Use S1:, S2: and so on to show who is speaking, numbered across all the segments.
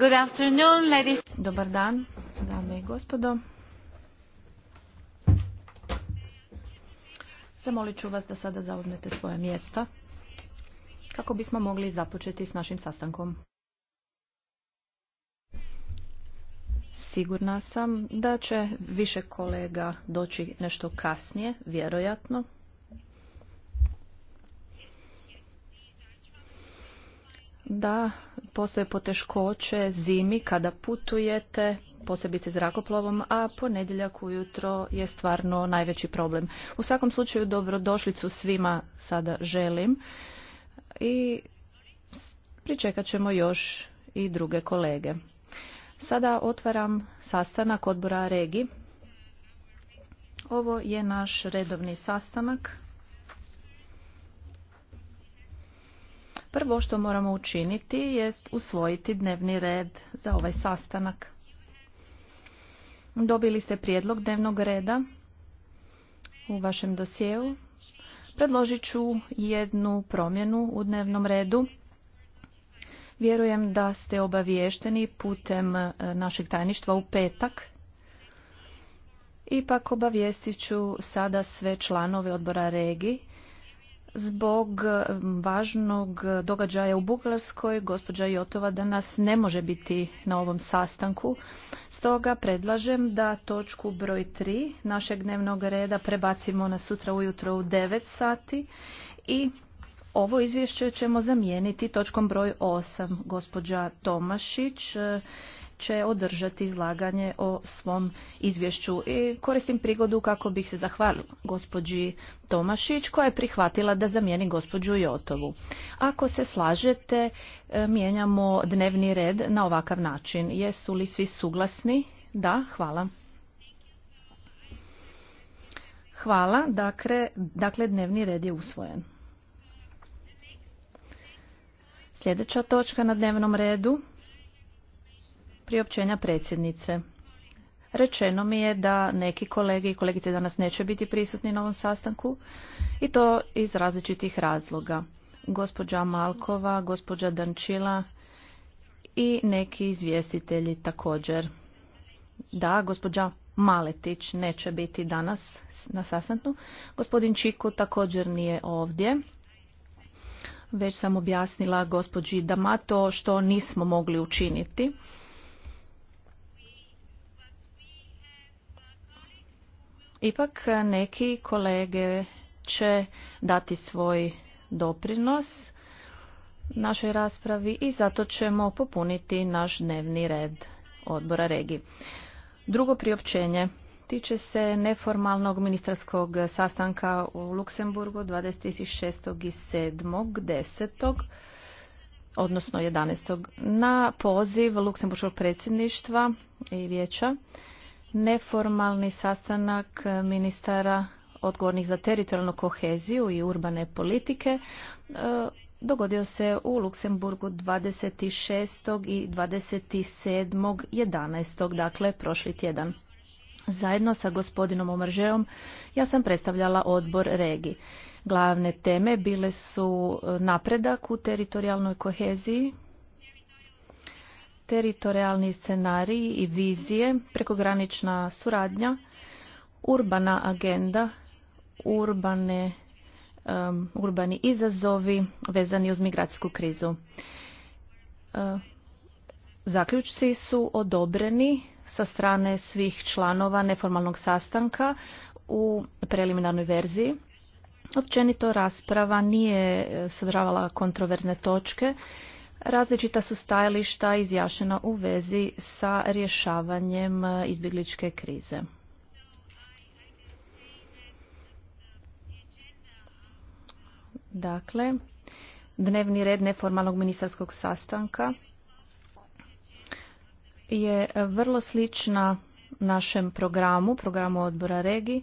S1: Dobar dan, dame i gospodo. Zamolit ću vas da sada zauzmete svoje mjesta kako bismo mogli započeti s našim sastankom. Sigurna sam da će više kolega doći nešto kasnije, vjerojatno, da postoje poteškoće zimi kada putujete, posebice zrakoplovom, a ponedjeljak ujutro je stvarno najveći problem. U svakom slučaju dobrodošlicu svima sada želim i pričekat ćemo još i druge kolege. Sada otvaram sastanak odbora Regi. Ovo je naš redovni sastanak. Prvo što moramo učiniti jest usvojiti dnevni red za ovaj sastanak. Dobili ste prijedlog dnevnog reda u vašem dosjeu. Predložit ću jednu promjenu u dnevnom redu. Vjerujem da ste obaviješteni putem e, našeg tajništva u petak. Ipak obavijestit ću sada sve članove odbora regi zbog važnog događaja u Bugarskoj gospođa Jotova danas ne može biti na ovom sastanku. Stoga predlažem da točku broj 3 našeg dnevnog reda prebacimo na sutra ujutro u 9 sati i ovo izvješće ćemo zamijeniti točkom broj 8. Gospođa Tomašić će održati izlaganje o svom izvješću. I koristim prigodu kako bih se zahvalila gospođi Tomašić koja je prihvatila da zamijeni gospođu Jotovu. Ako se slažete, e, mijenjamo dnevni red na ovakav način. Jesu li svi suglasni? Da, hvala. Hvala, dakle, dakle dnevni red je usvojen. Sljedeća točka na dnevnom redu Priopćenja predsjednice. Rečeno mi je da neki kolege i kolegice danas neće biti prisutni na ovom sastanku i to iz različitih razloga. Gospođa Malkova, gospođa Dančila i neki izvjestitelji također. Da, gospođa Maletić neće biti danas na sastanku. Gospodin Čiku također nije ovdje. Već sam objasnila gospođi Damato što nismo mogli učiniti. Ipak e, neki kolege će dati svoj doprinos našoj raspravi i zato ćemo popuniti naš dnevni red odbora regi. Drugo priopćenje tiče se neformalnog ministarskog sastanka u Luksemburgu 26. i 7. 10 odnosno 11. na poziv Luksemburškog predsjedništva i vijeća neformalni sastanak ministara odgovornih za teritorijalnu koheziju i urbane politike e, dogodio se u Luksemburgu 26. i 27. 11. dakle prošli tjedan. Zajedno sa gospodinom Omržeom ja sam predstavljala odbor regi. Glavne teme bile su e, napredak u teritorijalnoj koheziji, teritorijalni scenariji i vizije, prekogranična suradnja, urbana agenda, urbane, urbani izazovi vezani uz migracijsku krizu. E, zaključci su odobreni sa strane svih članova neformalnog sastanka u preliminarnoj verziji. Općenito rasprava nije e, sadržavala kontroverzne točke Različita su stajališta izjašena u vezi sa rješavanjem e, izbjegličke krize. Dakle, dnevni red neformalnog ministarskog sastanka je vrlo slična našem programu, programu odbora Regi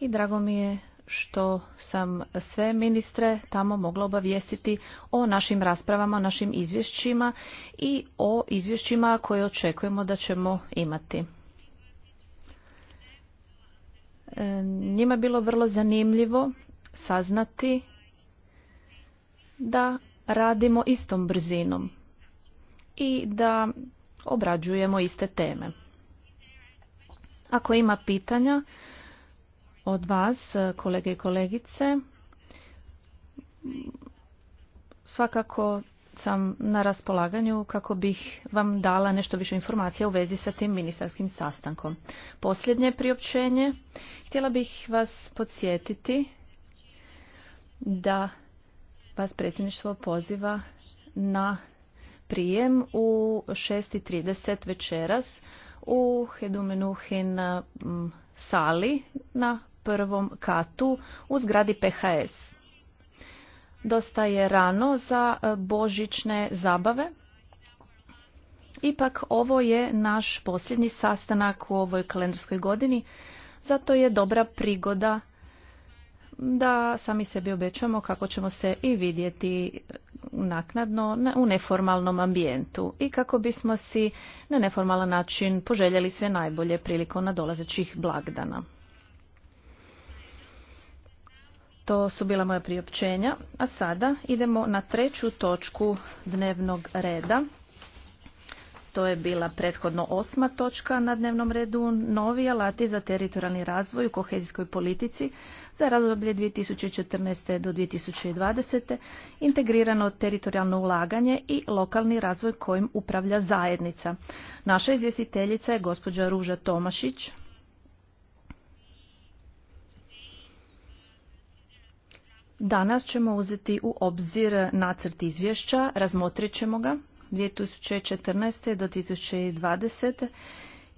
S1: i drago mi je što sam sve ministre tamo mogla obavijestiti o našim raspravama, našim izvješćima i o izvješćima koje očekujemo da ćemo imati. E, njima je bilo vrlo zanimljivo saznati da radimo istom brzinom i da obrađujemo iste teme. Ako ima pitanja, od vas, e, kolege i kolegice. Svakako sam na raspolaganju kako bih vam dala nešto više informacija u vezi sa tim ministarskim sastankom. Posljednje priopćenje. Htjela bih vas podsjetiti da vas predsjedništvo poziva na prijem u 6.30 večeras u Hedumenuhin sali na prvom katu u zgradi PHS. Dosta je rano za e, božićne zabave. Ipak ovo je naš posljednji sastanak u ovoj kalendarskoj godini, zato je dobra prigoda da sami sebi obećamo kako ćemo se i vidjeti e, naknadno u neformalnom ambijentu i kako bismo si na neformalan način poželjeli sve najbolje prilikom nadolazećih blagdana. To su bila moja priopćenja, a sada idemo na treću točku dnevnog reda. To je bila prethodno osma točka na dnevnom redu, novi alati za teritorijalni razvoj u kohezijskoj politici za razdoblje 2014. do 2020. integrirano teritorijalno ulaganje i lokalni razvoj kojim upravlja zajednica. Naša izvjestiteljica je gospođa Ruža Tomašić, Danas ćemo uzeti u obzir nacrt izvješća, razmotrit ćemo ga 2014. do 2020.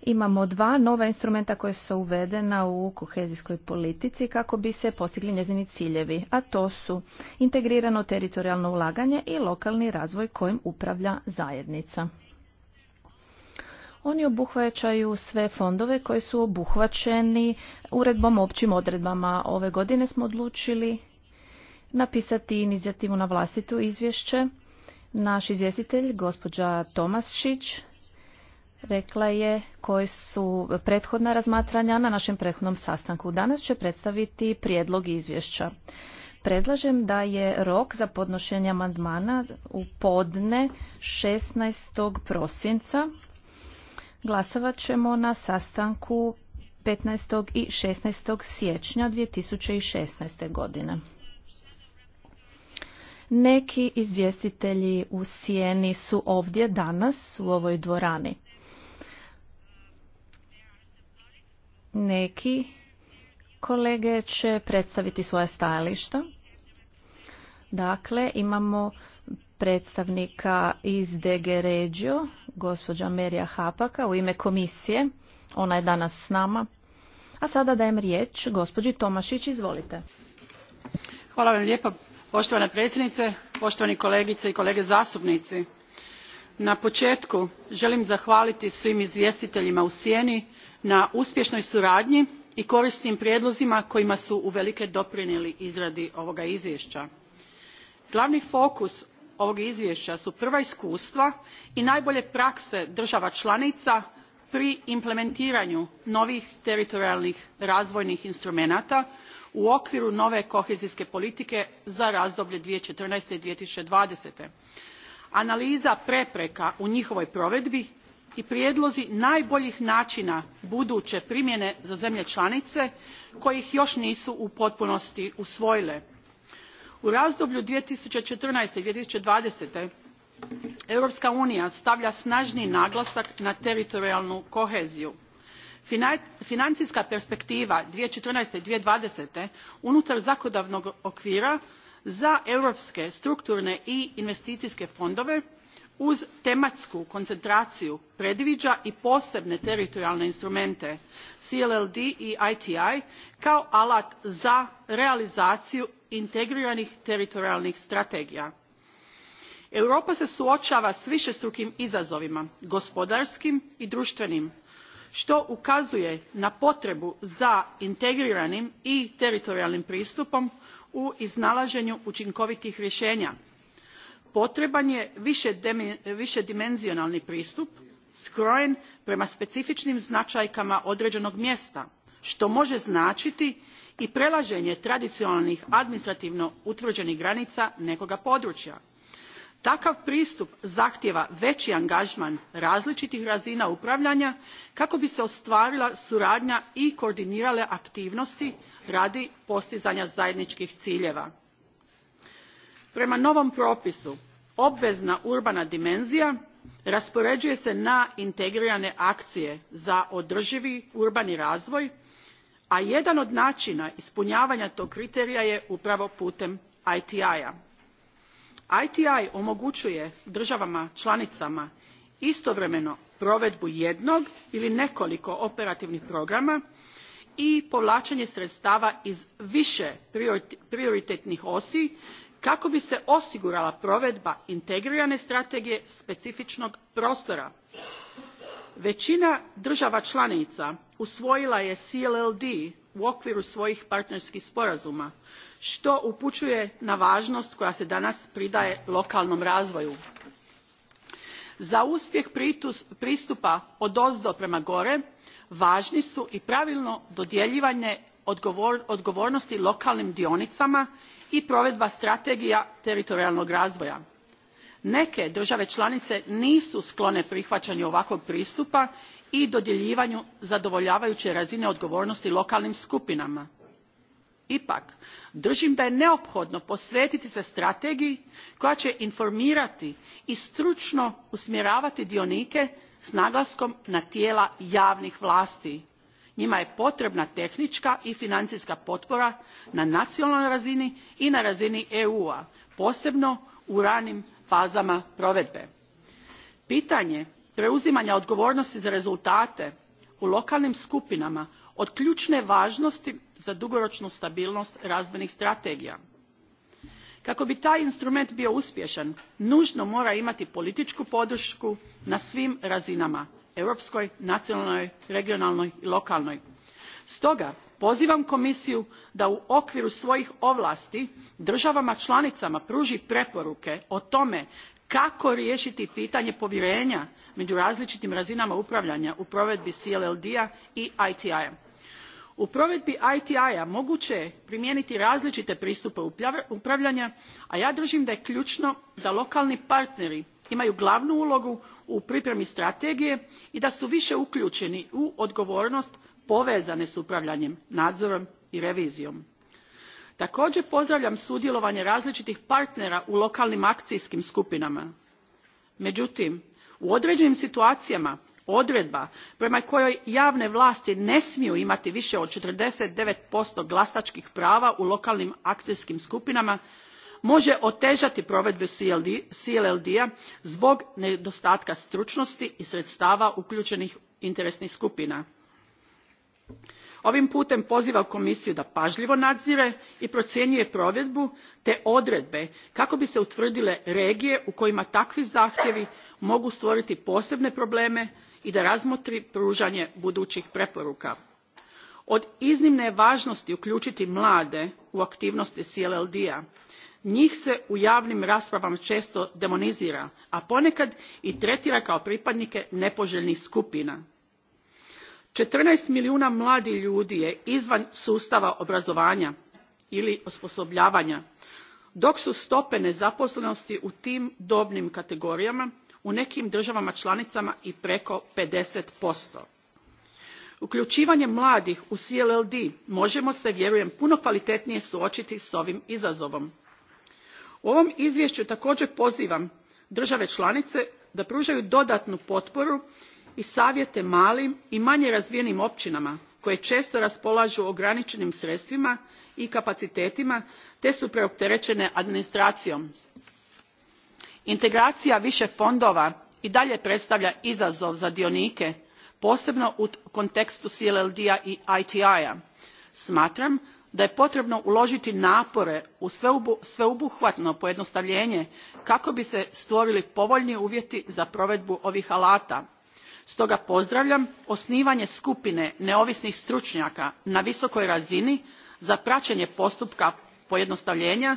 S1: Imamo dva nova instrumenta koje su uvedena u kohezijskoj politici kako bi se postigli njezini ciljevi, a to su integrirano teritorijalno ulaganje i lokalni razvoj kojim upravlja zajednica. Oni obuhvaćaju sve fondove koji su obuhvaćeni uredbom općim odredbama. Ove godine smo odlučili napisati inicijativu na vlastito izvješće. Naš izvjestitelj, gospođa Tomasšić, rekla je koje su prethodna razmatranja na našem prethodnom sastanku. Danas će predstaviti prijedlog izvješća. Predlažem da je rok za podnošenje amandmana u podne 16. prosinca. Glasovat ćemo na sastanku 15. i 16. siječnja 2016. godine. Neki izvjestitelji u Sijeni su ovdje danas u ovoj dvorani. Neki kolege će predstaviti svoje stajališta. Dakle, imamo predstavnika iz DG Regio, gospođa Merija Hapaka, u ime komisije. Ona je danas s nama. A sada dajem riječ gospođi Tomašić, izvolite.
S2: Hvala vam lijepo poštovana predsjednice poštovani kolegice i kolege zastupnici na početku želim zahvaliti svim izvjestiteljima u sjeni na uspješnoj suradnji i korisnim prijedlozima kojima su uvelike doprinijeli izradi ovoga izvješća. glavni fokus ovog izvješća su prva iskustva i najbolje prakse država članica pri implementiranju novih teritorijalnih razvojnih instrumenata u okviru nove kohezijske politike za razdoblje. two thousand and fourteen. two thousand and twenty analiza prepreka u njihovoj provedbi i prijedlozi najboljih načina buduće primjene za zemlje članice koje ih još nisu u potpunosti usvojile. u razdoblju. two thousand and i. two thousand and twenty europska unija stavlja snažni naglasak na teritorijalnu koheziju financijska perspektiva. two thousand and fourteen. two twenty unutar zakonodavnog okvira za europske strukturne i investicijske fondove uz tematsku koncentraciju predviđa i posebne teritorijalne instrumente clld i iti kao alat za realizaciju integriranih teritorijalnih strategija. europa se suočava s višestrukim izazovima gospodarskim i društvenim što ukazuje na potrebu za integriranim i teritorijalnim pristupom u iznalaženju učinkovitih rješenja. potreban je višedimenzionalni pristup skrojen prema specifičnim značajkama određenog mjesta što može značiti i prelaženje tradicionalnih administrativno utvrđenih granica nekoga područja takav pristup zahtijeva veći angažman različitih razina upravljanja kako bi se ostvarila suradnja i koordinirale aktivnosti radi postizanja zajedničkih ciljeva. prema novom propisu obvezna urbana dimenzija raspoređuje se na integrirane akcije za održivi urbani razvoj a jedan od načina ispunjavanja tog kriterija je upravo putem iti a iti omogućuje državama članicama istovremeno provedbu jednog ili nekoliko operativnih programa i povlačenje sredstava iz više prioritetnih osi kako bi se osigurala provedba integrirane strategije specifičnog prostora. većina država članica usvojila je clld u okviru svojih partnerskih sporazuma što upućuje na važnost koja se danas pridaje lokalnom razvoju. za uspjeh pristupa odozdo prema gore važni su i pravilno dodjeljivanje odgovornosti lokalnim dionicama i provedba strategija teritorijalnog razvoja. neke države članice nisu sklone prihvaćanju ovakvog pristupa i dodjeljivanju zadovoljavajuće razine odgovornosti lokalnim skupinama ipak držim da je neophodno posvetiti se strategiji koja će informirati i stručno usmjeravati dionike s naglaskom na tijela javnih vlasti. njima je potrebna tehnička i financijska potpora na nacionalnoj razini i na razini eu a posebno u ranim fazama provedbe. pitanje preuzimanja odgovornosti za rezultate u lokalnim skupinama od ključne važnosti za dugoročnu stabilnost razvojnih strategija. kako bi taj instrument bio uspješan nužno mora imati političku podršku na svim razinama europskoj nacionalnoj regionalnoj i lokalnoj. stoga pozivam komisiju da u okviru svojih ovlasti državama članicama pruži preporuke o tome kako riješiti pitanje povjerenja među različitim razinama upravljanja u provedbi clld a i iti a u provedbi iti a moguće je primijeniti različite pristupe upravljanja a ja držim da je ključno da lokalni partneri imaju glavnu ulogu u pripremi strategije i da su više uključeni u odgovornost povezane s upravljanjem nadzorom i revizijom. također pozdravljam sudjelovanje različitih partnera u lokalnim akcijskim skupinama. međutim u određenim situacijama odredba prema kojoj javne vlasti ne smiju imati više od forty nine glasačkih prava u lokalnim akcijskim skupinama može otežati provedbu clld a zbog nedostatka stručnosti i sredstava uključenih interesnih skupina ovim putem pozivam komisiju da pažljivo nadzire i procjenjuje provedbu te odredbe kako bi se utvrdile regije u kojima takvi zahtjevi mogu stvoriti posebne probleme i da razmotri pružanje budućih preporuka. od iznimne je važnosti uključiti mlade u aktivnosti clld a. njih se u javnim raspravama često demonizira a ponekad i tretira kao pripadnike nepoželjnih skupina fourteen milijuna mladih ljudi je izvan sustava obrazovanja ili osposobljavanja dok su stope nezaposlenosti u tim dobnim kategorijama u nekim dravama lanicama i preko fifty Uključivanje mladih u clld moemo se vjerujem puno kvalitetnije suoiti s ovim izazovom. u ovom izvjeu također pozivam drave članice da pruaju dodatnu potporu i savjete malim i manje razvijenim općinama koje često raspolažu ograničenim sredstvima i kapacitetima te su preopterećene administracijom. integracija više fondova i dalje predstavlja izazov za dionike posebno u kontekstu clld a i iti a. smatram da je potrebno uložiti napore u sveobuhvatno pojednostavljenje kako bi se stvorili povoljni uvjeti za provedbu ovih alata stoga pozdravljam osnivanje skupine neovisnih stručnjaka na visokoj razini za praćenje postupka pojednostavljenja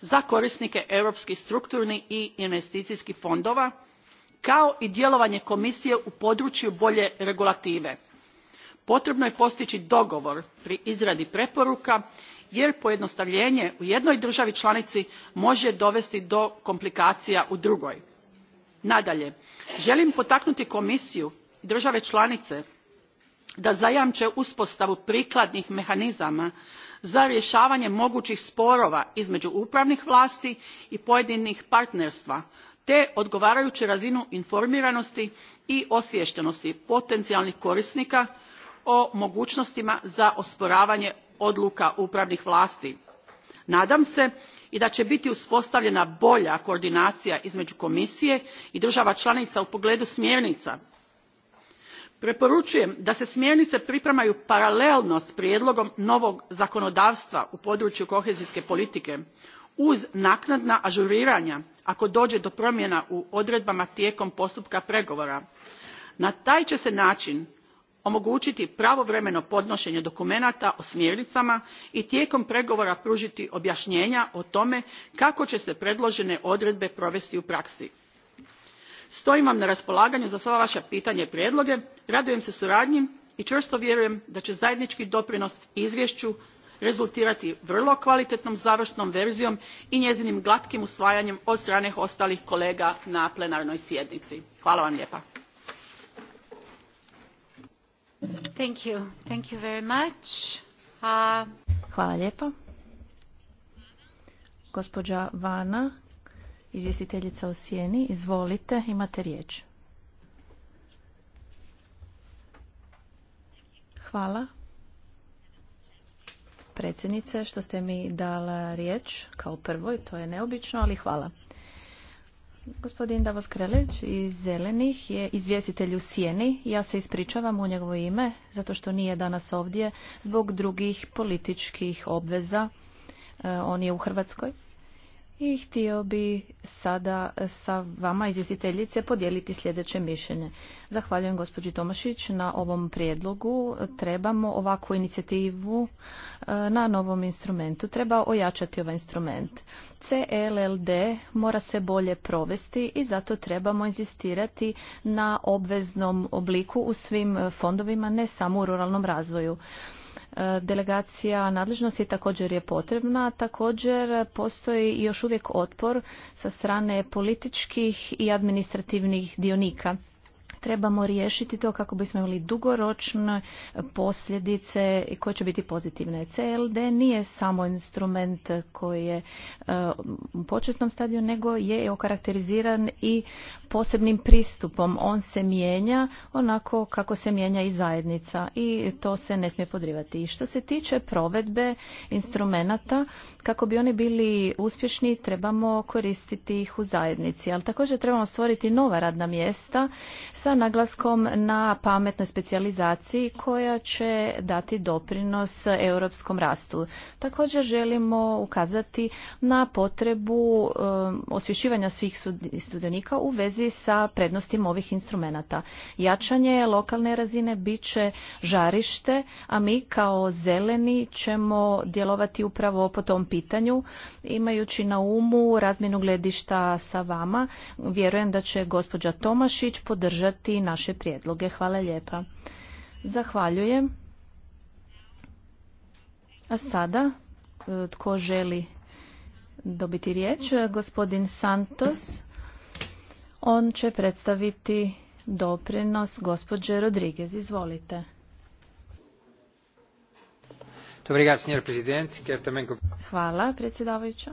S2: za korisnike europskih strukturnih i investicijskih fondova kao i djelovanje komisije u području bolje regulative. potrebno je postići dogovor pri izradi preporuka jer pojednostavljenje u jednoj državi članici može dovesti do komplikacija u drugoj nadalje želim potaknuti komisiju i države članice da zajamče uspostavu prikladnih mehanizama za rješavanje mogućih sporova između upravnih vlasti i pojedinih partnerstva te odgovarajuću razinu informiranosti i osviještenosti potencijalnih korisnika o mogućnostima za osporavanje odluka upravnih vlasti. nadam se i da će biti uspostavljena bolja koordinacija između komisije i država članica u pogledu smjernica. preporučujem da se smjernice pripremaju paralelno s prijedlogom novog zakonodavstva u području kohezijske politike uz naknadna ažuriranja ako dođe do promjena u odredbama tijekom postupka pregovora. na taj će se način omogućiti pravovremeno podnošenje dokumenata o smjernicama i tijekom pregovora pružiti objašnjenja o tome kako će se predložene odredbe provesti u praksi. stojim vam na raspolaganju za sva vaša pitanja i prijedloge radujem se suradnji i čvrsto vjerujem da će zajednički doprinos izvješću rezultirati vrlo kvalitetnom završnom verzijom i njezinim glatkim usvajanjem od strane ostalih kolega na plenarnoj sjednici. hvala vam lijepa.
S3: Uh,
S1: hvala lijepo. Gospođa Vana, izvjestiteljica u Sijeni, izvolite, imate riječ. Hvala predsjednice što ste mi dala riječ kao prvoj, to je neobično, ali hvala. Gospodin Davos Krelić iz Zelenih je izvjestitelj u Sjeni. Ja se ispričavam u njegovo ime, zato što nije danas ovdje, zbog drugih političkih obveza. E, on je u Hrvatskoj i htio bi sada sa vama izvjestiteljice podijeliti sljedeće mišljenje. Zahvaljujem gospođi Tomašić na ovom prijedlogu. Trebamo ovakvu inicijativu e, na novom instrumentu. Treba ojačati ovaj instrument. CLLD mora se bolje provesti i zato trebamo inzistirati na obveznom obliku u svim fondovima, ne samo u ruralnom razvoju. E, delegacija nadležnosti također je potrebna. Također postoji još uvijek otpor sa strane političkih i administrativnih dionika trebamo riješiti to kako bismo imali dugoročne posljedice koje će biti pozitivne. CLD nije samo instrument koji je e, u početnom stadiju, nego je okarakteriziran i posebnim pristupom. On se mijenja onako kako se mijenja i zajednica i to se ne smije podrivati. I što se tiče provedbe instrumenata, kako bi oni bili uspješni, trebamo koristiti ih u zajednici. Ali također trebamo stvoriti nova radna mjesta sa naglaskom na pametnoj specijalizaciji koja će dati doprinos europskom rastu. Također želimo ukazati na potrebu um, osvješćivanja svih sudionika u vezi sa prednostima ovih instrumenata. Jačanje lokalne razine bit će žarište, a mi kao zeleni ćemo djelovati upravo po tom pitanju, imajući na umu razmjenu gledišta sa vama. Vjerujem da će gospođa Tomašić podržati ti naše prijedloge. Hvala lijepa. Zahvaljujem. A sada, e, tko želi dobiti riječ? Gospodin Santos. On će predstaviti doprinos gospođe Rodriguez. Izvolite. Hvala, predsjedavajuća.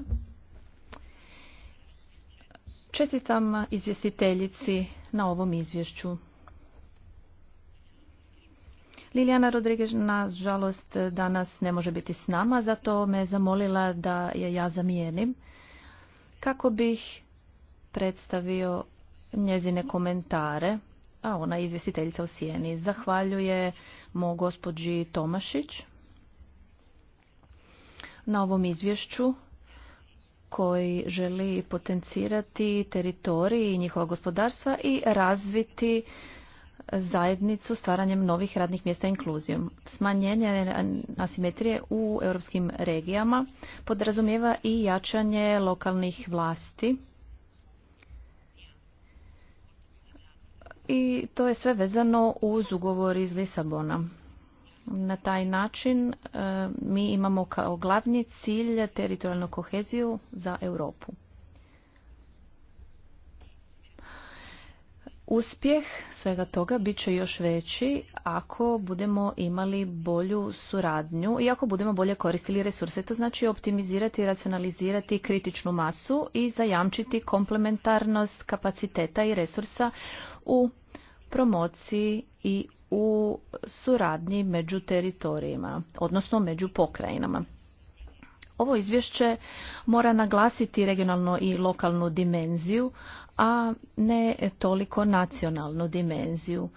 S1: Čestitam izvjestiteljici na ovom izvješću. Lilijana Rodriguez žalost, danas ne može biti s nama, zato me zamolila da je ja zamijenim kako bih predstavio njezine komentare, a ona je izvjestiteljica u sjeni. moj gospođi Tomašić na ovom izvješću koji želi potencirati teritorij i njihova gospodarstva i razviti zajednicu stvaranjem novih radnih mjesta inkluzijom. Smanjenje asimetrije u europskim regijama podrazumijeva i jačanje lokalnih vlasti i to je sve vezano uz ugovor iz Lisabona. Na taj način e, mi imamo kao glavni cilj teritorijalnu koheziju za Europu. Uspjeh svega toga bit će još veći ako budemo imali bolju suradnju i ako budemo bolje koristili resurse. To znači optimizirati i racionalizirati kritičnu masu i zajamčiti komplementarnost kapaciteta i resursa u promociji i u suradnji među teritorijima, odnosno među pokrajinama. Ovo izvješće mora naglasiti regionalnu i lokalnu dimenziju, a ne toliko nacionalnu dimenziju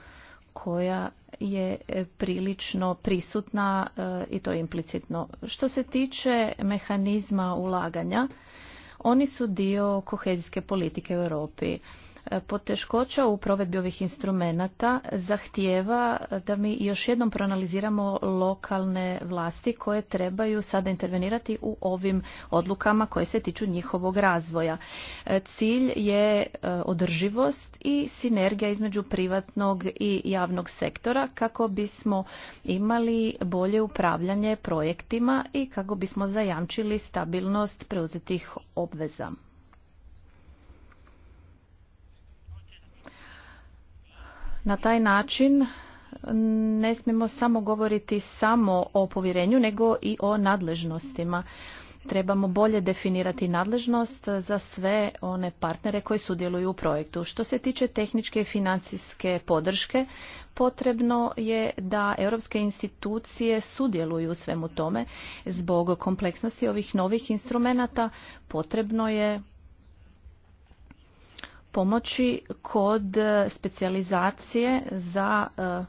S1: koja je prilično prisutna e, i to implicitno. Što se tiče mehanizma ulaganja, oni su dio kohezijske politike u Europi poteškoća u provedbi ovih instrumenata zahtijeva da mi još jednom proanaliziramo lokalne vlasti koje trebaju sada intervenirati u ovim odlukama koje se tiču njihovog razvoja. E, cilj je e, održivost i sinergija između privatnog i javnog sektora kako bismo imali bolje upravljanje projektima i kako bismo zajamčili stabilnost preuzetih obveza. Na taj način ne smijemo samo govoriti samo o povjerenju, nego i o nadležnostima. Trebamo bolje definirati nadležnost za sve one partnere koji sudjeluju u projektu. Što se tiče tehničke i financijske podrške, potrebno je da europske institucije sudjeluju u svemu tome. Zbog kompleksnosti ovih novih instrumenata potrebno je pomoći kod e, specijalizacije za e,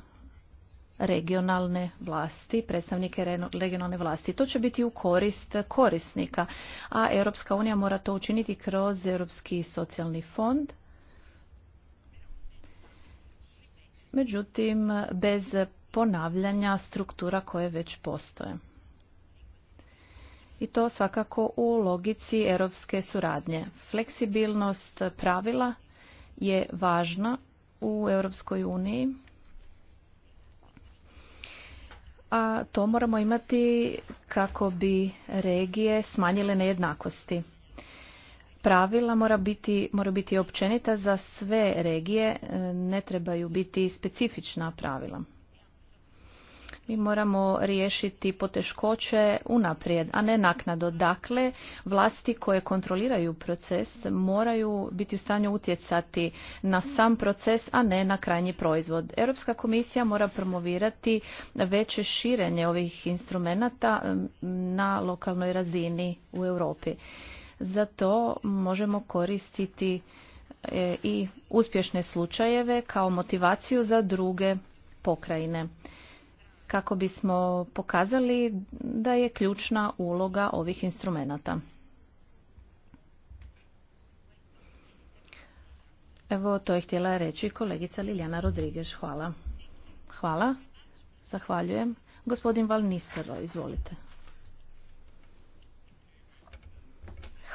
S1: regionalne vlasti, predstavnike regionalne vlasti. To će biti u korist korisnika, a Europska unija mora to učiniti kroz Europski socijalni fond. Međutim, bez ponavljanja struktura koje već postoje i to svakako u logici europske suradnje. Fleksibilnost pravila je važna u Europskoj uniji, a to moramo imati kako bi regije smanjile nejednakosti. Pravila mora biti, mora biti općenita za sve regije, ne trebaju biti specifična pravila mi moramo riješiti poteškoće unaprijed, a ne naknado. Dakle, vlasti koje kontroliraju proces moraju biti u stanju utjecati na sam proces, a ne na krajnji proizvod. Europska komisija mora promovirati veće širenje ovih instrumenata na lokalnoj razini u Europi. Zato možemo koristiti e, i uspješne slučajeve kao motivaciju za druge pokrajine kako bismo pokazali da je ključna uloga ovih instrumenata. Evo, to je htjela reći kolegica Liljana Rodriguez. Hvala. Hvala. Zahvaljujem. Gospodin Val Nistero, izvolite.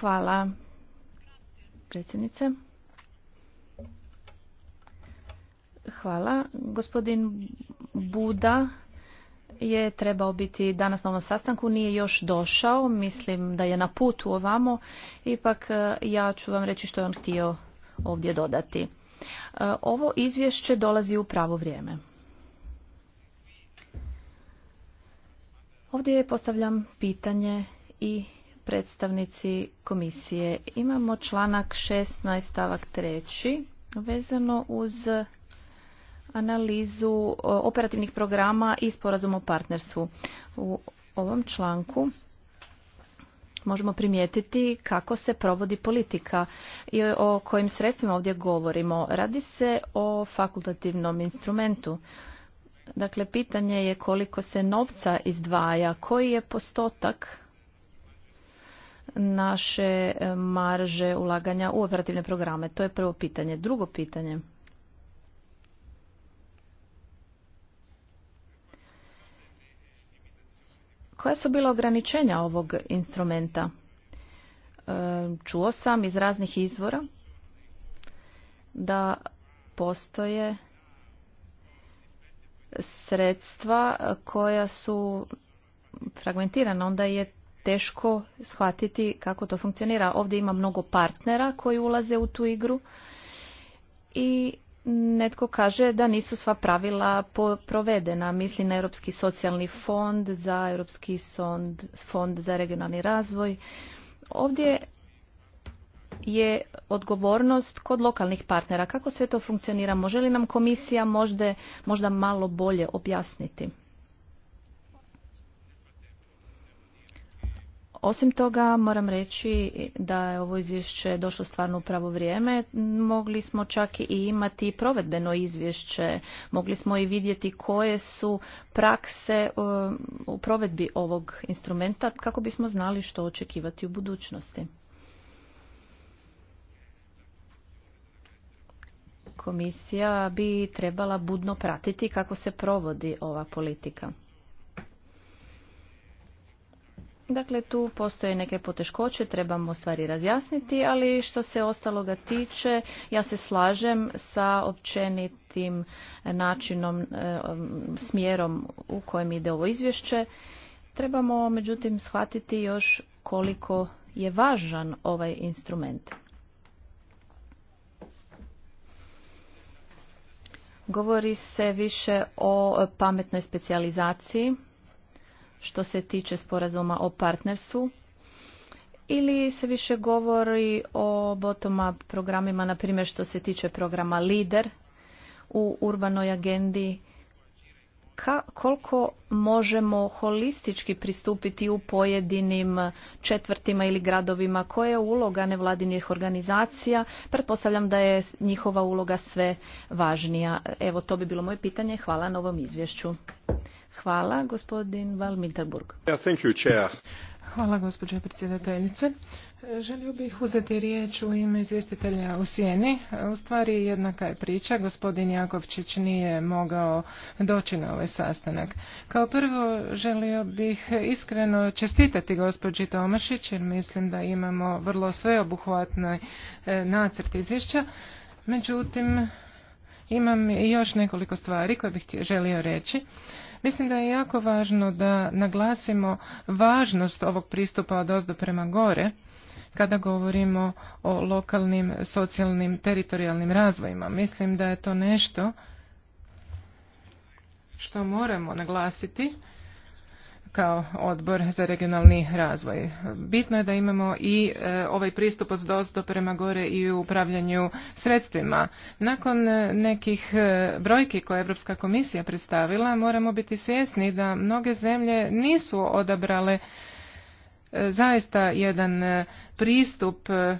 S1: Hvala, predsjednice. Hvala. Gospodin Buda je trebao biti danas na ovom sastanku, nije još došao, mislim da je na putu ovamo, ipak e, ja ću vam reći što je on htio ovdje dodati. E, ovo izvješće dolazi u pravo vrijeme. Ovdje postavljam pitanje i predstavnici komisije. Imamo članak 16 stavak 3 vezano uz analizu operativnih programa i sporazum o partnerstvu. U ovom članku možemo primijetiti kako se provodi politika i o kojim sredstvima ovdje govorimo. Radi se o fakultativnom instrumentu. Dakle, pitanje je koliko se novca izdvaja, koji je postotak naše marže ulaganja u operativne programe. To je prvo pitanje. Drugo pitanje – Koja su bila ograničenja ovog instrumenta? E, čuo sam iz raznih izvora da postoje sredstva koja su fragmentirana, onda je teško shvatiti kako to funkcionira. Ovdje ima mnogo partnera koji ulaze u tu igru i netko kaže da nisu sva pravila provedena. Misli na Europski socijalni fond, za Europski fond za regionalni razvoj. Ovdje je odgovornost kod lokalnih partnera. Kako sve to funkcionira? Može li nam komisija možda, možda malo bolje objasniti? Osim toga moram reći da je ovo izvješće došlo stvarno u pravo vrijeme. Mogli smo čak i imati provedbeno izvješće, mogli smo i vidjeti koje su prakse e, u provedbi ovog instrumenta kako bismo znali što očekivati u budućnosti. Komisija bi trebala budno pratiti kako se provodi ova politika. Dakle, tu postoje neke poteškoće, trebamo stvari razjasniti, ali što se ostaloga tiče, ja se slažem sa općenitim e, načinom, e, um, smjerom u kojem ide ovo izvješće. Trebamo, međutim, shvatiti još koliko je važan ovaj instrument. Govori se više o pametnoj specijalizaciji što se tiče sporazuma o partnerstvu ili se više govori o bottom-up programima, na primjer što se tiče programa LIDER u urbanoj agendi, ka, koliko možemo holistički pristupiti u pojedinim četvrtima ili gradovima, koja je uloga nevladinih organizacija, pretpostavljam da je njihova uloga sve važnija. Evo, to bi bilo moje pitanje, hvala na ovom izvješću. Hvala, gospodin Val Milterburg. Hvala gospođo predsjedateljice.
S3: Želio bih uzeti riječ u ime izvjestitelja u Sjeni. U stvari jednaka je priča, gospodin Jakovčić nije mogao doći na ovaj sastanak. Kao prvo želio bih iskreno čestitati gospođi Tomašić jer mislim da imamo vrlo sveobuhvatni e, nacrt izvješća. Međutim, imam još nekoliko stvari koje bih želio reći. Mislim da je jako važno da naglasimo važnost ovog pristupa od ozdo prema gore kada govorimo o lokalnim, socijalnim, teritorijalnim razvojima. Mislim da je to nešto što moramo naglasiti kao odbor za regionalni razvoj. Bitno je da imamo i e, ovaj pristup od dosto prema gore i u upravljanju sredstvima. Nakon e, nekih e, brojki koje je Europska komisija predstavila, moramo biti svjesni da mnoge zemlje nisu odabrale zaista jedan e, pristup e,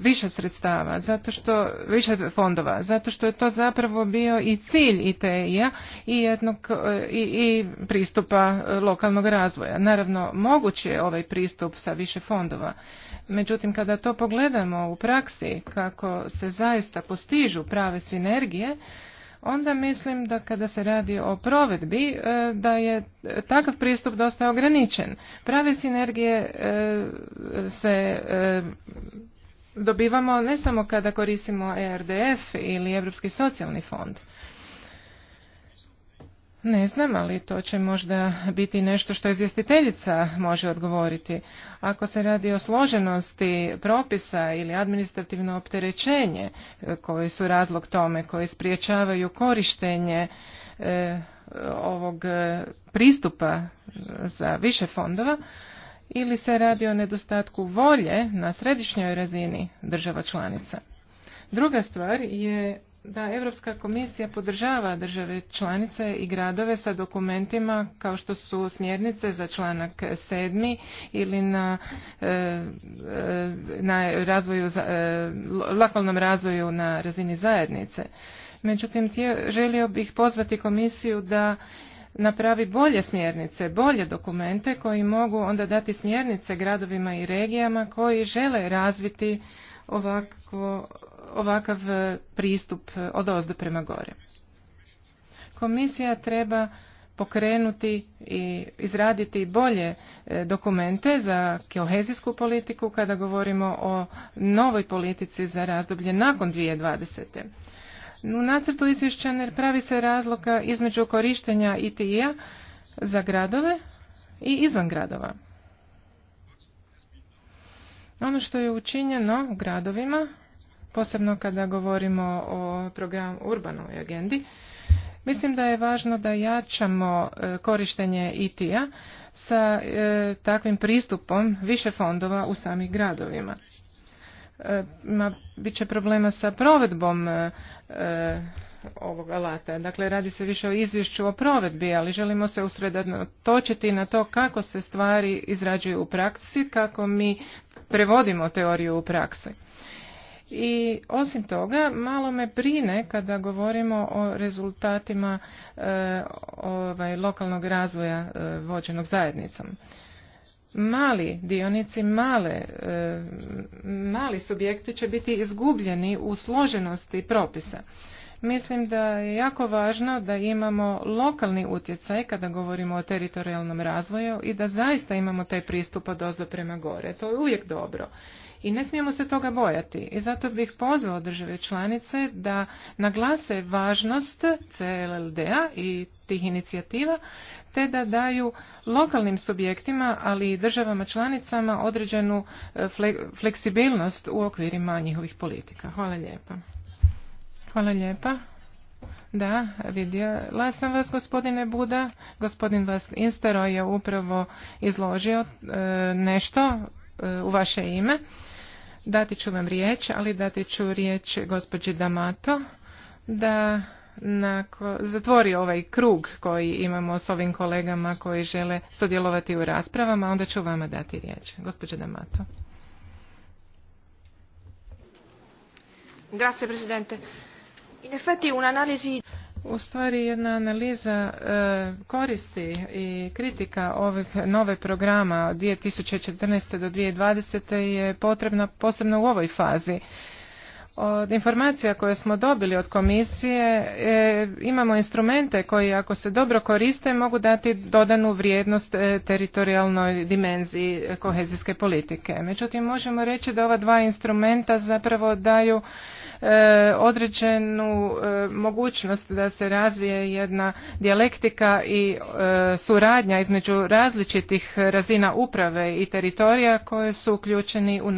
S3: više sredstava, zato što, više fondova, zato što je to zapravo bio i cilj ITI-a i, jednog, e, i, i pristupa lokalnog razvoja. Naravno, moguće je ovaj pristup sa više fondova. Međutim, kada to pogledamo u praksi, kako se zaista postižu prave sinergije, onda mislim da kada se radi o provedbi e, da je takav pristup dosta ograničen. Prave sinergije e, se e, dobivamo ne samo kada koristimo ERDF ili Europski socijalni fond. Ne znam, ali to će možda biti nešto što izvjestiteljica može odgovoriti. Ako se radi o složenosti propisa ili administrativno opterećenje e, koji su razlog tome, koji spriječavaju korištenje e, ovog e, pristupa za više fondova, ili se radi o nedostatku volje na središnjoj razini država članica. Druga stvar je da Europska komisija podržava države članice i gradove sa dokumentima kao što su smjernice za članak 7. ili na, e, e, razvoju, e, lokalnom razvoju na razini zajednice. Međutim, želio bih pozvati komisiju da napravi bolje smjernice, bolje dokumente koji mogu onda dati smjernice gradovima i regijama koji žele razviti ovako ovakav e, pristup e, od ozdu prema gore. Komisija treba pokrenuti i izraditi bolje e, dokumente za kohezijsku politiku kada govorimo o novoj politici za razdoblje nakon 2020. U nacrtu izvješća ne pravi se razloga između korištenja ITI-a za gradove i izvan gradova. Ono što je učinjeno u gradovima posebno kada govorimo o programu urbanoj agendi. Mislim da je važno da jačamo e, korištenje IT-a sa e, takvim pristupom više fondova u samih gradovima. E, ma, bit će problema sa provedbom ovog alata. Dakle, radi se više o izvješću o provedbi, ali želimo se usredotočiti na to kako se stvari izrađuju u praksi, kako mi prevodimo teoriju u praksi. I osim toga, malo me brine kada govorimo o rezultatima e, ovaj, lokalnog razvoja e, vođenog zajednicom. Mali dionici, male, e, mali subjekti će biti izgubljeni u složenosti propisa. Mislim da je jako važno da imamo lokalni utjecaj kada govorimo o teritorijalnom razvoju i da zaista imamo taj pristup od ozdo prema gore. To je uvijek dobro i ne smijemo se toga bojati. I zato bih pozvao države članice da naglase važnost CLLD-a i tih inicijativa, te da daju lokalnim subjektima, ali i državama članicama određenu e, fleksibilnost u okvirima njihovih politika. Hvala lijepa. Hvala lijepa. Da, vidjela sam vas gospodine Buda. Gospodin Vas Instero je upravo izložio e, nešto e, u vaše ime. Dati ću vam riječ, ali dati ću riječ gospođi Damato da nako, zatvori ovaj krug koji imamo s ovim kolegama koji žele sudjelovati u raspravama, onda ću vama dati riječ. Gospođa Damato. Grazie, Presidente. In effetti un'analisi u stvari jedna analiza e, koristi i kritika ovih nove programa od 2014. do 2020. je potrebna posebno u ovoj fazi. Od informacija koje smo dobili od komisije e, imamo instrumente koji ako se dobro koriste mogu dati dodanu vrijednost e, teritorijalnoj dimenziji kohezijske politike. Međutim, možemo reći da ova dva instrumenta zapravo daju E, određenu e, mogućnost da se razvije jedna dijalektika i e, suradnja između različitih razina uprave i teritorija koje su uključeni u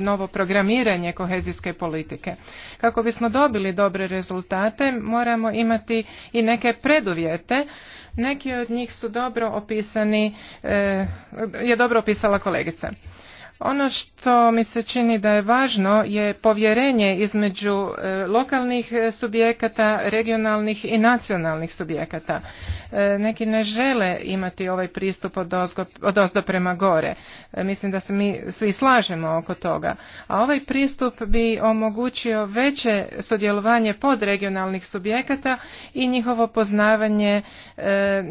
S3: novo programiranje kohezijske politike. Kako bismo dobili dobre rezultate moramo imati i neke preduvjete neki od njih su dobro opisani je dobro opisala kolegica ono što mi se čini da je važno je povjerenje između e, lokalnih subjekata, regionalnih i nacionalnih subjekata. E, neki ne žele imati ovaj pristup od, ozdo prema gore. E, mislim da se mi svi slažemo oko toga. A ovaj pristup bi omogućio veće sudjelovanje podregionalnih subjekata i njihovo poznavanje e,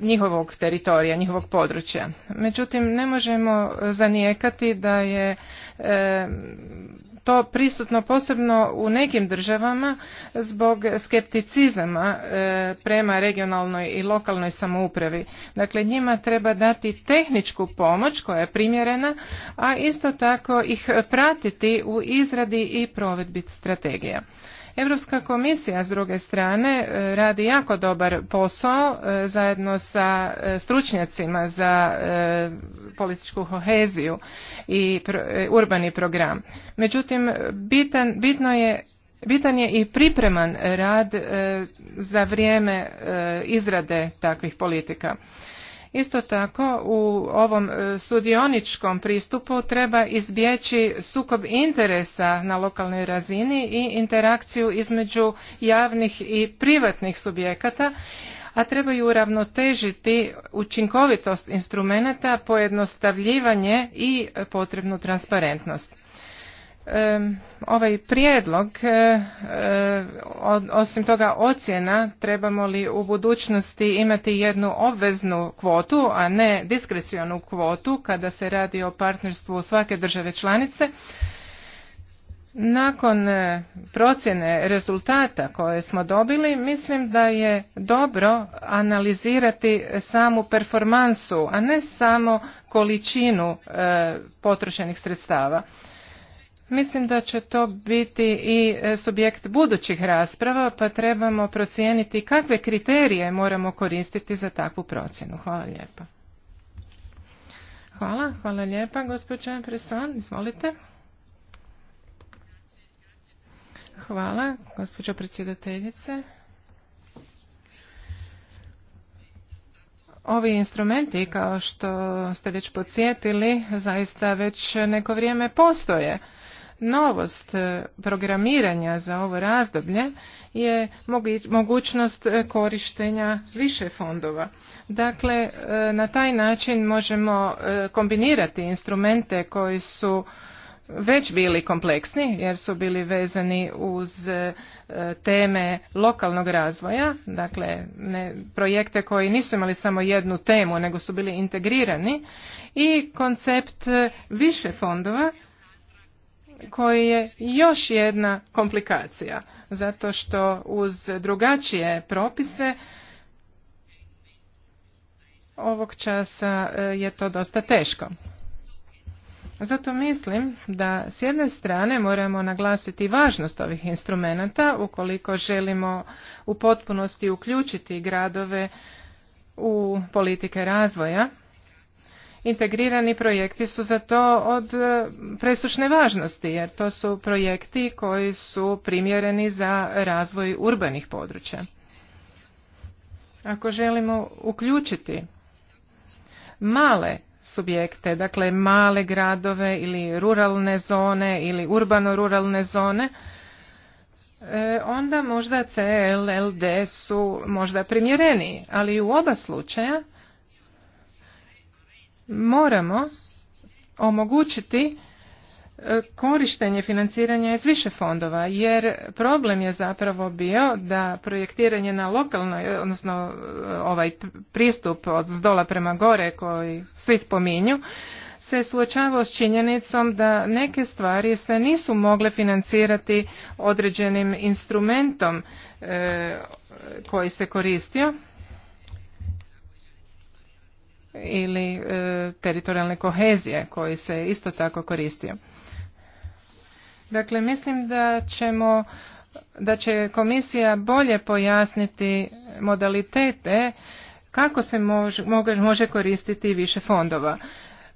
S3: njihovog teritorija, njihovog područja. Međutim, ne možemo zanijekati da je to prisutno posebno u nekim državama zbog skepticizama e, prema regionalnoj i lokalnoj samoupravi. Dakle, njima treba dati tehničku pomoć koja je primjerena, a isto tako ih pratiti u izradi i provedbi strategija. Europska komisija s druge strane e, radi jako dobar posao e, zajedno sa e, stručnjacima za političku koheziju i urbani program. Međutim, bitan, bitno je Bitan je i pripreman rad za vrijeme izrade takvih politika. Isto tako u ovom e, sudioničkom pristupu treba izbjeći sukob interesa na lokalnoj razini i interakciju između javnih i privatnih subjekata a trebaju uravnotežiti učinkovitost instrumenata, pojednostavljivanje i potrebnu transparentnost ovaj prijedlog, e, e, osim toga ocjena, trebamo li u budućnosti imati jednu obveznu kvotu, a ne diskrecionu kvotu kada se radi o partnerstvu svake države članice, nakon e, procjene rezultata koje smo dobili, mislim da je dobro analizirati samu performansu, a ne samo količinu potrošenih sredstava. Mislim da će to biti i e, subjekt budućih rasprava, pa trebamo procijeniti kakve kriterije moramo koristiti za takvu procjenu. Hvala lijepa. Hvala, hvala lijepa, gospođa Preson, izvolite. Hvala, gospođo predsjedateljice. Ovi instrumenti, kao što ste već podsjetili, zaista već neko vrijeme postoje novost e, programiranja za ovo razdoblje je mogućnost e, korištenja više fondova. Dakle, e, na taj način možemo kombinirati instrumente koji su već bili kompleksni jer su bili vezani uz teme lokalnog razvoja, dakle ne, projekte koji nisu imali samo jednu temu nego su bili integrirani i koncept više fondova koji je još jedna komplikacija zato što uz drugačije propise ovog časa e, je to dosta teško. Zato mislim da s jedne strane moramo naglasiti važnost ovih instrumenata ukoliko želimo u potpunosti uključiti gradove u politike razvoja Integrirani projekti su za to od e, presušne važnosti, jer to su projekti koji su primjereni za razvoj urbanih područja. Ako želimo uključiti male subjekte, dakle male gradove ili ruralne zone ili urbano-ruralne zone, e, onda možda CLLD su možda primjereniji, ali u oba slučaja moramo omogućiti e, korištenje financiranja iz više fondova jer problem je zapravo bio da projektiranje na lokalnoj odnosno e, ovaj pristup od dola prema gore koji svi spominju se suočavao s činjenicom da neke stvari se nisu mogle financirati određenim instrumentom e, koji se koristio ili e, teritorijalne kohezije koji se isto tako koristio. Dakle, mislim da ćemo da će komisija bolje pojasniti modalitete kako se može, može koristiti više fondova.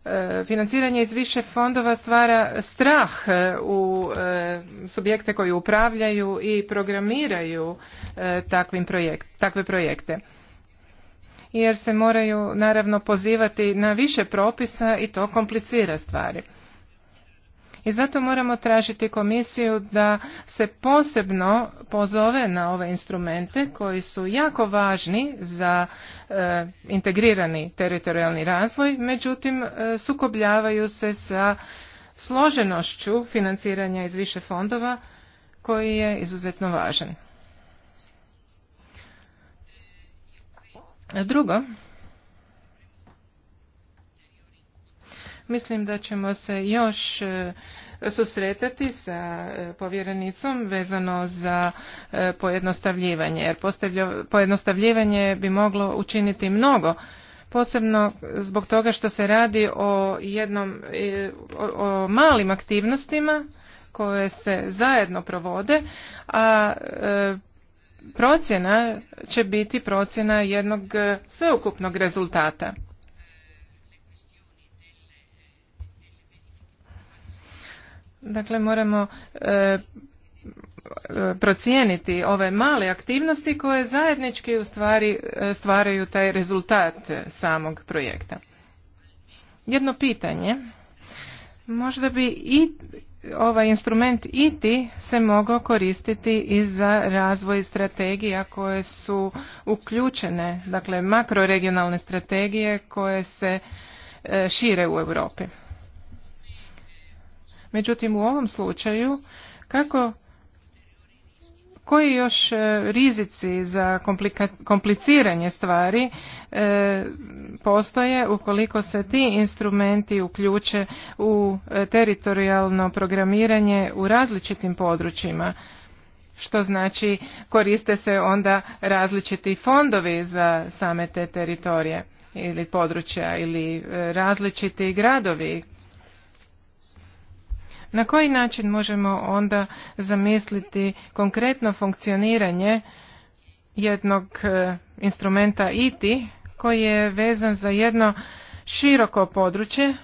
S3: E, financiranje iz više fondova stvara strah e, u subjekte koji upravljaju i programiraju takvim projekt, takve projekte jer se moraju naravno pozivati na više propisa i to komplicira stvari. I zato moramo tražiti komisiju da se posebno pozove na ove instrumente koji su jako važni za e, integrirani teritorijalni razvoj, međutim e, sukobljavaju se sa složenošću financiranja iz više fondova koji je izuzetno važan. Drugo, mislim da ćemo se još e, susretati sa e, povjerenicom vezano za e, pojednostavljivanje jer pojednostavljivanje bi moglo učiniti mnogo posebno zbog toga što se radi o jednom o, o malim aktivnostima koje se zajedno provode a procjena će biti procjena jednog e, sveukupnog rezultata. Dakle, moramo e, e, procijeniti ove male aktivnosti koje zajednički u stvari stvaraju taj rezultat samog projekta. Jedno pitanje. Možda bi i ovaj instrument ITI e se mogao koristiti i za razvoj strategija koje su uključene, dakle makroregionalne strategije koje se e, šire u Europi. Međutim, u ovom slučaju kako koji još e, rizici za kompliciranje stvari e, postoje ukoliko se ti instrumenti uključe u e, teritorijalno programiranje u različitim područjima što znači koriste se onda različiti fondovi za same te teritorije ili područja ili različiti gradovi na koji način možemo onda zamisliti konkretno funkcioniranje jednog e, instrumenta IT koji je vezan za jedno široko područje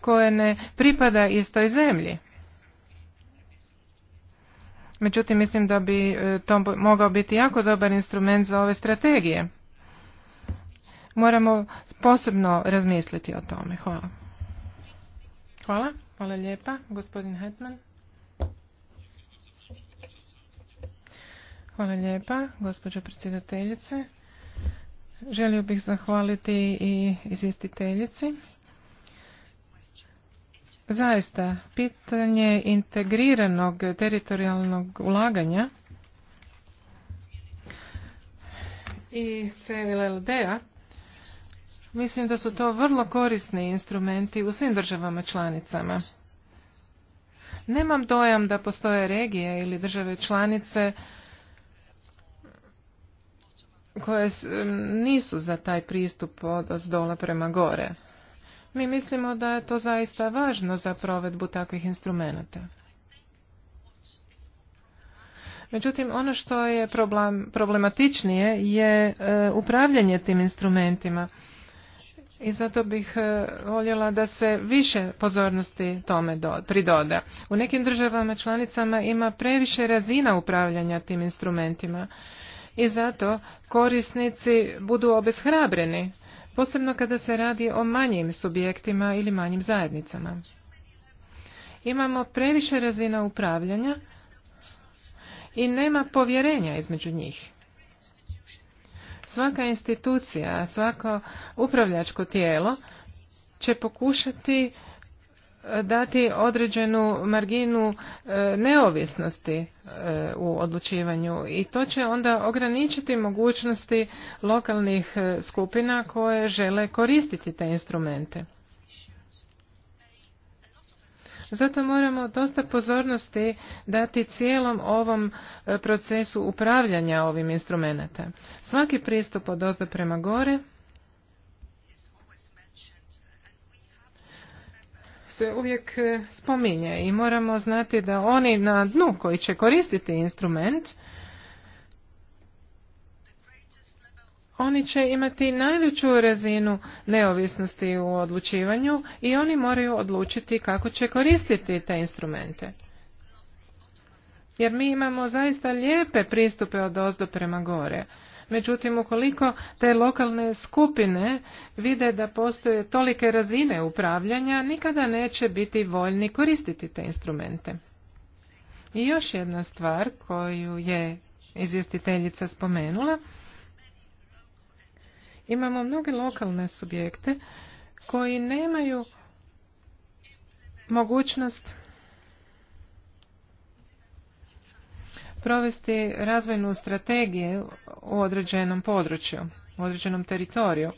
S3: koje ne pripada istoj zemlji? Međutim, mislim da bi e, to mogao biti jako dobar instrument za ove strategije. Moramo posebno razmisliti o tome. Hvala. Hvala. Hvala lijepa. Gospodin Hetman. Hvala lijepa, gospođo predsjedateljice. Želio bih zahvaliti i izvjestiteljici. Zaista, pitanje integriranog teritorijalnog ulaganja i CLLD-a Mislim da su to vrlo korisni instrumenti u svim državama članicama. Nemam dojam da postoje regije ili države članice koje nisu za taj pristup od dola prema gore. Mi mislimo da je to zaista važno za provedbu takvih instrumenta. Međutim, ono što je problematičnije je e, upravljanje tim instrumentima i zato bih e, voljela da se više pozornosti tome pridoda. U nekim državama članicama ima previše razina upravljanja tim instrumentima i zato korisnici budu obeshrabreni, posebno kada se radi o manjim subjektima ili manjim zajednicama. Imamo previše razina upravljanja i nema povjerenja između njih svaka institucija, svako upravljačko tijelo će pokušati e, dati određenu marginu e, neovisnosti e, u odlučivanju i to će onda ograničiti mogućnosti lokalnih skupina koje žele koristiti te instrumente. Zato moramo dosta pozornosti dati cijelom ovom e, procesu upravljanja ovim instrumenta. Svaki pristup od ozda prema gore se uvijek e, spominje i moramo znati da oni na dnu koji će koristiti instrument oni će imati najveću razinu neovisnosti u odlučivanju i oni moraju odlučiti kako će koristiti te instrumente. Jer mi imamo zaista lijepe pristupe od ozdo prema gore. Međutim, ukoliko te lokalne skupine vide da postoje tolike razine upravljanja, nikada neće biti voljni koristiti te instrumente. I još jedna stvar koju je izvjestiteljica spomenula – Imamo mnoge lokalne subjekte koji nemaju mogućnost provesti razvojnu strategiju u određenom području, u određenom teritoriju.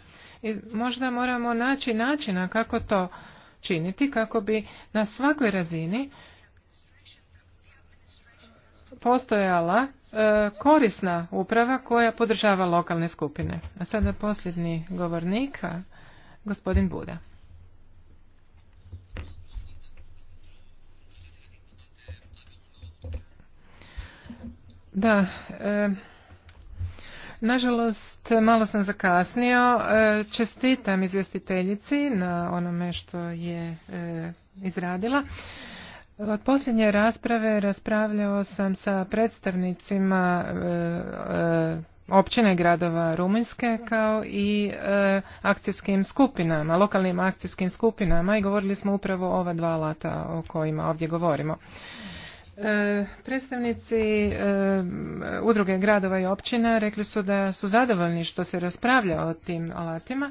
S3: I možda moramo naći načina kako to činiti, kako bi na svakoj razini postojala E, korisna uprava koja podržava lokalne skupine. A sada posljednji govornik, gospodin Buda. Da, e, nažalost malo sam zakasnio. E, čestitam izvjestiteljici na onome što je e, izradila. Od posljednje rasprave raspravljao sam sa predstavnicima e, e, općine gradova Rumunjske kao i e, akcijskim skupinama, lokalnim akcijskim skupinama i govorili smo upravo ova dva alata o kojima ovdje govorimo. predstavnici udruge gradova i općina rekli su da su zadovoljni što se raspravlja o tim alatima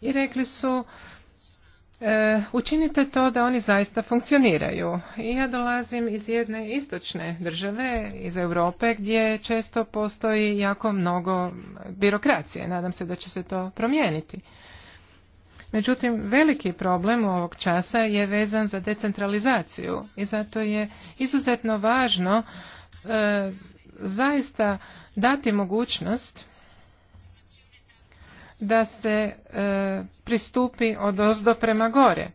S3: i rekli su E, učinite to da oni zaista funkcioniraju. I ja dolazim iz jedne istočne države, iz Europe, gdje često postoji jako mnogo birokracije. Nadam se da će se to promijeniti. Međutim, veliki problem ovog časa je vezan za decentralizaciju i zato je izuzetno važno e, zaista dati mogućnost da se e, pristupi od ozdo prema gore.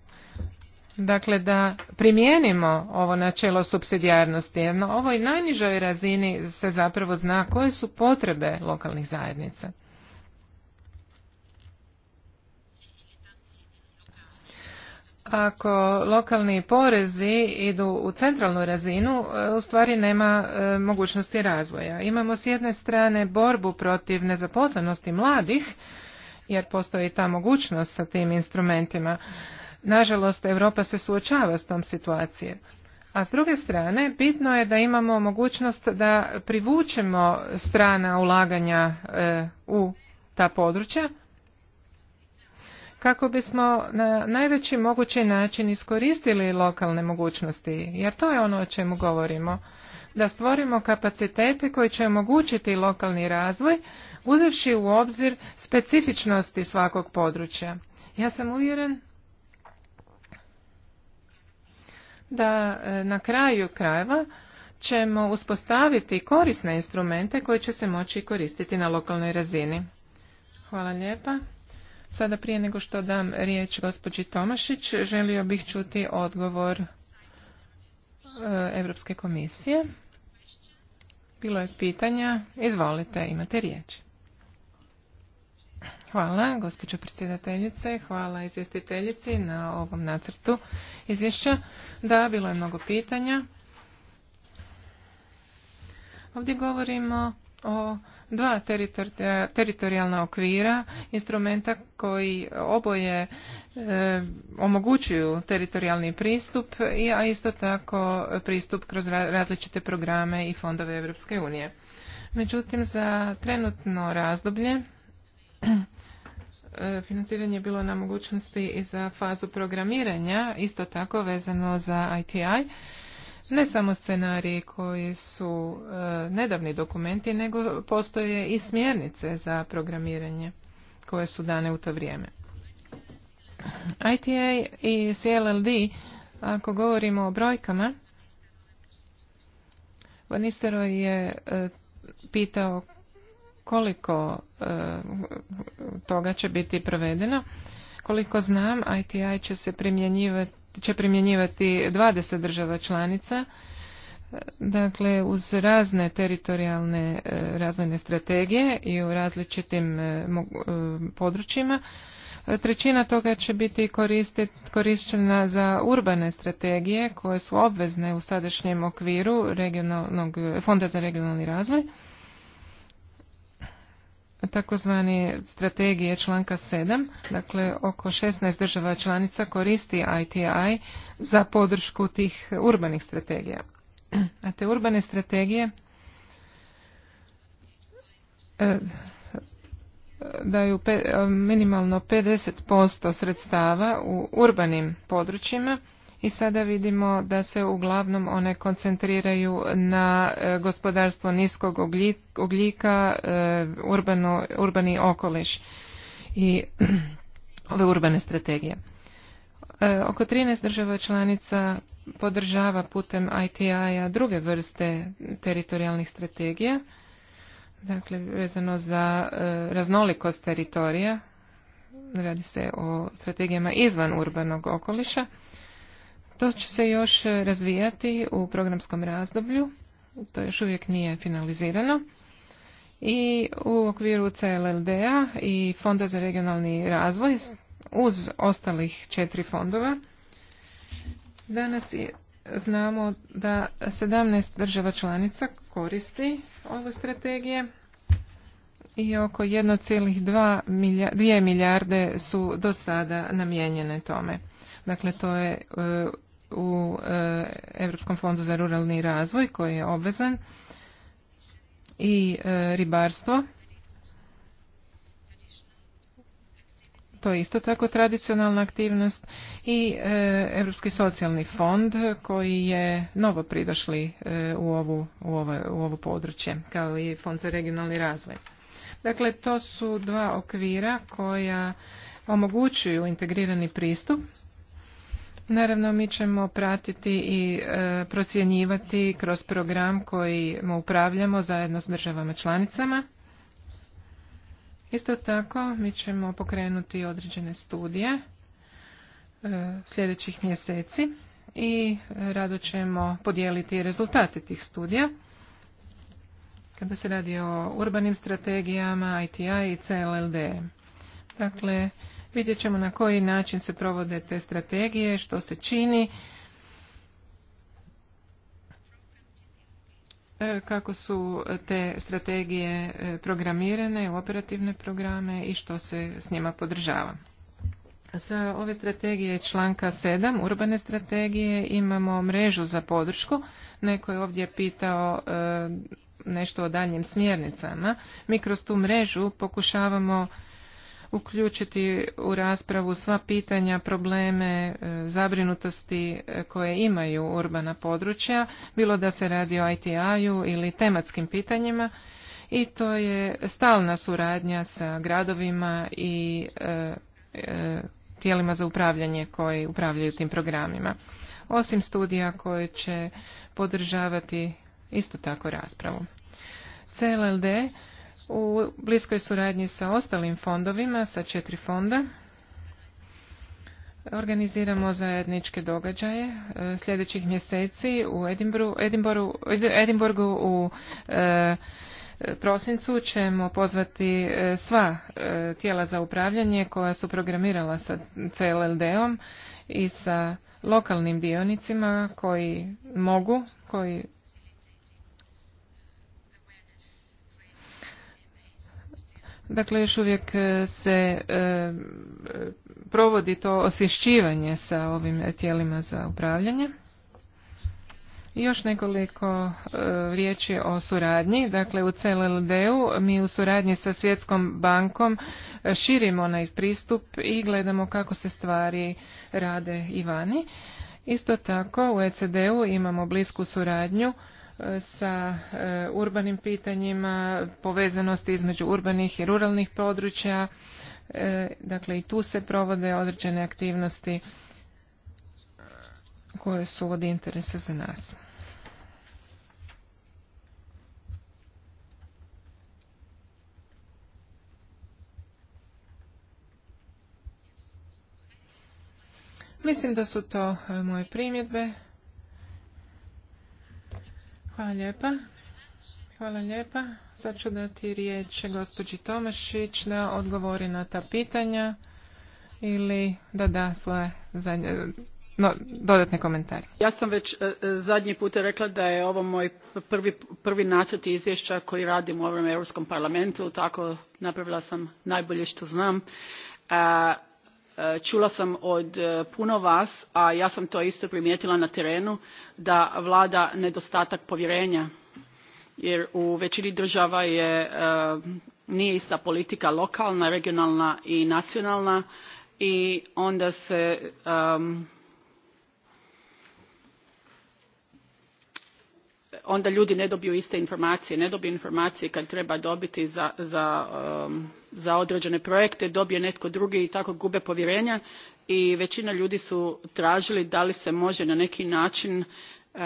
S3: Dakle, da primijenimo ovo načelo supsidijarnosti, jer na ovoj najnižoj razini se zapravo zna koje su potrebe lokalnih zajednica. Ako lokalni porezi idu u centralnu razinu, e, u stvari nema e, mogućnosti razvoja. Imamo s jedne strane borbu protiv nezaposlenosti mladih, jer postoji ta mogućnost sa tim instrumentima. Nažalost, Europa se suočava s tom situacijom. A s druge strane, bitno je da imamo mogućnost da privučemo strana ulaganja e, u ta područja kako bismo na najveći mogući način iskoristili lokalne mogućnosti, jer to je ono o čemu govorimo, da stvorimo kapacitete koji će omogućiti lokalni razvoj uzevši u obzir specifičnosti svakog područja. Ja sam uvjeren da e, na kraju krajeva ćemo uspostaviti korisne instrumente koje će se moći koristiti na lokalnoj razini. Hvala lijepa. Sada prije nego što dam riječ gospođi Tomašić, želio bih čuti odgovor e, Europske komisije. Bilo je pitanja. Izvolite, imate riječ. Hvala, gospođo predsjedateljice, hvala izvjestiteljici na ovom nacrtu izvješća. Da, bilo je mnogo pitanja. Ovdje govorimo o dva teritorijalna okvira, instrumenta koji oboje e, omogućuju teritorijalni pristup, a isto tako pristup kroz različite programe i fondove Europske unije. Međutim, za trenutno razdoblje Financiranje je bilo na mogućnosti i za fazu programiranja, isto tako vezano za ITI. Ne samo scenariji koji su e, nedavni dokumenti, nego postoje i smjernice za programiranje koje su dane u to vrijeme. ITA i CLLD, ako govorimo o brojkama, Van je e, pitao koliko e, toga će biti provedeno. Koliko znam, ITI će se primjenjivati, će primjenjivati 20 država članica, dakle uz razne teritorijalne e, razvojne strategije i u različitim e, područjima. Trećina toga će biti korištena za urbane strategije koje su obvezne u sadašnjem okviru Fonda za regionalni razvoj takozvani strategije članka 7, dakle oko 16 država članica koristi ITI za podršku tih urbanih strategija. A te urbane strategije e, daju minimalno 50% sredstava u urbanim područjima i sada vidimo da se uglavnom one koncentriraju na e, gospodarstvo niskog ugljika, e, urbano, urbani okoliš i ove urbane strategije. E, oko 13 država članica podržava putem ITI-a druge vrste teritorijalnih strategija, dakle vezano za raznolikost teritorija, radi se o strategijama izvan urbanog okoliša to će se još e, razvijati u programskom razdoblju, to još uvijek nije finalizirano. I u okviru CLLD-a i Fonda za regionalni razvoj, uz ostalih četiri fondova, danas znamo da 17 država članica koristi ovu strategije i oko 1,2 milijarde, milijarde su do sada namijenjene tome. Dakle, to je e, u Europskom fondu za ruralni razvoj koji je obvezan i e, ribarstvo. To je isto tako tradicionalna aktivnost i Europski socijalni fond koji je novo pridašli e, u, ovu, u, ovo, u ovo područje kao i Fond za regionalni razvoj. Dakle, to su dva okvira koja omogućuju integrirani pristup Naravno, mi ćemo pratiti i e, procjenjivati kroz program koji mu upravljamo zajedno s državama članicama. Isto tako, mi ćemo pokrenuti određene studije e, sljedećih mjeseci i rado ćemo podijeliti rezultate tih studija. Kada se radi o urbanim strategijama, ITI i CLLD. Dakle, Vidjet ćemo na koji način se provode te strategije, što se čini, e, kako su te strategije e, programirane u operativne programe i što se s njima podržava. Za ove strategije članka 7, urbane strategije, imamo mrežu za podršku. Neko je ovdje pitao e, nešto o daljnjim smjernicama. Mi kroz tu mrežu pokušavamo uključiti u raspravu sva pitanja, probleme, e, zabrinutosti e, koje imaju urbana područja, bilo da se radi o ITI-u ili tematskim pitanjima i to je stalna suradnja sa gradovima i e, tijelima za upravljanje koji upravljaju tim programima. Osim studija koje će podržavati isto tako raspravu. CLLD u bliskoj suradnji sa ostalim fondovima, sa četiri fonda. Organiziramo zajedničke događaje e, sljedećih mjeseci u edimborgu u e, prosincu ćemo pozvati e, sva tijela za upravljanje koja su programirala sa CLLD-om i sa lokalnim dionicima koji mogu, koji Dakle, još uvijek e, se e, provodi to osvješćivanje sa ovim tijelima za upravljanje. I još nekoliko e, riječi o suradnji. Dakle, u CLLD-u mi u suradnji sa Svjetskom bankom širimo onaj pristup i gledamo kako se stvari rade i vani. Isto tako u ECD-u imamo blisku suradnju sa e, urbanim pitanjima, povezanosti između urbanih i ruralnih područja. E, dakle, i tu se provode određene aktivnosti koje su od interesa za nas. Mislim da su to e, moje primjedbe. Hvala lijepa. Hvala lijepa. Sad ću dati riječ gospođi Tomašić da odgovori na ta pitanja ili da da svoje zadnje, dodatne komentare.
S2: Ja sam već e, e, zadnji put rekla da je ovo moj prvi, prvi nacrt izvješća koji radim u ovom Europskom parlamentu, tako napravila sam najbolje što znam. A, Eh, čula sam od eh, puno vas a ja sam to isto primijetila na terenu da vlada nedostatak povjerenja jer u većini država je eh, nije ista politika lokalna regionalna i nacionalna i onda se ehm, onda ljudi ne dobiju iste informacije ne dobiju informacije kad treba dobiti um, za, određene projekte dobije netko drugi i tako gube povjerenja i većina ljudi su tražili da li se može na neki način uh,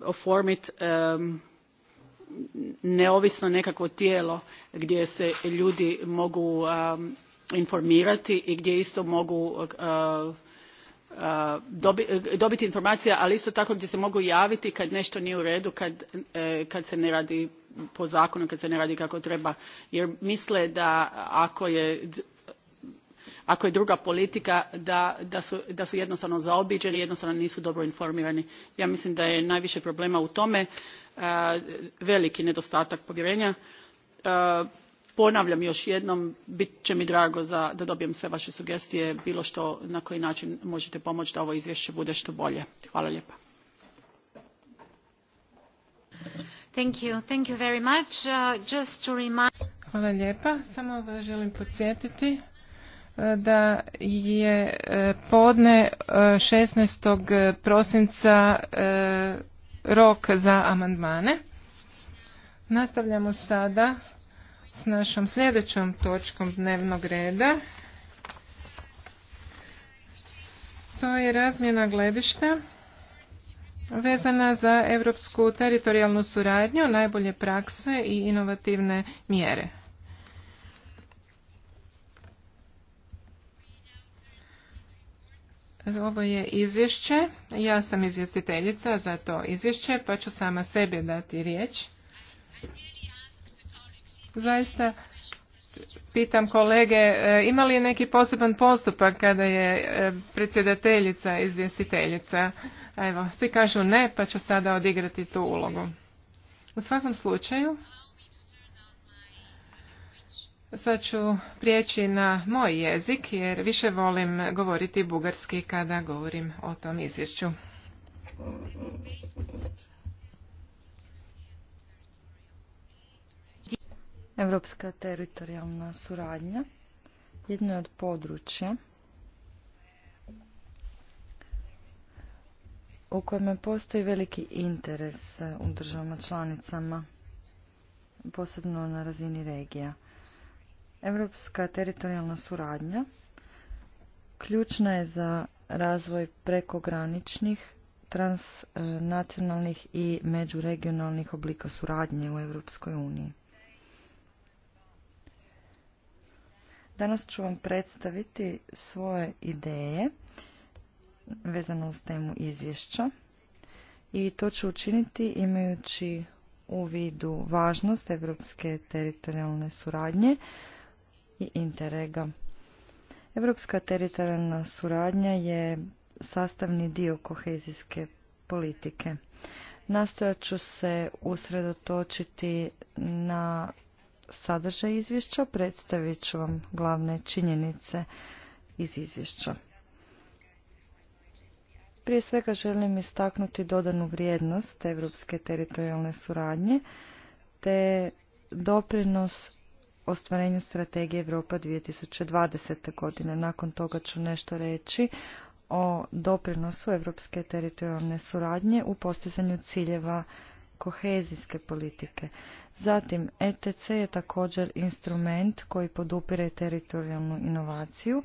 S2: oformiti um, neovisno nekakvo tijelo gdje se ljudi mogu um, informirati i gdje isto mogu uh, E, dobiti informacije ali isto tako gdje se mogu javiti kad nešto nije u redu e, kad, se ne radi po zakonu kad se ne radi kako treba jer misle da ako je druga politika da, su, da su jednostavno zaobiđeni jednostavno nisu dobro informirani. ja mislim da je najviše problema u tome veliki nedostatak povjerenja ponavljam još jednom bit će mi drago za, da dobijem sve vaše sugestije bilo što na koji način možete pomoći da ovo izvješće bude što bolje. hvala lijepa.
S3: Hvala Samo vas želim podsjetiti uh, da je uh, podne 16. Uh, prosinca rok za amandmane. Nastavljamo sada s našom sljedećom točkom dnevnog reda. To je razmjena gledišta vezana za europsku teritorijalnu suradnju, najbolje prakse i inovativne mjere. Ovo je izvješće. Ja sam izvjestiteljica za to izvješće, pa ću sama sebi dati riječ. Zaista pitam kolege, e, ima li neki poseban postupak kada je e, predsjedateljica izvjestiteljica? Evo, svi kažu ne, pa ću sada odigrati tu ulogu. U svakom slučaju, sad ću prijeći na moj jezik, jer više volim govoriti bugarski kada govorim o tom izvješću.
S4: Evropska teritorijalna suradnja jedno je od područja u kojem postoji veliki interes u državama članicama, posebno na razini regija. Europska teritorijalna suradnja ključna je za razvoj prekograničnih, transnacionalnih i međuregionalnih oblika suradnje u Europskoj uniji. Danas ću vam predstaviti svoje ideje vezano uz temu izvješća i to ću učiniti imajući u vidu važnost evropske teritorijalne suradnje i interega. Evropska teritorijalna suradnja je sastavni dio kohezijske politike. Nastojat ću se usredotočiti na sadržaj izvješća, predstavit ću vam glavne činjenice iz izvješća. Prije svega želim istaknuti dodanu vrijednost evropske teritorijalne suradnje te doprinos ostvarenju strategije Europa 2020. godine. Nakon toga ću nešto reći o doprinosu evropske teritorijalne suradnje u postizanju ciljeva kohezijske politike. Zatim, ETC je također instrument koji podupire teritorijalnu inovaciju.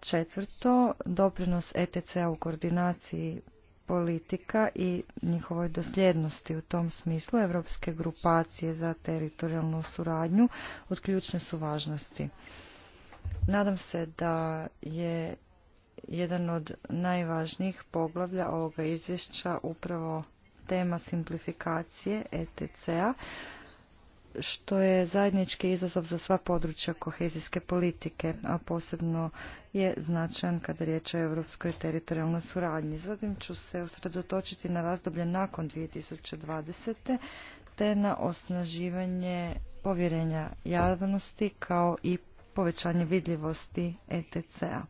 S4: Četvrto, doprinos ETC-a u koordinaciji politika i njihovoj dosljednosti u tom smislu evropske grupacije za teritorijalnu suradnju od ključne su važnosti. Nadam se da je jedan od najvažnijih poglavlja ovoga izvješća upravo tema simplifikacije ETC-a, što je zajednički izazov za sva područja kohezijske politike, a posebno je značajan kada riječ o europskoj teritorijalnoj suradnji. Zatim ću se osredotočiti na razdoblje nakon 2020. te na osnaživanje povjerenja javnosti kao i povećanje vidljivosti ETC-a.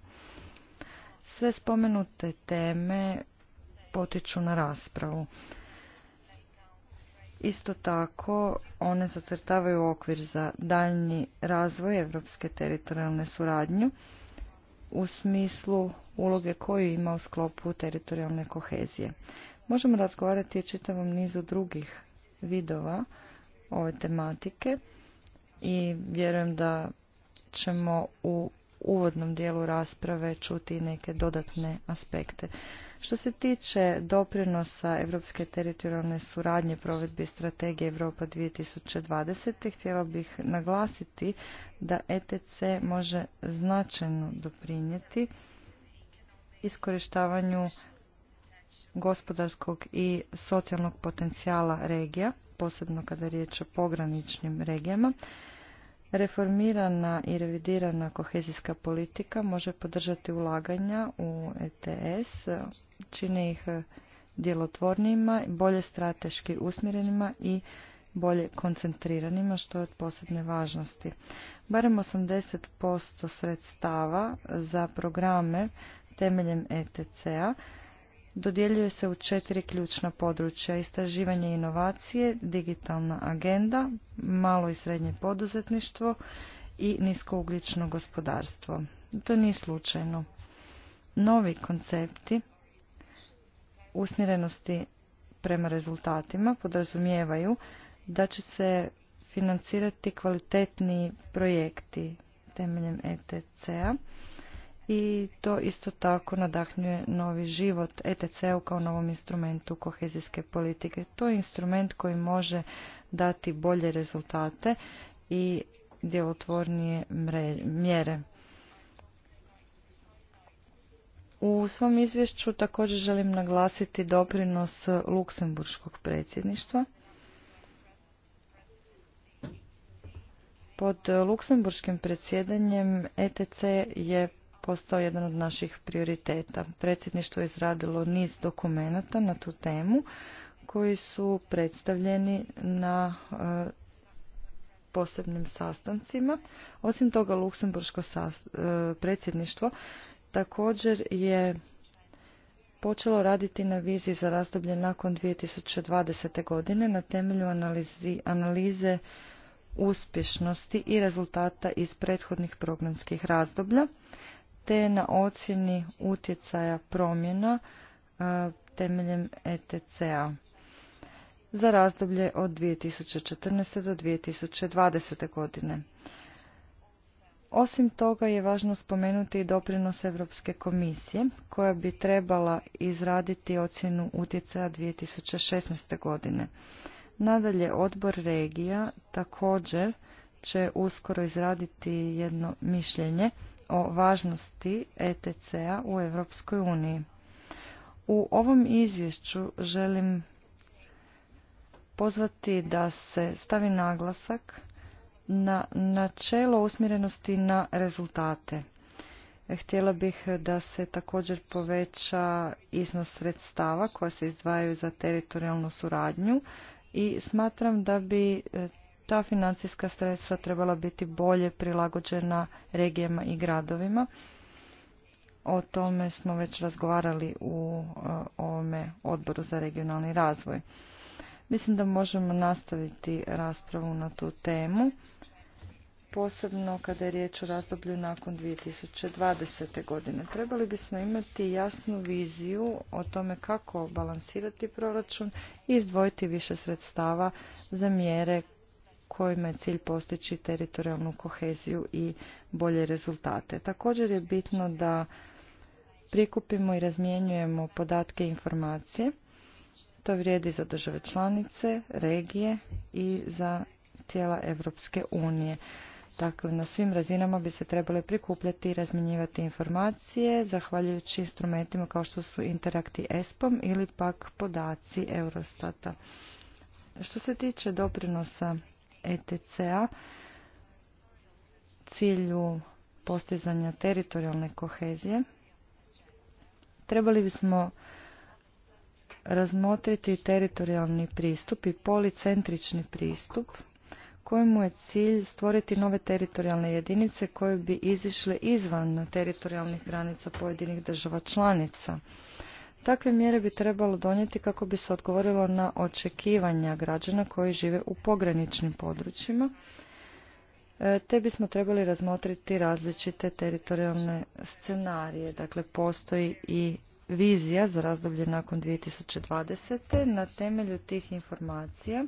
S4: Sve spomenute teme potiču na raspravu. Isto tako, one zacrtavaju okvir za daljnji razvoj evropske teritorijalne suradnju u smislu uloge koju ima u sklopu teritorijalne kohezije. Možemo razgovarati o čitavom nizu drugih vidova ove tematike i vjerujem da ćemo u uvodnom dijelu rasprave čuti neke dodatne aspekte. Što se tiče doprinosa Europske teritorijalne suradnje provedbi strategije Europa 2020. htjela bih naglasiti da ETC može značajno doprinijeti iskorištavanju gospodarskog i socijalnog potencijala regija, posebno kada je riječ o pograničnim regijama, Reformirana i revidirana kohezijska politika može podržati ulaganja u ETS, čini ih djelotvornijima, bolje strateški usmjerenima i bolje koncentriranima, što je od posebne važnosti. Barem 80% sredstava za programe temeljem ETC-a dodjeljuje se u četiri ključna područja istraživanje i inovacije, digitalna agenda, malo i srednje poduzetništvo i niskouglično gospodarstvo. To nije slučajno. Novi koncepti usmjerenosti prema rezultatima podrazumijevaju da će se financirati kvalitetni projekti temeljem ETC-a i to isto tako nadahnjuje novi život ETC-u kao novom instrumentu kohezijske politike. To je instrument koji može dati bolje rezultate i djelotvornije mjere. U svom izvješću također želim naglasiti doprinos Luksemburškog predsjedništva. Pod luksemburškim predsjedanjem ETC je postao jedan od naših prioriteta. Predsjedništvo je izradilo niz dokumenata na tu temu koji su predstavljeni na e, posebnim sastancima. Osim toga, Luksemburško e, predsjedništvo također je počelo raditi na viziji za razdoblje nakon 2020. godine na temelju analizi, analize uspješnosti i rezultata iz prethodnih programskih razdoblja te na ocjeni utjecaja promjena e, temeljem ETC-a za razdoblje od 2014. do 2020. godine. Osim toga je važno spomenuti i doprinos Europske komisije koja bi trebala izraditi ocjenu utjecaja 2016. godine. Nadalje, odbor regija također će uskoro izraditi jedno mišljenje o važnosti ETC-a u Europskoj uniji. U ovom izvješću želim pozvati da se stavi naglasak na načelo usmjerenosti na rezultate. Htjela bih da se također poveća iznos sredstava koja se izdvajaju za teritorijalnu suradnju i smatram da bi ta financijska sredstva trebala biti bolje prilagođena regijama i gradovima. O tome smo već razgovarali u e, ovome odboru za regionalni razvoj. Mislim da možemo nastaviti raspravu na tu temu, posebno kada je riječ o razdoblju nakon 2020. godine. Trebali bismo imati jasnu viziju o tome kako balansirati proračun i izdvojiti više sredstava za mjere kojima je cilj postići teritorijalnu koheziju i bolje rezultate. Također je bitno da prikupimo i razmjenjujemo podatke i informacije. To vrijedi za države članice, regije i za tijela Europske unije. Dakle, na svim razinama bi se trebale prikupljati i razminjivati informacije, zahvaljujući instrumentima kao što su Interakti ESPOM ili pak podaci Eurostata. Što se tiče doprinosa ETC-a cilju postizanja teritorijalne kohezije, trebali bismo razmotriti teritorijalni pristup i policentrični pristup kojemu je cilj stvoriti nove teritorijalne jedinice koje bi izišle izvan teritorijalnih granica pojedinih država članica. Takve mjere bi trebalo donijeti kako bi se odgovorilo na očekivanja građana koji žive u pograničnim područjima, e, te bismo trebali razmotriti različite teritorijalne scenarije. Dakle, postoji i vizija za razdoblje nakon 2020. Na temelju tih informacija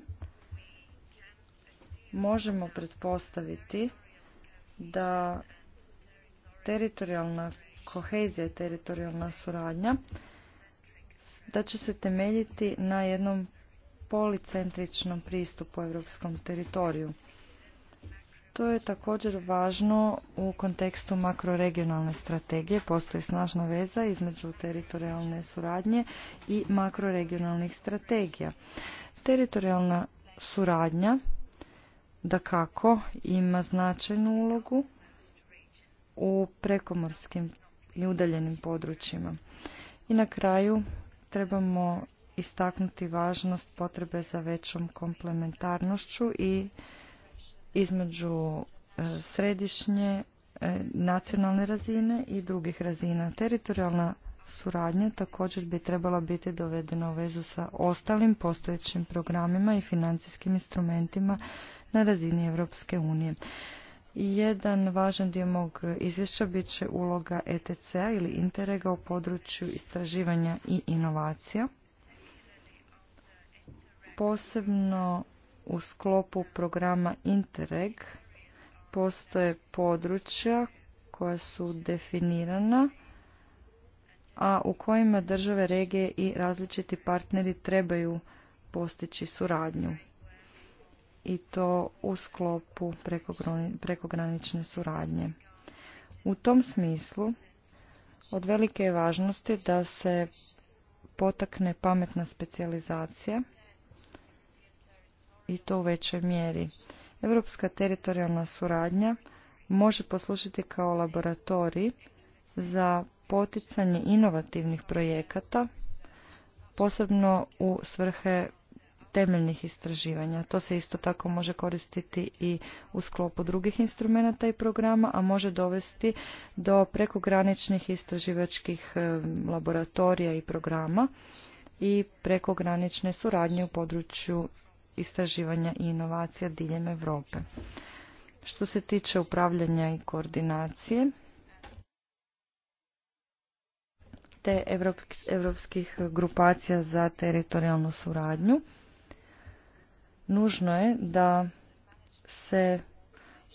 S4: možemo pretpostaviti da teritorijalna kohezija i teritorijalna suradnja da će se temeljiti na jednom policentričnom pristupu europskom teritoriju. To je također važno u kontekstu makroregionalne strategije. Postoji snažna veza između teritorijalne suradnje i makroregionalnih strategija. Teritorijalna suradnja da kako ima značajnu ulogu u prekomorskim i udaljenim područjima. I na kraju trebamo istaknuti važnost potrebe za većom komplementarnošću i između e, središnje e, nacionalne razine i drugih razina. Teritorijalna suradnja također bi trebala biti dovedena u vezu sa ostalim postojećim programima i financijskim instrumentima na razini Europske unije. Jedan važan dio mog izvješća bit će uloga ETC-a ili Interrega u području istraživanja i inovacija, posebno u sklopu programa Interreg postoje područja koja su definirana, a u kojima države, regije i različiti partneri trebaju postići suradnju i to u sklopu prekogranične suradnje. U tom smislu od velike je važnosti da se potakne pametna specijalizacija i to u većoj mjeri. Europska teritorijalna suradnja može poslušati kao laboratorij za poticanje inovativnih projekata, posebno u svrhe temeljnih istraživanja. To se isto tako može koristiti i u sklopu drugih instrumenta i programa, a može dovesti do prekograničnih istraživačkih e, laboratorija i programa i prekogranične suradnje u području istraživanja i inovacija diljem Europe. Što se tiče upravljanja i koordinacije, te evropskih grupacija za teritorijalnu suradnju nužno je da se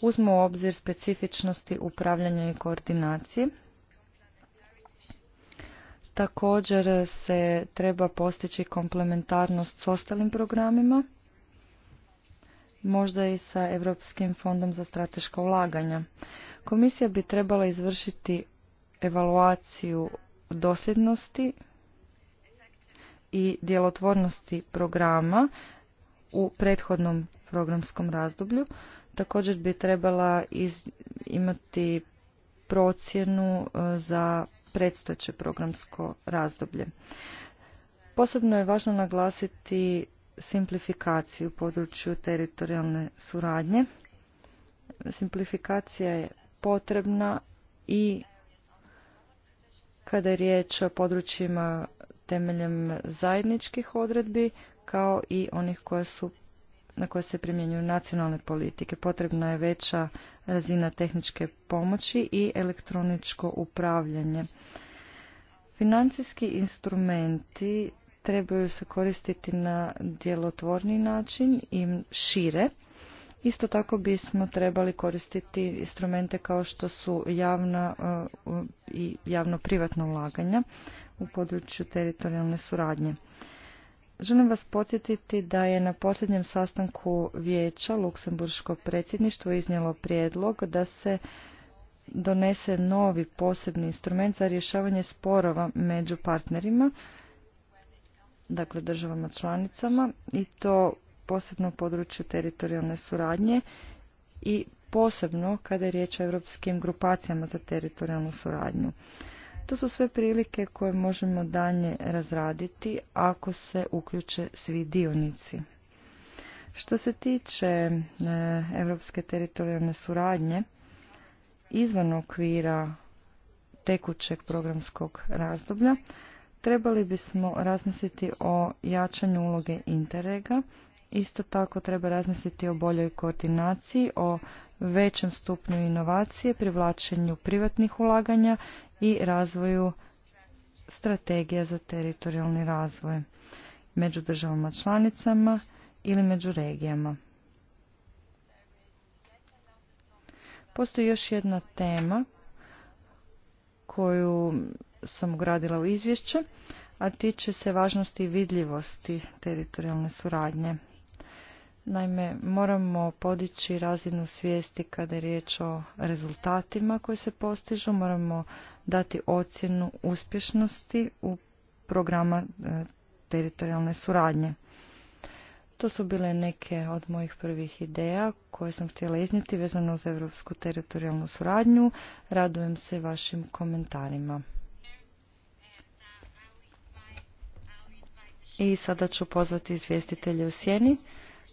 S4: uzmu u obzir specifičnosti upravljanja i koordinacije. Također se treba postići komplementarnost s ostalim programima, možda i sa Europskim fondom za strateška ulaganja. Komisija bi trebala izvršiti evaluaciju dosljednosti i djelotvornosti programa u prethodnom programskom razdoblju. Također bi trebala imati procjenu e, za predstojeće programsko razdoblje. Posebno je važno naglasiti simplifikaciju u području teritorijalne suradnje. Simplifikacija je potrebna i kada je riječ o područjima temeljem zajedničkih odredbi kao i onih koje su na koje se primjenjuju nacionalne politike. Potrebna je veća razina tehničke pomoći i elektroničko upravljanje. Financijski instrumenti trebaju se koristiti na djelotvorni način i šire. Isto tako bismo trebali koristiti instrumente kao što su javna e, i javno-privatna ulaganja u području teritorijalne suradnje. Želim vas podsjetiti da je na posljednjem sastanku vijeća Luksemburško predsjedništvo iznijelo prijedlog da se donese novi posebni instrument za rješavanje sporova među partnerima, dakle državama članicama, i to posebno u području teritorijalne suradnje i posebno kada je riječ o europskim grupacijama za teritorijalnu suradnju. To su sve prilike koje možemo dalje razraditi ako se uključe svi dionici. Što se tiče europske teritorijalne suradnje, izvan okvira tekućeg programskog razdoblja, trebali bismo razmisliti o jačanju uloge interega Isto tako treba razmisliti o boljoj koordinaciji, o većem stupnju inovacije, privlačenju privatnih ulaganja i razvoju strategija za teritorijalni razvoj među državama članicama ili među regijama. Postoji još jedna tema koju sam ugradila u izvješće, a tiče se važnosti i vidljivosti teritorijalne suradnje. Naime, moramo podići razinu svijesti kada je riječ o rezultatima koji se postižu, moramo dati ocjenu uspješnosti u programa e, teritorijalne suradnje. To su bile neke od mojih prvih ideja koje sam htjela iznijeti vezano za Europsku teritorijalnu suradnju. Radujem se vašim komentarima. I sada ću pozvati izvjestitelje u sjeni.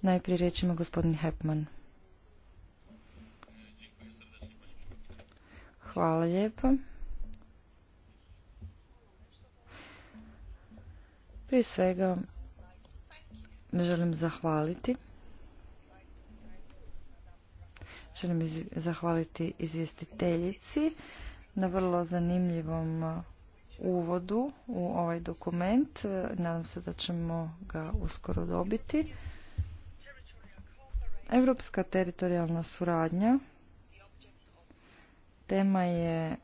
S4: Najprije riječ ima gospodin Hepman. Hvala lijepo. Prije svega želim zahvaliti. Želim zahvaliti izvjestiteljici na vrlo zanimljivom uvodu u ovaj dokument. Nadam se da ćemo ga uskoro dobiti. Europska teritorijalna suradnja tema je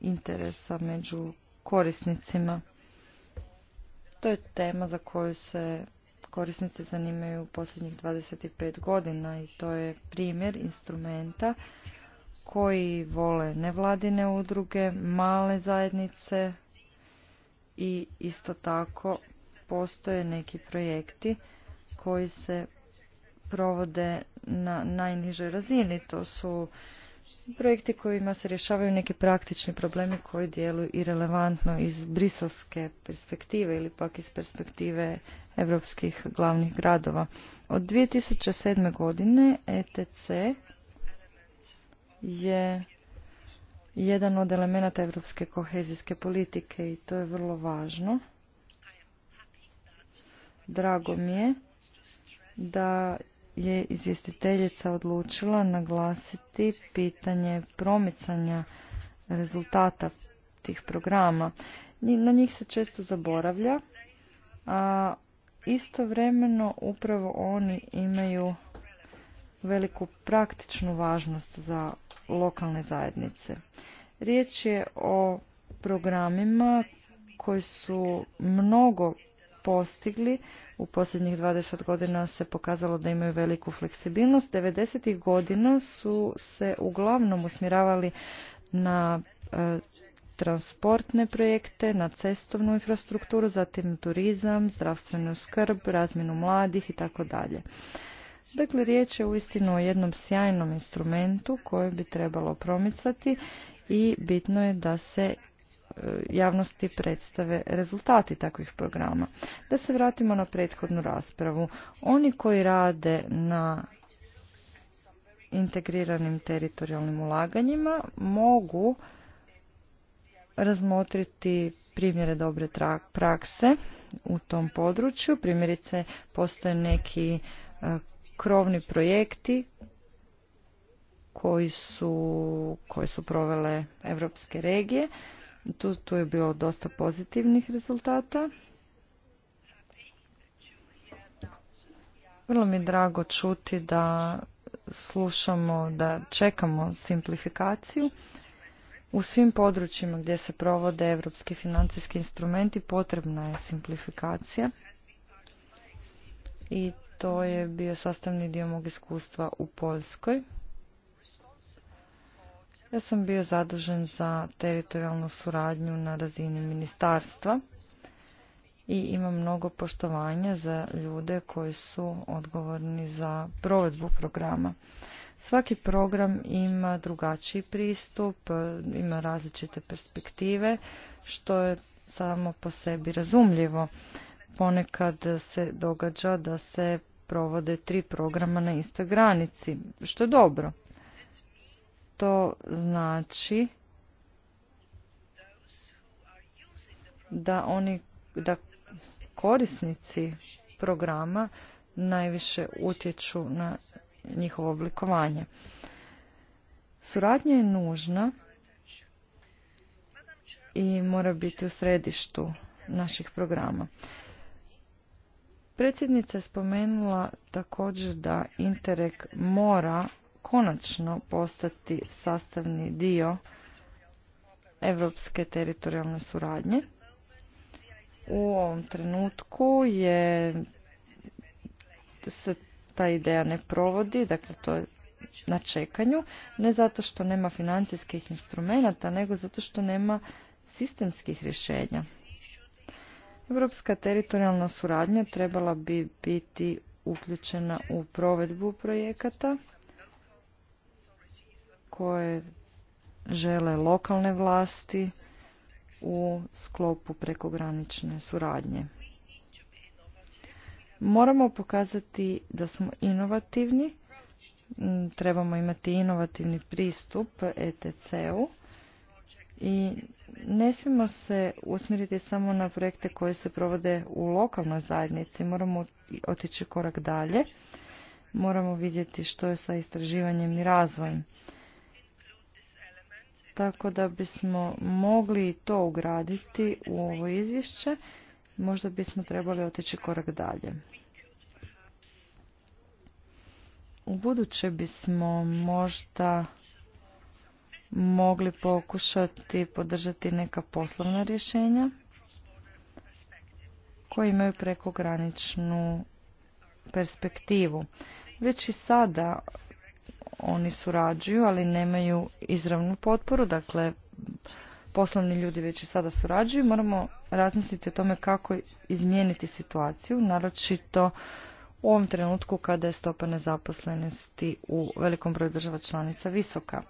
S4: interesa među korisnicima. To je tema za koju se korisnice zanimaju u posljednjih 25 godina i to je primjer instrumenta koji vole nevladine udruge, male zajednice i isto tako postoje neki projekti koji se provode na najnižoj razini. To su projekti kojima se rješavaju neki praktični problemi koji djeluju i relevantno iz briselske perspektive ili pak iz perspektive evropskih glavnih gradova. Od 2007. godine ETC je jedan od elemenata evropske kohezijske politike i to je vrlo važno. Drago mi je da je izvjestiteljica odlučila naglasiti pitanje promicanja rezultata tih programa. Na njih se često zaboravlja, a istovremeno upravo oni imaju veliku praktičnu važnost za lokalne zajednice. Riječ je o programima koji su mnogo postigli. U posljednjih 20 godina se pokazalo da imaju veliku fleksibilnost. 90. godina su se uglavnom usmjeravali na e, transportne projekte, na cestovnu infrastrukturu, zatim turizam, zdravstvenu skrb, razmjenu mladih i tako dalje. Dakle, riječ je uistinu o jednom sjajnom instrumentu koji bi trebalo promicati i bitno je da se E, javnosti predstave rezultati takvih programa. Da se vratimo na prethodnu raspravu. Oni koji rade na integriranim teritorijalnim ulaganjima mogu razmotriti primjere dobre prakse u tom području. Primjerice postoje neki e, krovni projekti koji su, koje su provele evropske regije tu, je bilo dosta pozitivnih rezultata. Vrlo mi je drago čuti da slušamo, da čekamo simplifikaciju. U svim područjima gdje se provode evropski financijski instrumenti potrebna je simplifikacija i to je bio sastavni dio mog iskustva u Poljskoj. Ja sam bio zadužen za teritorijalnu suradnju na razini ministarstva i imam mnogo poštovanja za ljude koji su odgovorni za provedbu programa. Svaki program ima drugačiji pristup, ima različite perspektive, što je samo po sebi razumljivo. Ponekad se događa da se provode tri programa na istoj granici, što je dobro to znači da oni da korisnici programa najviše utječu na njihovo oblikovanje. Suradnja je nužna i mora biti u središtu naših programa. Predsjednica je spomenula također da Interreg mora konačno postati sastavni dio evropske teritorijalne suradnje. U ovom trenutku je se ta ideja ne provodi, dakle to je na čekanju, ne zato što nema financijskih instrumenata, nego zato što nema sistemskih rješenja. Evropska teritorijalna suradnja trebala bi biti uključena u provedbu projekata koje žele lokalne vlasti u sklopu prekogranične suradnje. Moramo pokazati da smo inovativni, trebamo imati inovativni pristup ETC-u i ne smijemo se usmjeriti samo na projekte koji se provode u lokalnoj zajednici, moramo otići korak dalje, moramo vidjeti što je sa istraživanjem i razvojem tako da bismo mogli to ugraditi u ovo izvješće. Možda bismo trebali otići korak dalje. U buduće bismo možda mogli pokušati podržati neka poslovna rješenja koji imaju prekograničnu perspektivu. Već i sada oni surađuju, ali nemaju izravnu potporu, dakle poslovni ljudi već i sada surađuju. Moramo razmisliti o tome kako izmijeniti situaciju, naročito u ovom trenutku kada je stopa nezaposlenosti u velikom broju država članica visoka.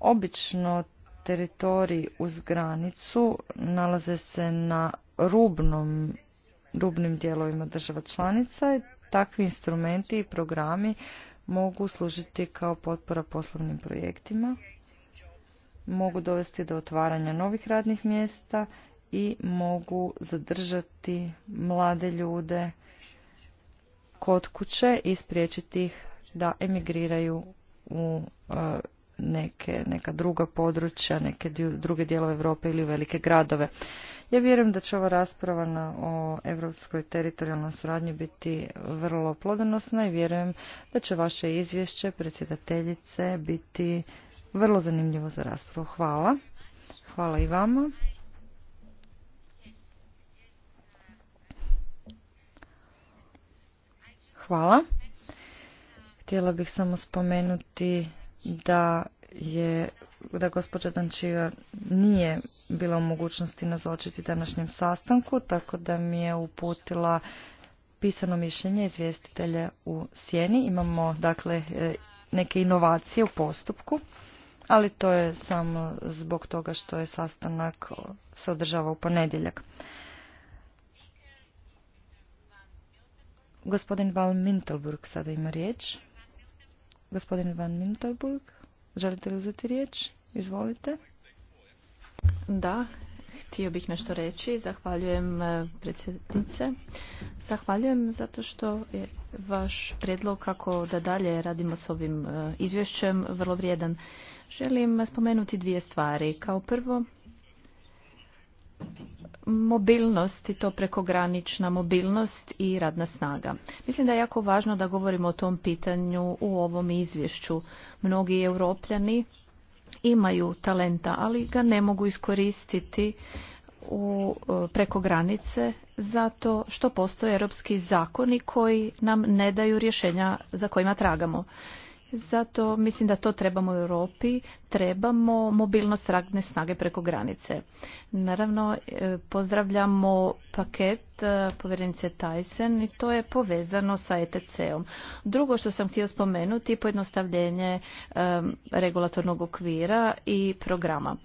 S4: Obično teritorij uz granicu nalaze se na rubnom, rubnim dijelovima država članica i takvi instrumenti i programi mogu služiti kao potpora poslovnim projektima, mogu dovesti do otvaranja novih radnih mjesta i mogu zadržati mlade ljude kod kuće i spriječiti ih da emigriraju u e, neke, neka druga područja, neke druge dijelove Europe ili velike gradove. Ja vjerujem da će ova rasprava na, o europskoj teritorijalnoj suradnji biti vrlo plodonosna i vjerujem da će vaše izvješće predsjedateljice biti vrlo zanimljivo za raspravu. Hvala. Hvala i vama. Hvala. Htjela bih samo spomenuti da je da gospođa Dančiva nije bila u mogućnosti nazočiti današnjem sastanku, tako da mi je uputila pisano mišljenje izvjestitelja u sjeni. Imamo dakle e, neke inovacije u postupku, ali to je samo zbog toga što je sastanak se održava u ponedjeljak. Gospodin Van Mintelburg sada ima riječ. Gospodin Van
S1: Mintelburg, želite li uzeti riječ? Izvolite. Da, htio bih nešto reći. Zahvaljujem e, predsjednice. Zahvaljujem zato što je vaš predlog kako da dalje radimo s ovim e, izvješćem vrlo vrijedan. Želim spomenuti dvije stvari. Kao prvo, mobilnost i to prekogranična mobilnost i radna snaga. Mislim da je jako važno da govorimo o tom pitanju u ovom izvješću. Mnogi europljani imaju talenta, ali ga ne mogu iskoristiti u, e, preko granice zato što postoje europski zakoni koji nam ne daju rješenja za kojima tragamo. Zato mislim da to trebamo u Europi, trebamo mobilnost radne snage preko granice. Naravno, e, pozdravljamo paket e, povjerenice Tyson i to je povezano sa ETC-om. Drugo što sam htio spomenuti je pojednostavljenje e, regulatornog okvira i programa.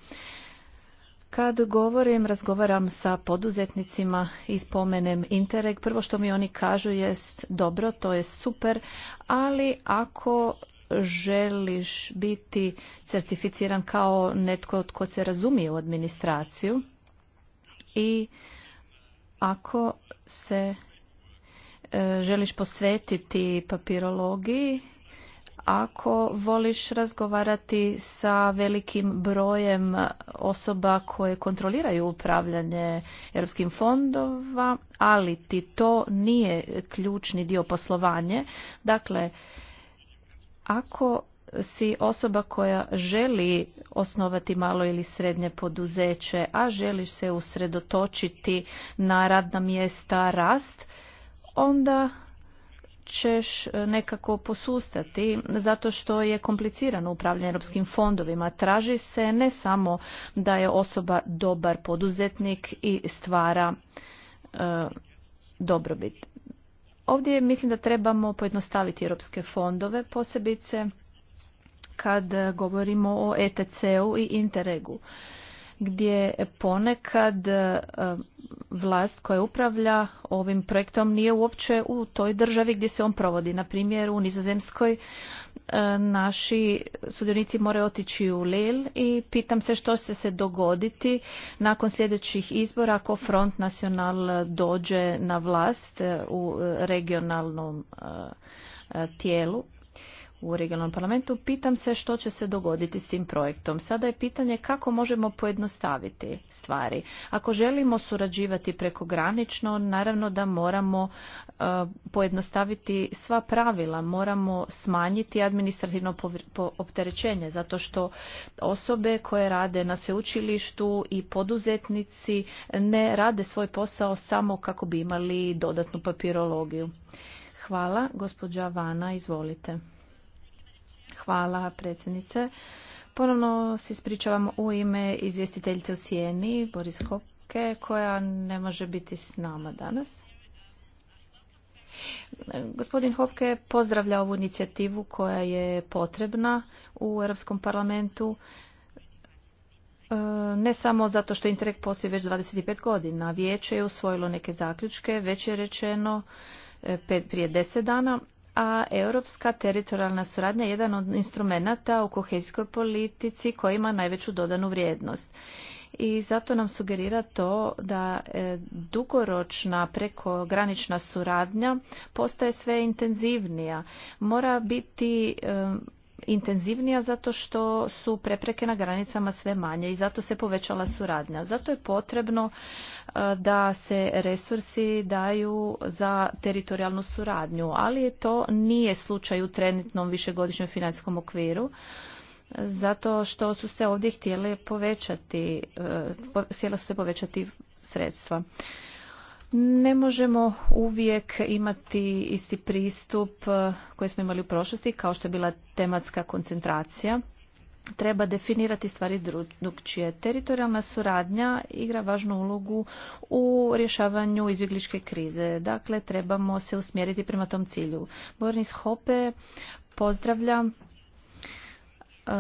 S1: Kad govorim, razgovaram sa poduzetnicima i spomenem Interreg, prvo što mi oni kažu jest dobro, to je super, ali ako želiš biti certificiran kao netko tko se razumije u administraciju i ako se e, želiš posvetiti papirologiji, ako voliš razgovarati sa velikim brojem osoba koje kontroliraju upravljanje europskim fondova, ali ti to nije ključni dio poslovanje. Dakle, ako si osoba koja želi osnovati malo ili srednje poduzeće, a želiš se usredotočiti na radna mjesta, rast, onda ćeš nekako posustati zato što je komplicirano upravljanje europskim fondovima. Traži se ne samo da je osoba dobar poduzetnik i stvara e, dobrobit. Ovdje mislim da trebamo pojednostaviti europske fondove, posebice kad govorimo o ETC-u i Interregu gdje ponekad e, vlast koja upravlja ovim projektom nije uopće u toj državi gdje se on provodi. Na primjer u Nizozemskoj e, naši sudionici moraju otići u LIL i pitam se što će se dogoditi nakon sljedećih izbora ako Front Nacional dođe na vlast e, u regionalnom tijelu u regionalnom parlamentu, pitam se što će se dogoditi s tim projektom. Sada je pitanje kako možemo pojednostaviti stvari. Ako želimo surađivati prekogranično, naravno da moramo e, pojednostaviti sva pravila, moramo smanjiti administrativno opterećenje, zato što osobe koje rade na sveučilištu i poduzetnici ne rade svoj posao samo kako bi imali dodatnu papirologiju. Hvala, gospođa Vana, izvolite. Hvala predsjednice. Ponovno se ispričavam u ime izvjestiteljice u Sijeni, Boris Hopke, koja ne može biti s nama danas. Gospodin Hopke pozdravlja ovu inicijativu koja je potrebna u Europskom parlamentu e, ne samo zato što Interreg postoji već 25 godina. Vijeće je usvojilo neke zaključke, već je rečeno e, prije 10 dana a europska teritorijalna suradnja je jedan od instrumenata u kohezijskoj politici koji ima najveću dodanu vrijednost. I zato nam sugerira to da e, dugoročna prekogranična suradnja postaje sve intenzivnija. Mora biti e, intenzivnija zato što su prepreke na granicama sve manje i zato se povećala suradnja. Zato je potrebno e, da se resursi daju za teritorijalnu suradnju, ali to nije slučaj u trenutnom višegodišnjem financijskom okviru zato što su se ovdje htjele povećati, e, htjela su se povećati sredstva ne možemo uvijek imati isti pristup eh, koji smo imali u prošlosti kao što je bila tematska koncentracija treba definirati stvari drugčije. Teritorijalna suradnja igra važnu ulogu u rješavanju izbjegličke krize. Dakle, trebamo se usmjeriti prema tom cilju. Bornis Hope pozdravlja eh,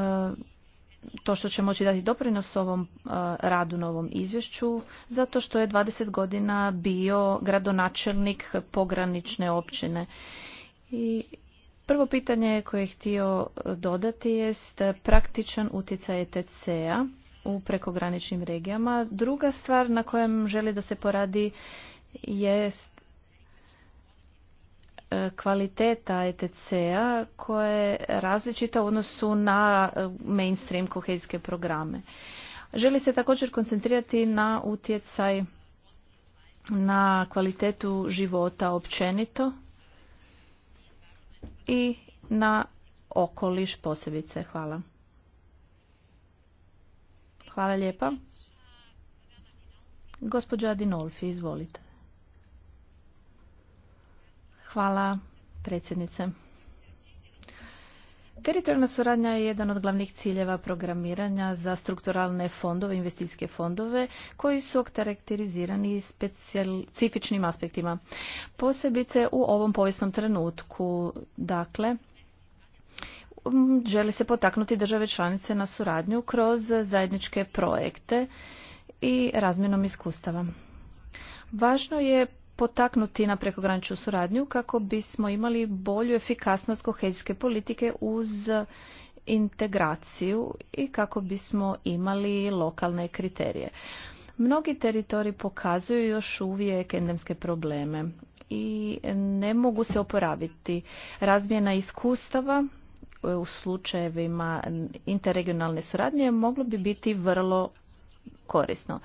S1: to što će moći dati doprinos ovom e, radu na ovom izvješću, zato što je 20 godina bio gradonačelnik pogranične općine. I prvo pitanje koje je htio dodati jest praktičan utjecaj ETC-a u prekograničnim regijama. Druga stvar na kojem želi da se poradi jest E, kvaliteta ETC-a koja je različita u odnosu na e, mainstream kohezijske programe. Želi se također koncentrirati na utjecaj na kvalitetu života općenito i na okoliš posebice. Hvala. Hvala lijepa. Gospođa Adinolfi, izvolite. Hvala predsjednice. Teritorijalna suradnja je jedan od glavnih ciljeva programiranja za strukturalne fondove, investicijske fondove, koji su karakterizirani specifičnim aspektima. Posebice u ovom povijesnom trenutku, dakle, želi se potaknuti države članice na suradnju kroz zajedničke projekte i razmjenom iskustava. Važno je potaknuti na prekograničnu suradnju kako bismo imali bolju efikasnost kohezijske politike uz integraciju i kako bismo imali lokalne kriterije. Mnogi teritori pokazuju još uvijek endemske probleme i ne mogu se oporaviti. Razmjena iskustava e, u slučajevima interregionalne suradnje moglo bi biti vrlo korisno.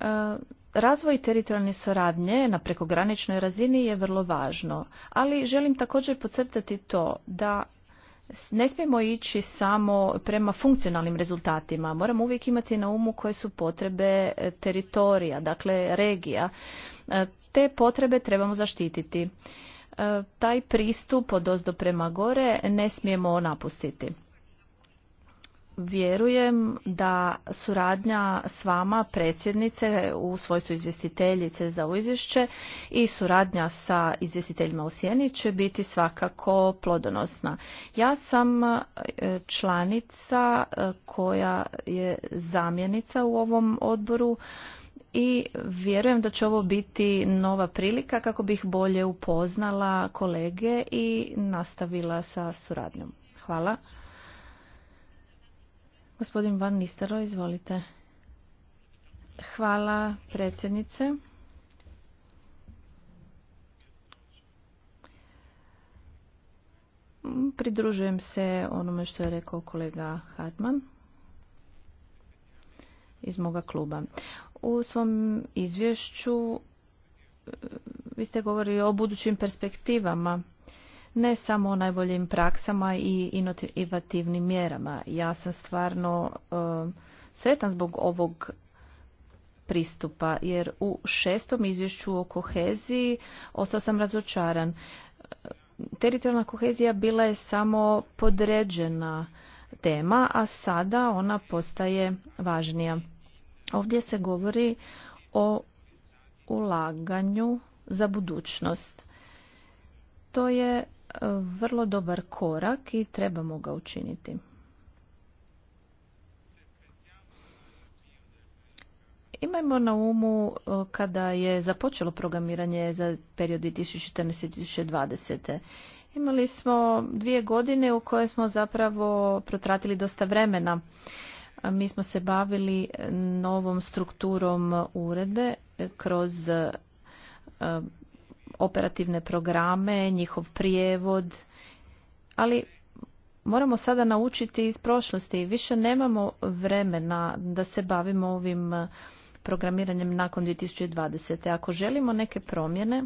S1: E, Razvoj teritorijalne suradnje na prekograničnoj razini je vrlo važno, ali želim također podcrtati to da ne smijemo ići samo prema funkcionalnim rezultatima. Moramo uvijek imati na umu koje su potrebe e, teritorija, dakle regija. E, te potrebe trebamo zaštititi. E, taj pristup od ozdo prema gore ne smijemo napustiti. Vjerujem da suradnja s vama predsjednice u svojstvu izvjestiteljice za izvješće i suradnja sa izvjestiteljima u sjeni će biti svakako plodonosna. Ja sam e, članica e, koja je zamjenica u ovom odboru i vjerujem da će ovo biti nova prilika kako bih bolje upoznala kolege i nastavila sa suradnjom. Hvala. Gospodin Van Nistero, izvolite. Hvala predsjednice. Pridružujem se onome što je rekao kolega Hartman iz moga kluba. U svom izvješću eh, vi ste govorili o budućim perspektivama ne samo o najboljim praksama i inovativnim mjerama. Ja sam stvarno eh, sretan zbog ovog pristupa, jer u šestom izvješću o koheziji ostao sam razočaran. Teritorijalna kohezija bila je samo podređena tema, a sada ona postaje važnija. Ovdje se govori o ulaganju za budućnost. To je vrlo dobar korak i trebamo ga učiniti. Imajmo na umu e, kada je započelo programiranje za period 2014-2020. Imali smo dvije godine u koje smo zapravo protratili dosta vremena. Mi smo se bavili novom strukturom uredbe kroz e, operativne programe, njihov prijevod, ali moramo sada naučiti iz prošlosti. Više nemamo vremena da se bavimo ovim eh, programiranjem nakon 2020. Ako želimo neke promjene,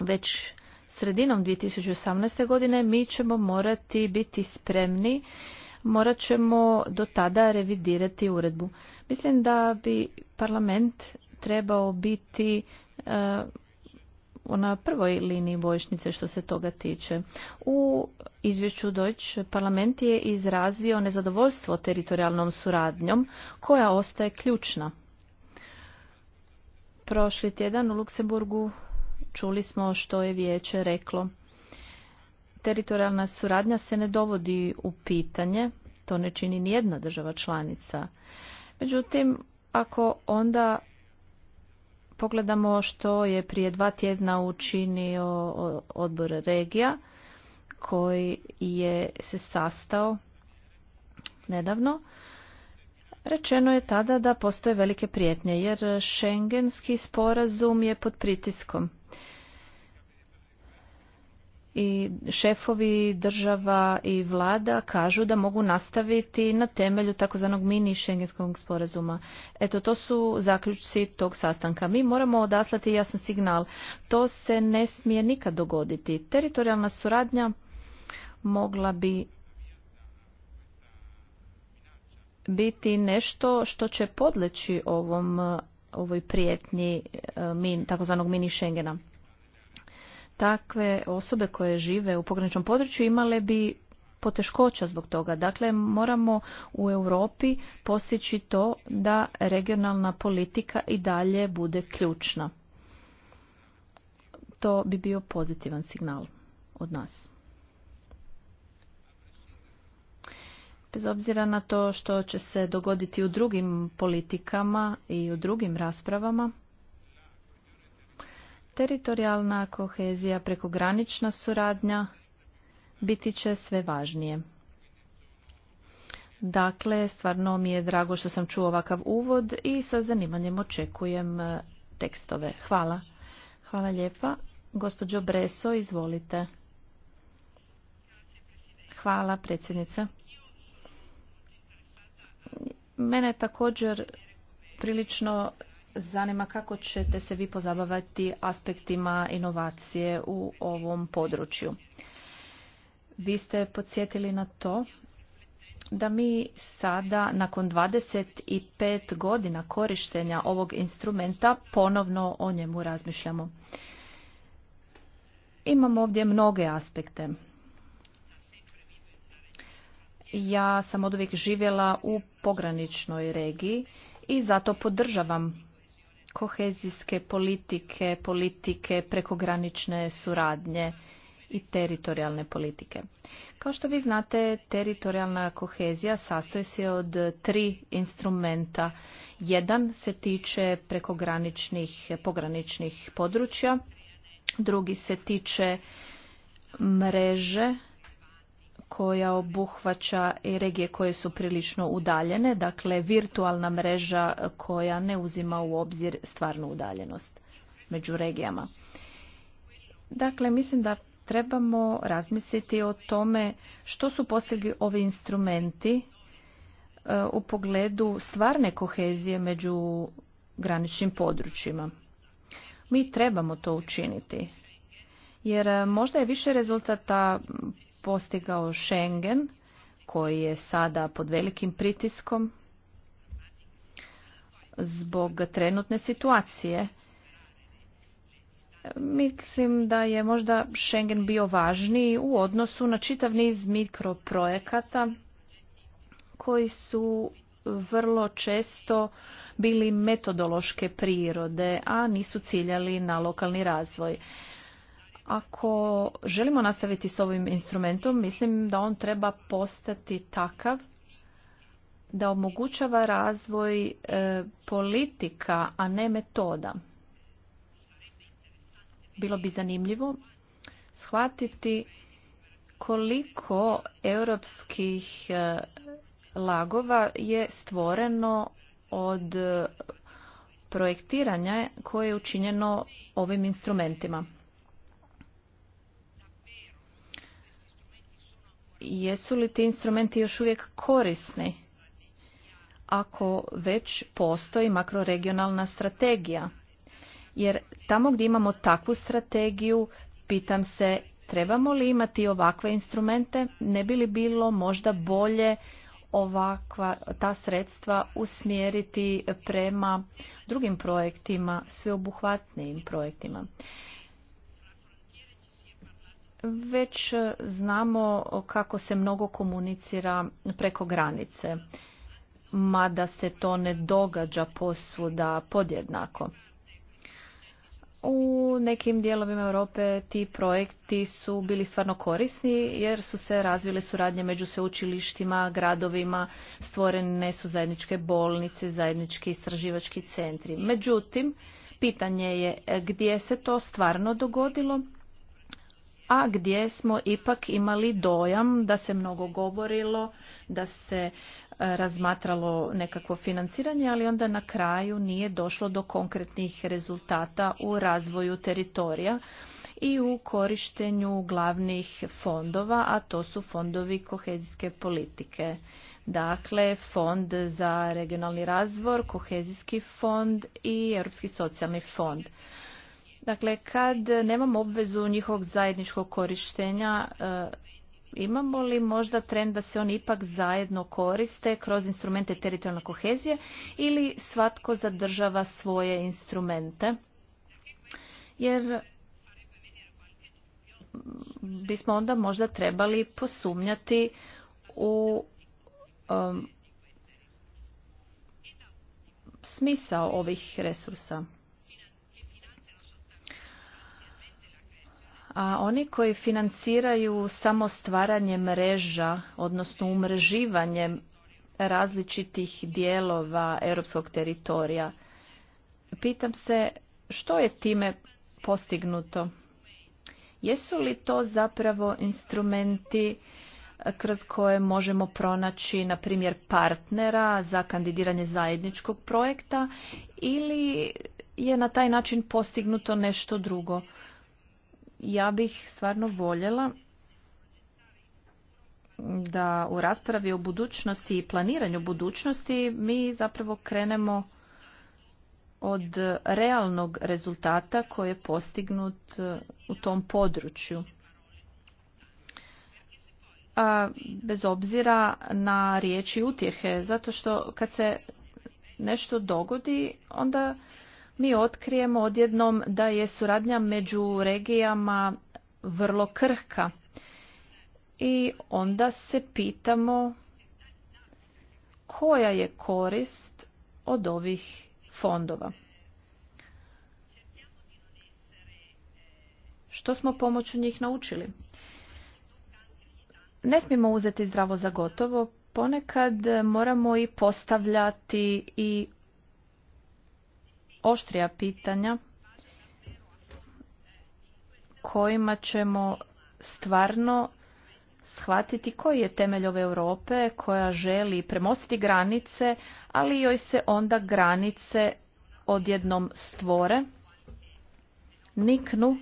S1: već sredinom 2018. godine mi ćemo morati biti spremni, morat ćemo do tada revidirati uredbu. Mislim da bi parlament trebao biti eh, na prvoj liniji bojišnice što se toga tiče. U izvješću Doć parlament je izrazio nezadovoljstvo teritorijalnom suradnjom koja ostaje ključna. Prošli tjedan u Luksemburgu čuli smo što je vijeće reklo. Teritorijalna suradnja se ne dovodi u pitanje, to ne čini ni jedna država članica. Međutim, ako onda pogledamo što je prije dva tjedna učinio odbor regija koji je se sastao nedavno. Rečeno je tada da postoje velike prijetnje jer Schengenski sporazum je pod pritiskom i šefovi država i vlada kažu da mogu nastaviti na temelju takozvanog mini Schengenskog sporazuma. Eto, to su zaključci tog sastanka. Mi moramo odaslati jasan signal. To se ne smije nikad dogoditi. Teritorijalna suradnja mogla bi biti nešto što će podleći ovom ovoj prijetnji eh, takozvanog mini Schengena takve osobe koje žive u pograničnom području imale bi poteškoća zbog toga. Dakle, moramo u Europi postići to da regionalna politika i dalje bude ključna. To bi bio pozitivan signal od nas. Bez obzira na to što će se dogoditi u drugim politikama i u drugim raspravama, Teritorijalna kohezija, prekogranična suradnja biti će sve važnije. Dakle, stvarno mi je drago što sam čuo ovakav uvod i sa zanimanjem očekujem e, tekstove. Hvala. Hvala lijepa. Gospođo Breso, izvolite. Hvala, predsjednice. Mene također prilično zanima kako ćete se vi pozabavati aspektima inovacije u ovom području. Vi ste podsjetili na to da mi sada nakon 25 godina korištenja ovog instrumenta ponovno o njemu razmišljamo. Imamo ovdje mnoge aspekte. Ja sam od uvijek živjela u pograničnoj regiji i zato podržavam kohezijske politike, politike prekogranične suradnje i teritorijalne politike. Kao što vi znate, teritorijalna kohezija sastoji se od tri instrumenta. Jedan se tiče prekograničnih pograničnih područja, drugi se tiče mreže koja obuhvaća i regije koje su prilično udaljene, dakle virtualna mreža koja ne uzima u obzir stvarnu udaljenost među regijama. Dakle, mislim da trebamo razmisliti o tome što su postigli ovi instrumenti e, u pogledu stvarne kohezije među graničnim područjima. Mi trebamo to učiniti, jer e, možda je više rezultata postigao Schengen koji je sada pod velikim pritiskom zbog trenutne situacije. Mislim da je možda Schengen bio važniji u odnosu na čitav niz mikroprojekata koji su vrlo često bili metodološke prirode, a nisu ciljali na lokalni razvoj. Ako želimo nastaviti s ovim instrumentom, mislim da on treba postati takav da omogućava razvoj e, politika, a ne metoda. Bilo bi zanimljivo shvatiti koliko europskih e, lagova je stvoreno od projektiranja koje je učinjeno ovim instrumentima. jesu li ti instrumenti još uvijek korisni ako već postoji makroregionalna strategija? Jer tamo gdje imamo takvu strategiju, pitam se trebamo li imati ovakve instrumente, ne bi li bilo možda bolje ovakva ta sredstva usmjeriti prema drugim projektima, sveobuhvatnijim projektima već e, znamo kako se mnogo komunicira preko granice, mada se to ne događa posvuda podjednako. U nekim dijelovima Europe ti projekti su bili stvarno korisni jer su se razvile suradnje među sveučilištima, gradovima, stvorene su zajedničke bolnice, zajednički istraživački centri. Međutim, pitanje je gdje se to stvarno dogodilo a gdje smo ipak imali dojam da se mnogo govorilo, da se e, razmatralo nekakvo financiranje, ali onda na kraju nije došlo do konkretnih rezultata u razvoju teritorija i u korištenju glavnih fondova, a to su fondovi kohezijske politike. Dakle, fond za regionalni razvor, kohezijski fond i Europski socijalni fond. Dakle, kad nemamo obvezu njihovog zajedničkog korištenja, e, imamo li možda trend da se oni ipak zajedno koriste kroz instrumente teritorijalne kohezije ili svatko zadržava svoje instrumente? Jer bismo onda možda trebali posumnjati u smisao ovih resursa. a oni koji financiraju samo stvaranje mreža, odnosno umreživanjem različitih dijelova europskog teritorija. Pitam se što je time postignuto? Jesu li to zapravo instrumenti e, kroz koje možemo pronaći, na primjer, partnera za kandidiranje zajedničkog projekta ili je na taj način postignuto nešto drugo? ja bih stvarno voljela da u raspravi o budućnosti i planiranju budućnosti mi zapravo krenemo od realnog rezultata koji je postignut e, u tom području. A bez obzira na riječi utjehe, zato što kad se nešto dogodi, onda mi otkrijemo odjednom da je suradnja među regijama vrlo krhka. I onda se pitamo koja je korist od ovih fondova. Što smo pomoću njih naučili? Ne smijemo uzeti zdravo za gotovo, ponekad moramo i postavljati i oštrija pitanja kojima ćemo stvarno shvatiti koji je temelj ove Europe koja želi premostiti granice, ali joj se onda granice odjednom stvore, niknu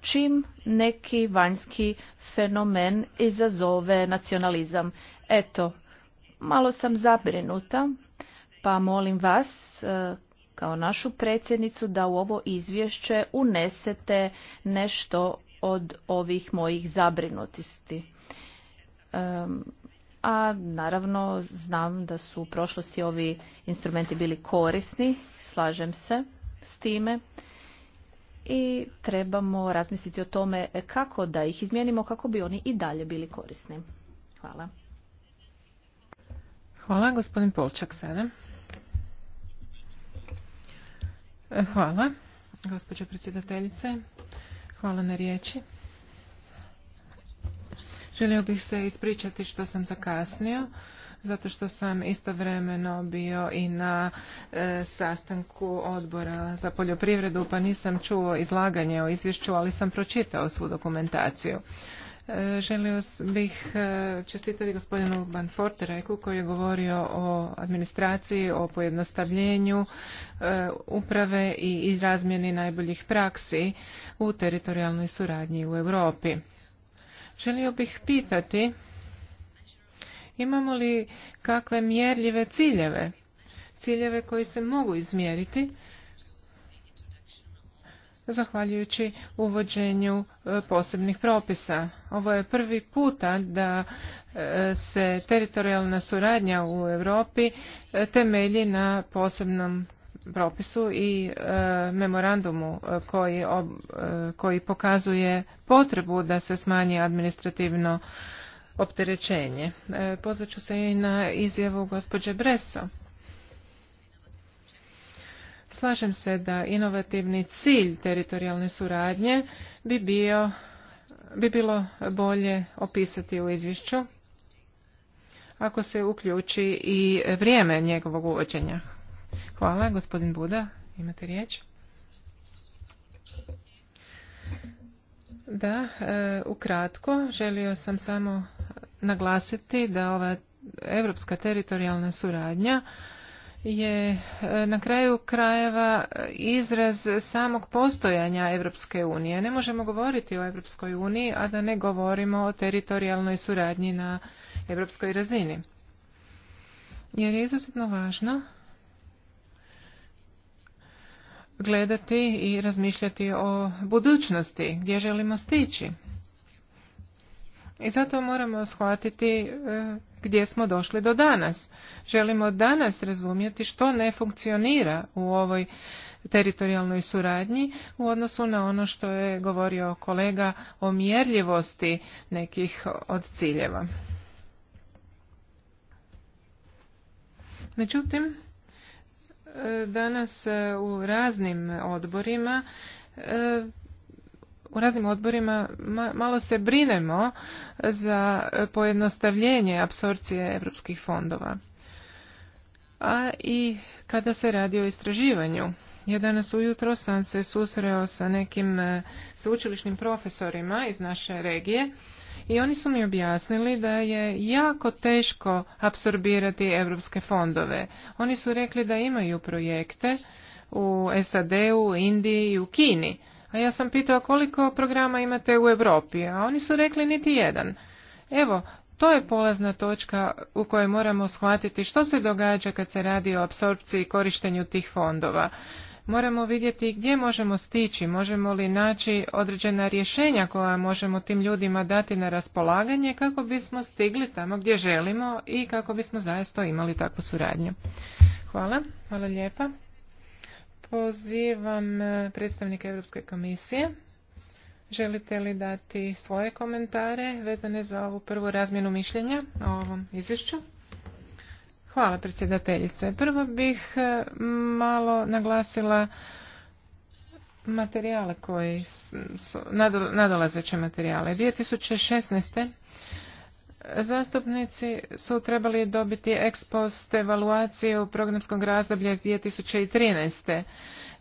S1: čim neki vanjski fenomen izazove nacionalizam. Eto, malo sam zabrinuta, pa molim vas kao našu predsjednicu da u ovo izvješće unesete nešto od ovih mojih zabrinutosti. a naravno znam da su u prošlosti ovi instrumenti bili korisni, slažem se s time i trebamo razmisliti o tome kako da ih izmijenimo kako bi oni i dalje bili korisni. Hvala.
S3: Hvala, gospodin Polčak sada. Hvala, gospođo predsjedateljice. Hvala na riječi. Želio bih se ispričati što sam zakasnio, zato što sam istovremeno bio i na e, sastanku odbora za poljoprivredu, pa nisam čuo izlaganje o izvješću, ali sam pročitao svu dokumentaciju. E, želio bih e, čestitati gospodinu Van Fortereku koji je govorio o administraciji, o pojednostavljenju e, uprave i razmjeni najboljih praksi u teritorijalnoj suradnji u Europi. Želio bih pitati imamo li kakve mjerljive ciljeve, ciljeve koji se mogu izmjeriti zahvaljujući uvođenju e, posebnih propisa. Ovo je prvi puta da e, se teritorijalna suradnja u Europi e, temelji na posebnom propisu i memorandumu koji, pokazuje potrebu da se smanji administrativno opterećenje. Pozvaću ću se i na izjavu gospođe Breso Slažem se da inovativni cilj teritorijalne suradnje bi, bio, bi bilo bolje opisati u izvješću ako se uključi i vrijeme njegovog uvođenja. Hvala, gospodin Buda, imate riječ. Da, e, ukratko želio sam samo naglasiti da ova europska teritorijalna suradnja je e, na kraju krajeva izraz samog postojanja Europske unije. Ne možemo govoriti o Europskoj uniji, a da ne govorimo o teritorijalnoj suradnji na europskoj razini. Jer je izuzetno važno gledati i razmišljati o budućnosti, gdje želimo stići. I zato moramo shvatiti e, gdje smo došli do danas. Želimo danas razumjeti što ne funkcionira u ovoj teritorijalnoj suradnji u odnosu na ono što je govorio kolega o mjerljivosti nekih od ciljeva. Međutim, danas u raznim odborima e, u raznim odborima malo se brinemo za pojednostavljenje apsorpcije europskih fondova. A i kada se radi o istraživanju. Ja danas ujutro sam se susreo sa nekim e, sveučilišnim profesorima iz naše regije i oni su mi objasnili da je jako teško apsorbirati europske fondove. Oni su rekli da imaju projekte u SAD-u, Indiji i u Kini a ja sam pitao koliko programa imate u Europi, a oni su rekli niti jedan. Evo, to je polazna točka u kojoj moramo shvatiti što se događa kad se radi o apsorpciji i korištenju tih fondova. Moramo vidjeti gdje možemo stići, možemo li naći određena rješenja koja možemo tim ljudima dati na raspolaganje kako bismo stigli tamo gdje želimo i kako bismo zaista imali takvu suradnju. Hvala, hvala lijepa. Pozivam e, predstavnika Europske komisije. Želite li dati svoje komentare vezane za ovu prvu razmjenu mišljenja o ovom izvješću? Hvala predsjedateljice. Prvo bih e, malo naglasila materijale koji su nadolazeće materijale. 2016. Zastupnici su trebali dobiti ex post evaluaciju u programskom razdoblju iz 2013.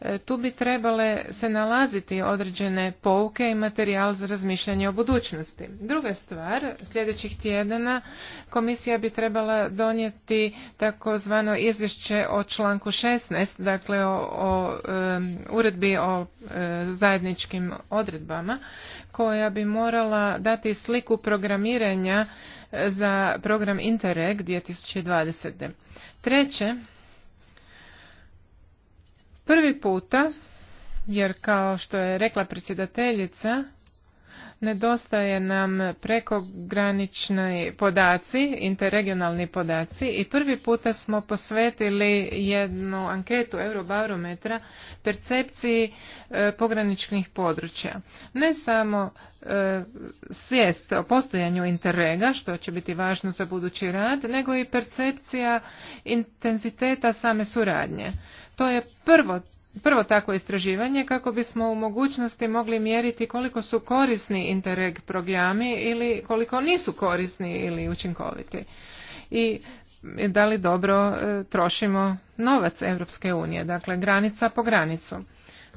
S3: E, tu bi trebale se nalaziti određene pouke i materijal za razmišljanje o budućnosti. Druga stvar, sljedećih tjedana komisija bi trebala donijeti takozvano izvješće o članku 16, dakle o, uredbi o e, zajedničkim odredbama, koja bi morala dati sliku programiranja za program Interreg 2020. Treće, prvi puta, jer kao što je rekla predsjedateljica, nedostaje nam prekogranični podaci, interregionalni podaci i prvi puta smo posvetili jednu anketu Eurobarometra percepciji e, pograničnih područja. Ne samo e, svijest o postojanju interrega, što će biti važno za budući rad, nego i percepcija intenziteta same suradnje. To je prvo prvo takvo istraživanje kako bismo u mogućnosti mogli mjeriti koliko su korisni Interreg programi ili koliko nisu korisni ili učinkoviti. I da li dobro e, trošimo novac Europske unije, dakle granica po granicu.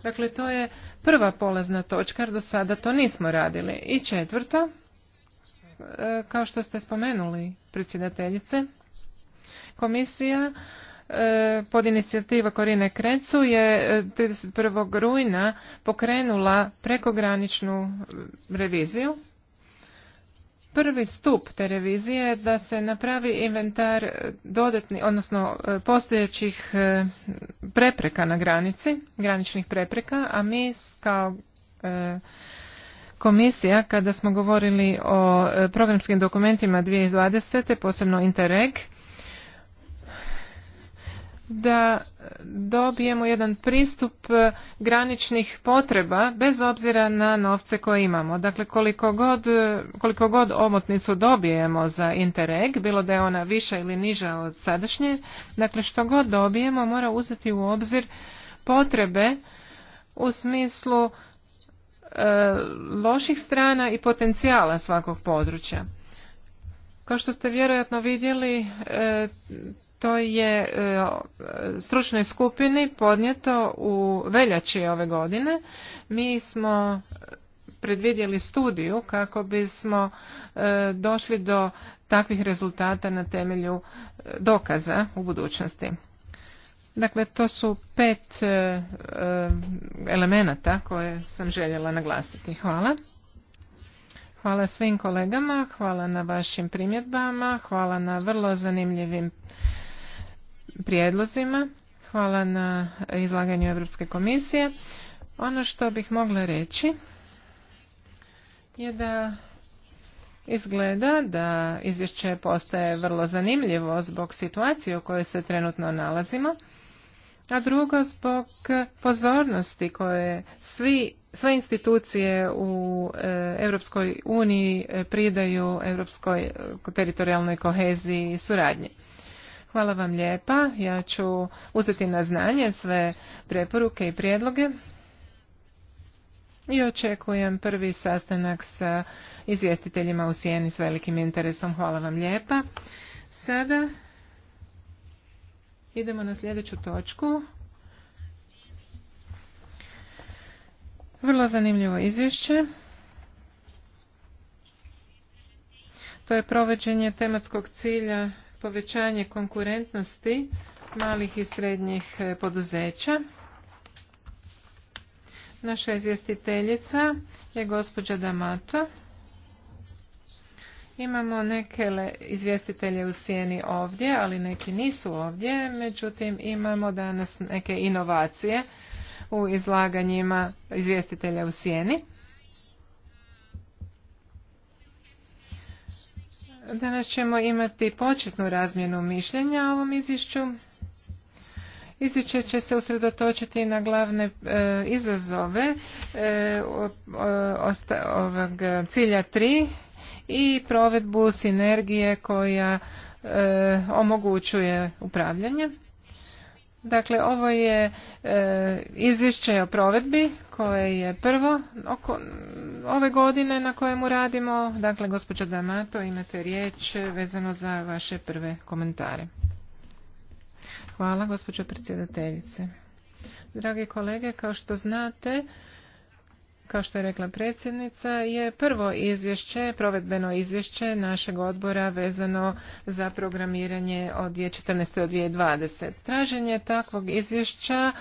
S3: Dakle, to je prva polazna točka, jer do sada to nismo radili. I četvrta, e, kao što ste spomenuli, predsjedateljice, komisija E, pod inicijativa Korine Krecu je 31. E, rujna pokrenula prekograničnu e, reviziju. Prvi stup te revizije je da se napravi inventar dodatni, odnosno postojećih prepreka na granici, graničnih prepreka, a mi kao komisija kada smo govorili o programskim dokumentima 2020. posebno Interreg, da dobijemo jedan pristup e, graničnih potreba bez obzira na novce koje imamo. Dakle, koliko god, e, koliko god omotnicu dobijemo za Interreg, bilo da je ona viša ili niža od sadašnje, dakle što god dobijemo mora uzeti u obzir potrebe u smislu e, loših strana i potencijala svakog područja. Kao što ste vjerojatno vidjeli, e, to je e, stručnoj skupini podnijeto u veljači ove godine. Mi smo predvidjeli studiju kako bismo e, došli do takvih rezultata na temelju e, dokaza u budućnosti. Dakle, to su pet elemenata koje sam željela naglasiti. Hvala. Hvala svim kolegama, hvala na vašim primjedbama, hvala na vrlo zanimljivim prijedlozima. Hvala na izlaganju Europske komisije. Ono što bih mogla reći je da izgleda da izvješće postaje vrlo zanimljivo zbog situacije u kojoj se trenutno nalazimo, a drugo zbog pozornosti koje svi, sve institucije u e, Europskoj uniji pridaju europskoj teritorijalnoj koheziji i suradnji. Hvala vam lijepa. Ja ću uzeti na znanje sve preporuke i prijedloge i očekujem prvi sastanak sa izvjestiteljima u Sijeni s velikim interesom. Hvala vam lijepa. Sada idemo na sljedeću točku. Vrlo zanimljivo izvješće. To je provođenje tematskog cilja povećanje konkurentnosti malih i srednjih e, poduzeća. Naša izvjestiteljica je gospođa Damato. Imamo neke izvjestitelje u sjeni ovdje, ali neki nisu ovdje. Međutim, imamo danas neke inovacije u izlaganjima izvjestitelja u sjeni. Danas ćemo imati početnu razmjenu mišljenja o ovom izvješću. Izvješće će se usredotočiti na glavne e, izazove e, ovog e, cilja 3 i provedbu sinergije koja e, omogućuje upravljanje. Dakle, ovo je e, izvješće o provedbi koje je prvo ove godine na kojemu radimo. Dakle, gospođo Damato, imate riječ vezano za vaše prve komentare. Hvala, gospođa predsjedateljice. Dragi kolege, kao što znate, kao što je rekla predsjednica, je prvo izvješće, provedbeno izvješće našeg odbora vezano za programiranje od 2014. do 2020. Traženje takvog izvješća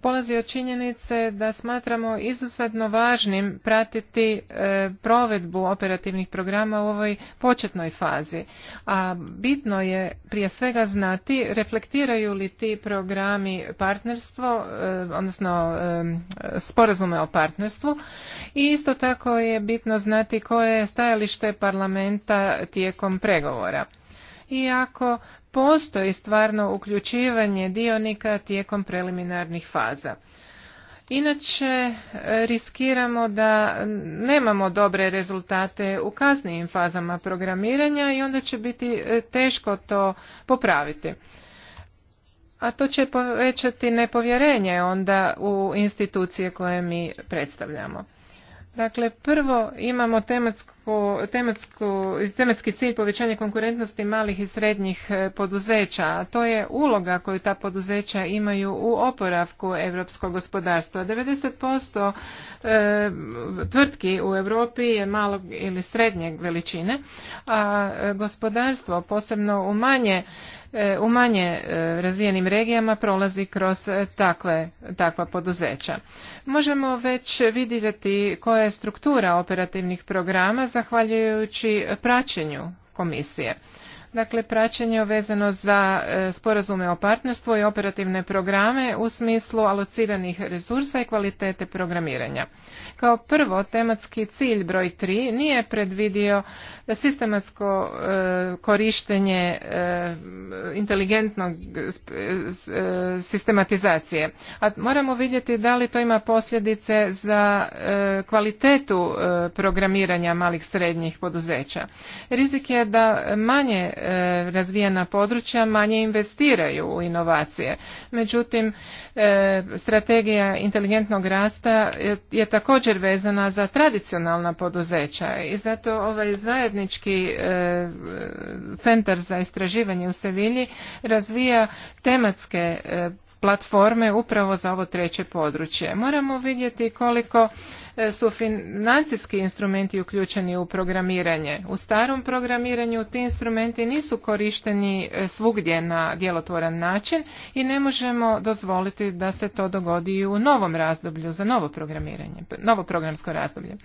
S3: polazi od činjenice da smatramo izuzetno važnim pratiti e, provedbu operativnih programa u ovoj početnoj fazi. A bitno je prije svega znati reflektiraju li ti programi partnerstvo, e, odnosno e, sporazume o partnerstvu i isto tako je bitno znati koje je stajalište parlamenta tijekom pregovora iako postoji stvarno uključivanje dionika tijekom preliminarnih faza. Inače, e, riskiramo da nemamo dobre rezultate u kasnijim fazama programiranja i onda će biti e, teško to popraviti. A to će povećati nepovjerenje onda u institucije koje mi predstavljamo. Dakle, prvo imamo tematsku po tematsku, tematski cilj povećanje konkurentnosti malih i srednjih e, poduzeća, to je uloga koju ta poduzeća imaju u oporavku europskog gospodarstva. 90% e, tvrtki u Europi je malog ili srednjeg veličine, a e, gospodarstvo posebno u manje u manje razvijenim regijama prolazi kroz takve, takva poduzeća. Možemo već vidjeti koja je struktura operativnih programa za zahvaljujući praćenju komisije. Dakle, praćenje vezano za e, sporazume o partnerstvu i operativne programe u smislu alociranih resursa i kvalitete programiranja. Kao prvo, tematski cilj broj 3 nije predvidio sistematsko e, korištenje e, inteligentnog e, sistematizacije. A moramo vidjeti da li to ima posljedice za kvalitetu programiranja malih srednjih poduzeća. Rizik je da manje razvijena područja manje investiraju u inovacije. Međutim, strategija inteligentnog rasta je također također vezana za tradicionalna poduzeća i zato ovaj zajednički e, centar za istraživanje u Sevilji razvija tematske e, platforme upravo za ovo treće područje. Moramo vidjeti koliko E, su financijski instrumenti uključeni u programiranje. U starom programiranju ti instrumenti nisu korišteni e, svugdje na djelotvoran način i ne možemo dozvoliti da se to dogodi u novom razdoblju za novo programiranje, novo programsko razdoblje.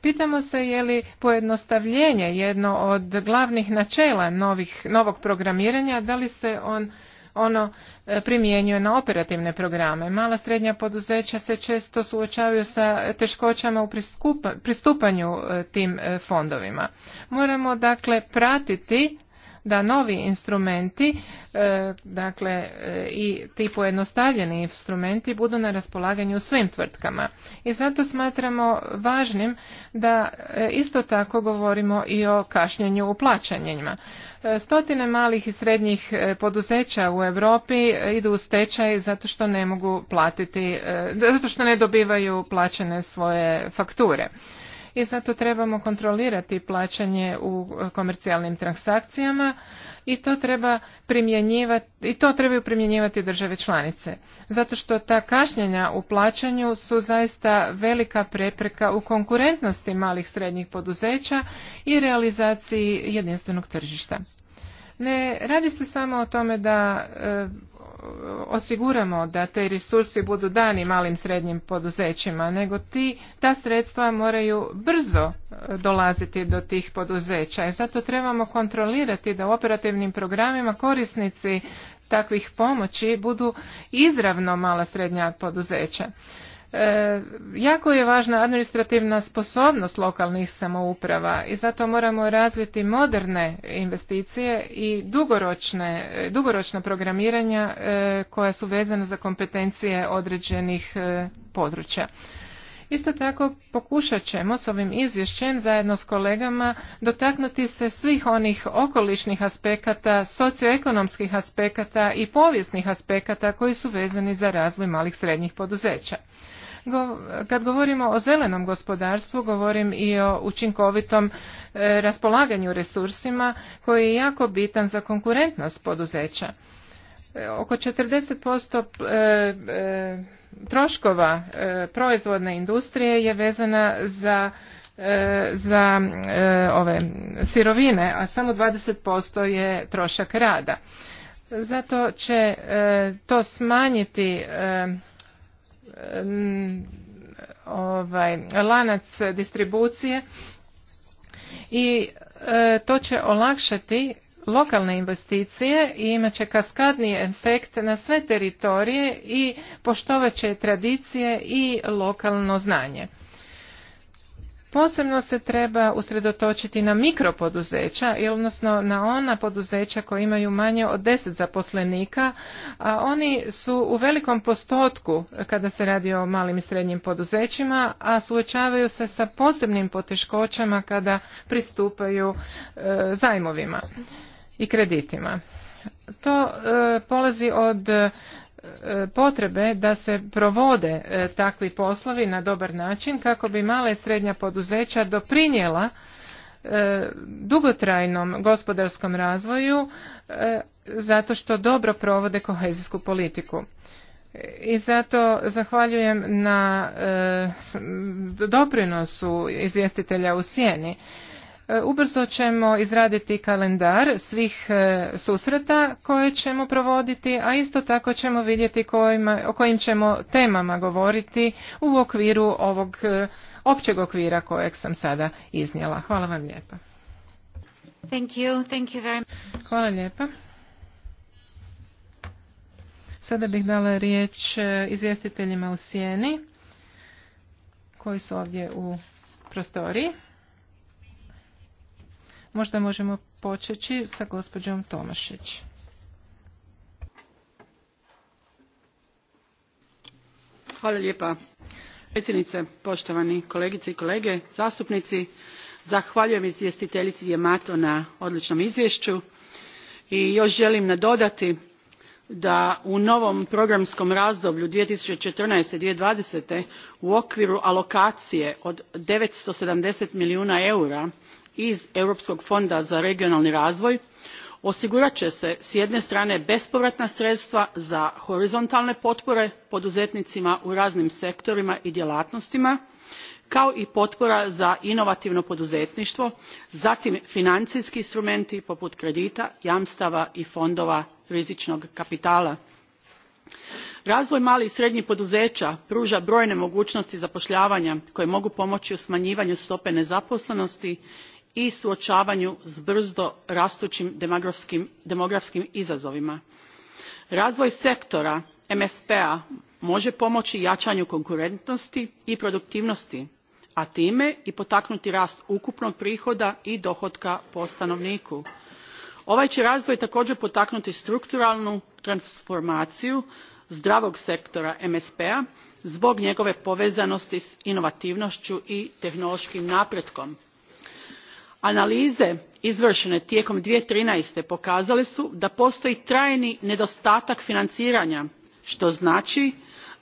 S3: Pitamo se je li pojednostavljenje jedno od glavnih načela novih, novog programiranja, da li se on ono e, primjenjuje na operativne programe. Mala srednja poduzeća se često suočavaju sa teškoćama u pristupanju e, tim e, fondovima. Moramo dakle pratiti da novi instrumenti, e, dakle e, i ti pojednostavljeni instrumenti budu na raspolaganju svim tvrtkama. I zato smatramo važnim da e, isto tako govorimo i o kašnjenju u plaćanjima. Stotine malih i srednjih poduzeća u Europi idu u stečaj zato što ne mogu platiti, zato što ne dobivaju plaćene svoje fakture i zato trebamo kontrolirati plaćanje u komercijalnim transakcijama i to treba primjenjivati i to trebaju primjenjivati države članice zato što ta kašnjenja u plaćanju su zaista velika prepreka u konkurentnosti malih srednjih poduzeća i realizaciji jedinstvenog tržišta ne radi se samo o tome da e, osiguramo da te resursi budu dani malim srednjim poduzećima, nego ti, ta sredstva moraju brzo e, dolaziti do tih poduzeća i zato trebamo kontrolirati da u operativnim programima korisnici takvih pomoći budu izravno mala srednja poduzeća. E, jako je važna administrativna sposobnost lokalnih samouprava i zato moramo razviti moderne investicije i dugoročne, e, dugoročna programiranja e, koja su vezana za kompetencije određenih područja. Isto tako pokušat ćemo s ovim izvješćem zajedno s kolegama dotaknuti se svih onih okolišnih aspekata, socioekonomskih aspekata i povijesnih aspekata koji su vezani za razvoj malih srednjih poduzeća. Kad govorimo o zelenom gospodarstvu, govorim i o učinkovitom e, raspolaganju resursima koji je jako bitan za konkurentnost poduzeća. E, oko 40% e, e, troškova proizvodne industrije je vezana za za ove sirovine, a samo 20% je trošak rada. Zato će to smanjiti ovaj lanac distribucije i to će olakšati lokalne investicije i imat će kaskadni efekt na sve teritorije i poštovat će tradicije i lokalno znanje. Posebno se treba usredotočiti na mikropoduzeća, odnosno na ona poduzeća koja imaju manje od deset zaposlenika, a oni su u velikom postotku kada se radi o malim i srednjim poduzećima, a suočavaju se sa posebnim poteškoćama kada pristupaju e, zajmovima i kreditima. To e, polazi od e, potrebe da se provode e, takvi poslovi na dobar način kako bi mala i srednja poduzeća doprinijela dugotrajnom gospodarskom razvoju zato što dobro provode kohezijsku politiku. I zato zahvaljujem na doprinosu izvjestitelja u sjeni Ubrzo ćemo izraditi kalendar svih e, susreta koje ćemo provoditi, a isto tako ćemo vidjeti kojima, o kojim ćemo temama govoriti u okviru ovog e, općeg okvira kojeg sam sada iznijela. Hvala vam lijepa. Thank you, thank you very much. Hvala lijepa. Sada bih dala riječ e, izvjestiteljima u sjeni koji su ovdje u prostoriji. Možda možemo početi sa gospođom Tomašić.
S2: Hvala lijepa predsjednice, poštovani kolegice i kolege zastupnici. Zahvaljujem izvjestiteljici Jemato na odličnom izvješću i još želim nadodati da u novom programskom razdoblju. 2014. i 2020. u okviru alokacije od 970 milijuna eura iz europskog fonda za regionalni razvoj osigurat će se s jedne strane bespovratna sredstva za horizontalne potpore poduzetnicima u raznim sektorima i djelatnostima kao i potpora za inovativno poduzetništvo zatim financijski instrumenti poput kredita jamstava i fondova rizičnog kapitala. razvoj malih i srednjih poduzeća pruža brojne mogućnosti zapošljavanja koje mogu pomoći u smanjivanju stope nezaposlenosti i suočavanju s brzo rastućim demografskim, izazovima. razvoj sektora msp a može pomoći jačanju konkurentnosti i produktivnosti a time i potaknuti rast ukupnog prihoda i dohotka po stanovniku. ovaj će razvoj također potaknuti strukturalnu transformaciju zdravog sektora msp a zbog njegove povezanosti s inovativnošću i tehnološkim napretkom analize izvršene tijekom. two thousand and pokazale su da postoji trajni nedostatak financiranja što znači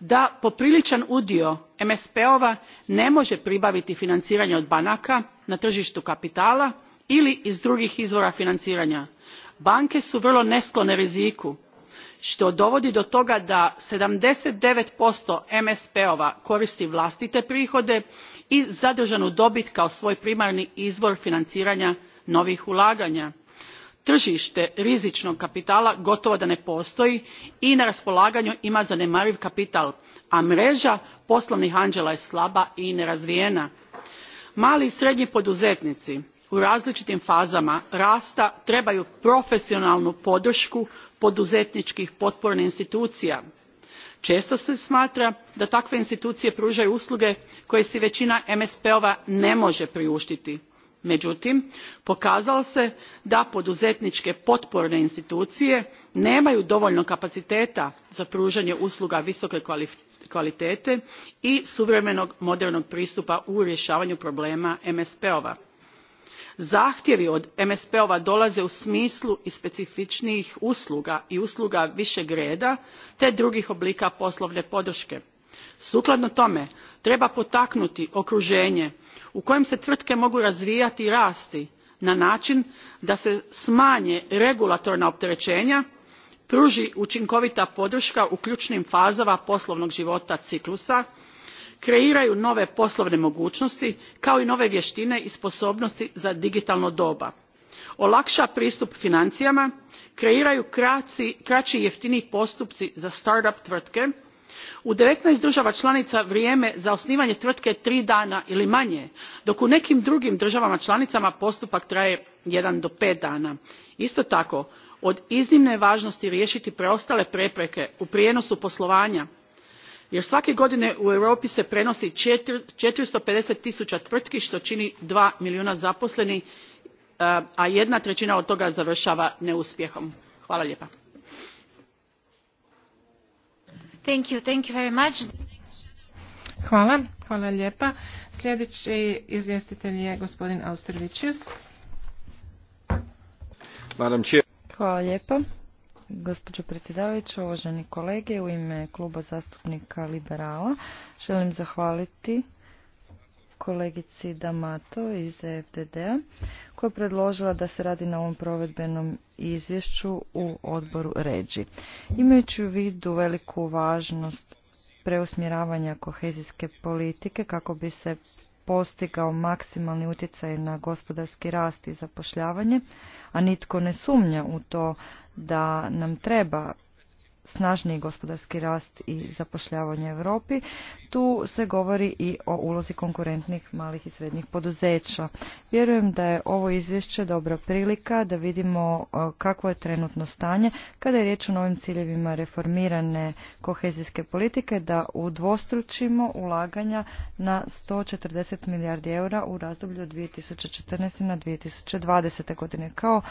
S2: da popriličan udio msp ova ne može pribaviti financiranje od banaka na tržištu kapitala ili iz drugih izvora financiranja. banke su vrlo nesklone riziku što dovodi do toga da seventy nine msp ova koristi vlastite prihode i zadržanu dobit kao svoj primarni izvor financiranja novih ulaganja. tržište rizičnog kapitala gotovo da ne postoji i na raspolaganju ima zanemariv kapital a mreža poslovnih anđela je slaba i nerazvijena. mali i srednji poduzetnici u različitim fazama rasta trebaju profesionalnu podršku poduzetničkih potpornih institucija. često se smatra da takve institucije pružaju usluge koje si većina msp ova ne može priuštiti. međutim pokazalo se da poduzetničke potporne institucije nemaju dovoljno kapaciteta za pružanje usluga visoke kvalitete i suvremenog modernog pristupa u rješavanju problema msp ova zahtjevi od msp ova dolaze u smislu i specifičnijih usluga i usluga višeg reda te drugih oblika poslovne podrške. sukladno tome treba potaknuti okruženje u kojem se tvrtke mogu razvijati i rasti na način da se smanje regulatorna opterećenja pruži učinkovita podrška u ključnim fazama poslovnog života ciklusa kreiraju nove poslovne mogućnosti kao i nove vještine i sposobnosti za digitalno doba olakša pristup financijama kreiraju kraći i jeftiniji postupci za start up tvrtke u devetnaest država članica vrijeme za osnivanje tvrtke je tri dana ili manje dok u nekim drugim državama članicama postupak traje jedan do pet dana. isto tako od iznimne je važnosti riješiti preostale prepreke u prijenosu poslovanja jer svake godine u europi se prenosi four hundred and fifty tvrtki to ini two milijuna zaposlenih eh, a jedna treina od toga završava neuspjehom. hvala lijepa.
S3: Thank you, thank you very much. Hvala, hvala lijepa. Sljedeći izvjestitelj je
S4: gospodin Austervičius. Hvala lijepa gospođo predsjedavajuća, uvaženi kolege. U ime kluba zastupnika Liberala želim zahvaliti kolegici Damato iz FDD-a koja je predložila da se radi na ovom provedbenom izvješću u odboru Ređi. Imajući u vidu veliku važnost preusmjeravanja kohezijske politike kako bi se postigao maksimalni utjecaj na gospodarski rast i zapošljavanje, a nitko ne sumnja u to da nam treba snažniji gospodarski rast i zapošljavanje Europi. Tu se govori i o ulozi konkurentnih malih i srednjih poduzeća. Vjerujem da je ovo izvješće dobra prilika da vidimo e, kakvo je trenutno stanje kada je riječ o novim ciljevima reformirane kohezijske politike da udvostručimo ulaganja na 140 milijardi eura u razdoblju od 2014. na 2020. godine kao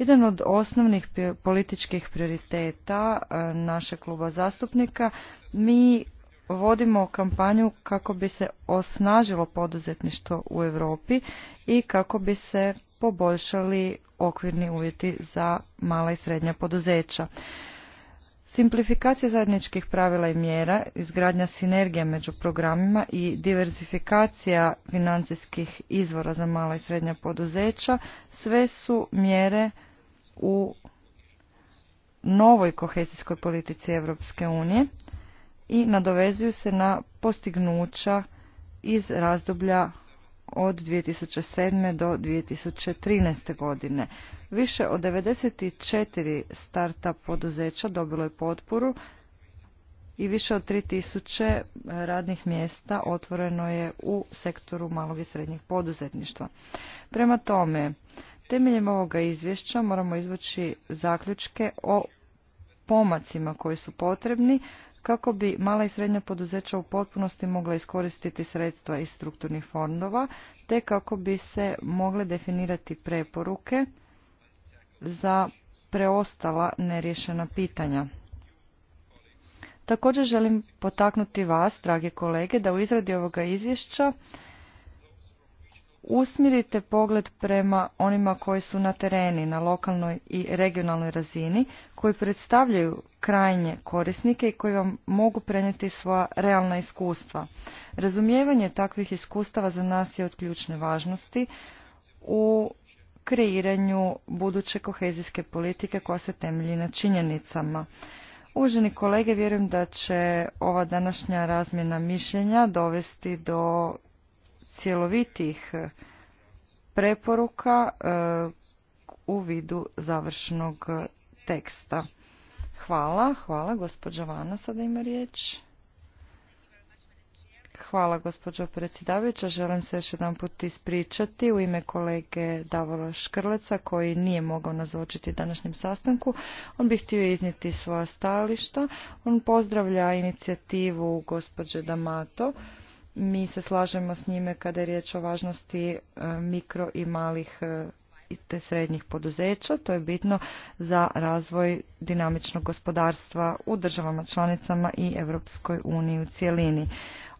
S4: jedan od osnovnih političkih prioriteta e, naše kluba zastupnika, mi vodimo kampanju kako bi se osnažilo poduzetništvo u Europi i kako bi se poboljšali okvirni uvjeti za mala i srednja poduzeća. Simplifikacija zajedničkih pravila i mjera, izgradnja sinergije među programima i diversifikacija financijskih izvora za mala i srednja poduzeća sve su mjere u novoj kohezijskoj politici Europske unije i nadovezuju se na postignuća iz razdoblja od 2007. do 2013. godine. Više od 94 starta poduzeća dobilo je potporu i više od 3000 radnih mjesta otvoreno je u sektoru malog i srednjeg poduzetništva. Prema tome, Temeljem ovoga izvješća moramo izvući zaključke o pomacima koji su potrebni kako bi mala i srednja poduzeća u potpunosti mogla iskoristiti sredstva iz strukturnih fondova, te kako bi se mogle definirati preporuke za preostala nerješena pitanja. Također želim potaknuti vas, drage kolege, da u izradi ovoga izvješća usmjerite pogled prema onima koji su na tereni, na lokalnoj i regionalnoj razini, koji predstavljaju krajnje korisnike i koji vam mogu prenijeti svoja realna iskustva. Razumijevanje takvih iskustava za nas je od ključne važnosti u kreiranju buduće kohezijske politike koja se temelji na činjenicama. Uvaženi kolege, vjerujem da će ova današnja razmjena mišljenja dovesti do cjelovitih e, preporuka e, u vidu završnog teksta. Hvala, hvala. Gospođa Vana sada ima riječ. Hvala gospođo predsjedavajuća. Želim se još jedan put ispričati u ime kolege Davora Škrleca koji nije mogao nazočiti današnjem sastanku. On bi htio iznijeti svoja stajališta. On pozdravlja inicijativu gospođe Damato mi se slažemo s njime kada je riječ o važnosti e, mikro i malih e, te srednjih poduzeća. To je bitno za razvoj dinamičnog gospodarstva u državama članicama i Europskoj uniji u cijelini.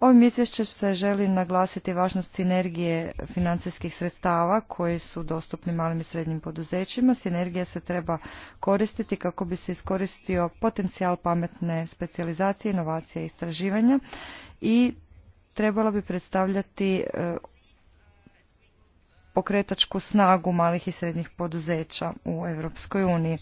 S4: Ovim izvješćem se želi naglasiti važnost sinergije financijskih sredstava koji su dostupni malim i srednjim poduzećima. Sinergija se treba koristiti kako bi se iskoristio potencijal pametne specijalizacije, inovacije i istraživanja i Trebalo bi predstavljati e, pokretačku snagu malih i srednjih poduzeća u Europskoj uniji.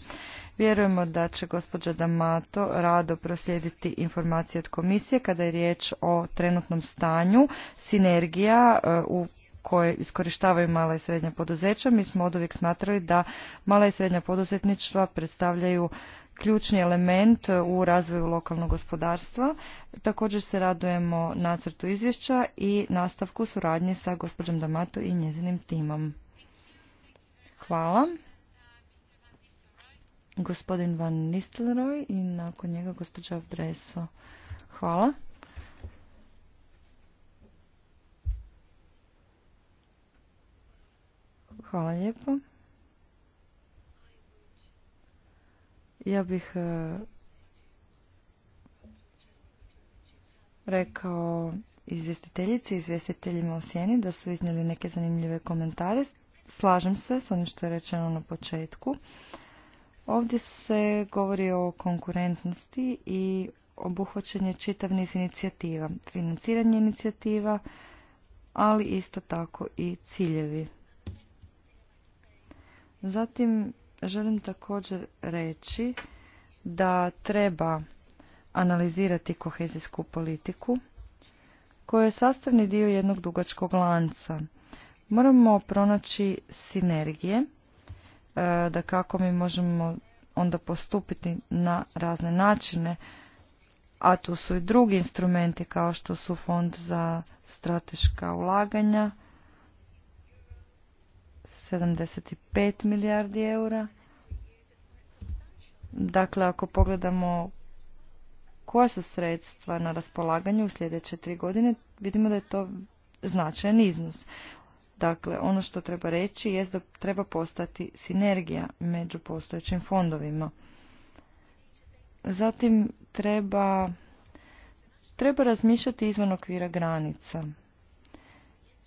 S4: Vjerujemo da će gospođa D'Amato rado proslijediti informacije od komisije kada je riječ o trenutnom stanju sinergija e, u koje iskorištavaju mala i srednja poduzeća. Mi smo od uvijek smatrali da mala i srednja poduzetništva predstavljaju ključni element u razvoju lokalnog gospodarstva. Također se radujemo nacrtu izvješća i nastavku suradnje sa gospođom Damato i njezinim timom. Hvala. Gospodin Van Nistelrooy i nakon njega gospođa Breso. Hvala. Hvala lijepo. Ja bih e, rekao izvjestiteljici i izvjestiteljima u sjeni da su iznijeli neke zanimljive komentare. Slažem se s onim što je rečeno na početku. Ovdje se govori o konkurentnosti i obuhvaćen čitavnih čitav niz inicijativa, financiranje inicijativa, ali isto tako i ciljevi. Zatim želim također reći da treba analizirati kohezijsku politiku koja je sastavni dio jednog dugačkog lanca. Moramo pronaći sinergije e, da kako mi možemo onda postupiti na razne načine, a tu su i drugi instrumenti kao što su fond za strateška ulaganja, 75 milijardi eura. Dakle, ako pogledamo koja su sredstva na raspolaganju u sljedeće tri godine, vidimo da je to značajan iznos. Dakle, ono što treba reći je da treba postati sinergija među postojećim fondovima. Zatim treba, treba razmišljati izvan okvira granica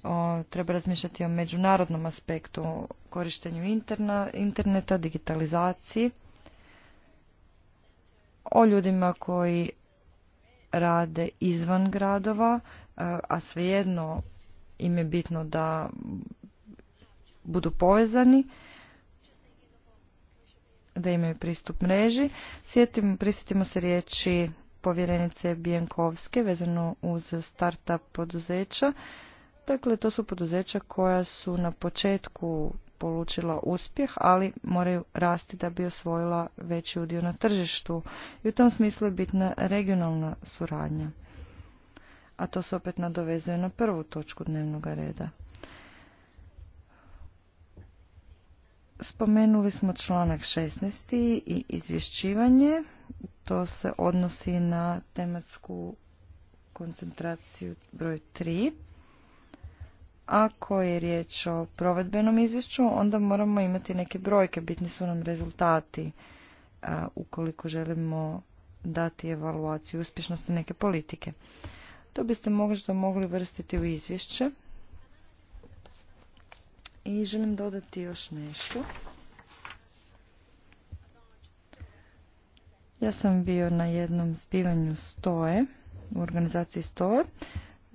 S4: o, treba razmišljati o međunarodnom aspektu korištenju interna, interneta, digitalizaciji, o ljudima koji rade izvan gradova, e, a svejedno im je bitno da budu povezani, da imaju pristup mreži. Sjetimo, prisjetimo se riječi povjerenice Bijenkovske vezano uz startup poduzeća. Dakle, to su poduzeća koja su na početku polučila uspjeh, ali moraju rasti da bi osvojila veći udio na tržištu. I u tom smislu je bitna regionalna suradnja. A to se opet nadovezuje na prvu točku dnevnog reda. Spomenuli smo članak 16. i izvješćivanje. To se odnosi na tematsku koncentraciju broj 3. Ako je riječ o provedbenom izvješću, onda moramo imati neke brojke, bitni su nam rezultati ukoliko želimo dati evaluaciju uspješnosti neke politike. To biste možda mogli vrstiti u izvješće. I želim dodati još nešto. Ja sam bio na jednom zbivanju stoje, u organizaciji stoje,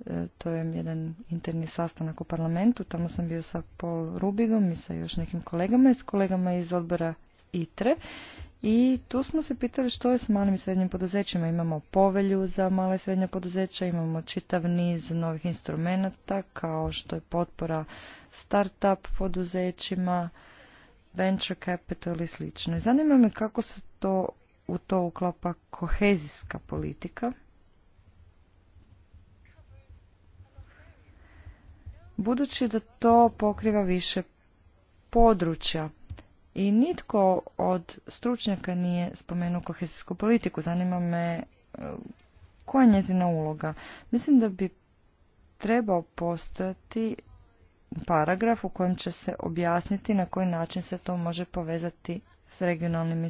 S4: E, to je jedan interni sastanak u parlamentu, tamo sam bio sa Paul Rubigom i sa još nekim kolegama i s kolegama iz odbora ITRE i tu smo se pitali što je s malim i srednjim poduzećima. Imamo povelju za male i srednja poduzeća, imamo čitav niz novih instrumenata kao što je potpora start-up poduzećima, venture capital i slično. Zanima me kako se to u to uklapa kohezijska politika. budući da to pokriva više područja. I nitko od stručnjaka nije spomenuo kohezijsku politiku. Zanima me e, koja je njezina uloga. Mislim da bi trebao postati paragraf u kojem će se objasniti na koji način se to može povezati s regionalnim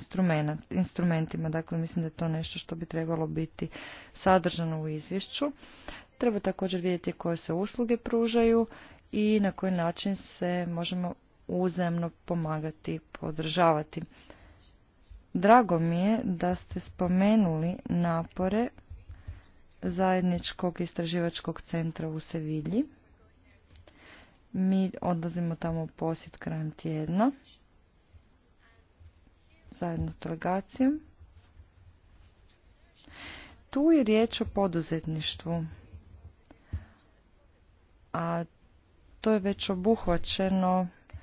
S4: instrumentima. Dakle, mislim da je to nešto što bi trebalo biti sadržano u izvješću. Treba također vidjeti koje se usluge pružaju i na koji način se možemo uzemno pomagati, podržavati. Drago mi je da ste spomenuli napore zajedničkog istraživačkog centra u Sevilji. Mi odlazimo tamo u posjet krajem tjedna zajedno s delegacijom. Tu je riječ o poduzetništvu a to je već obuhvaćeno e,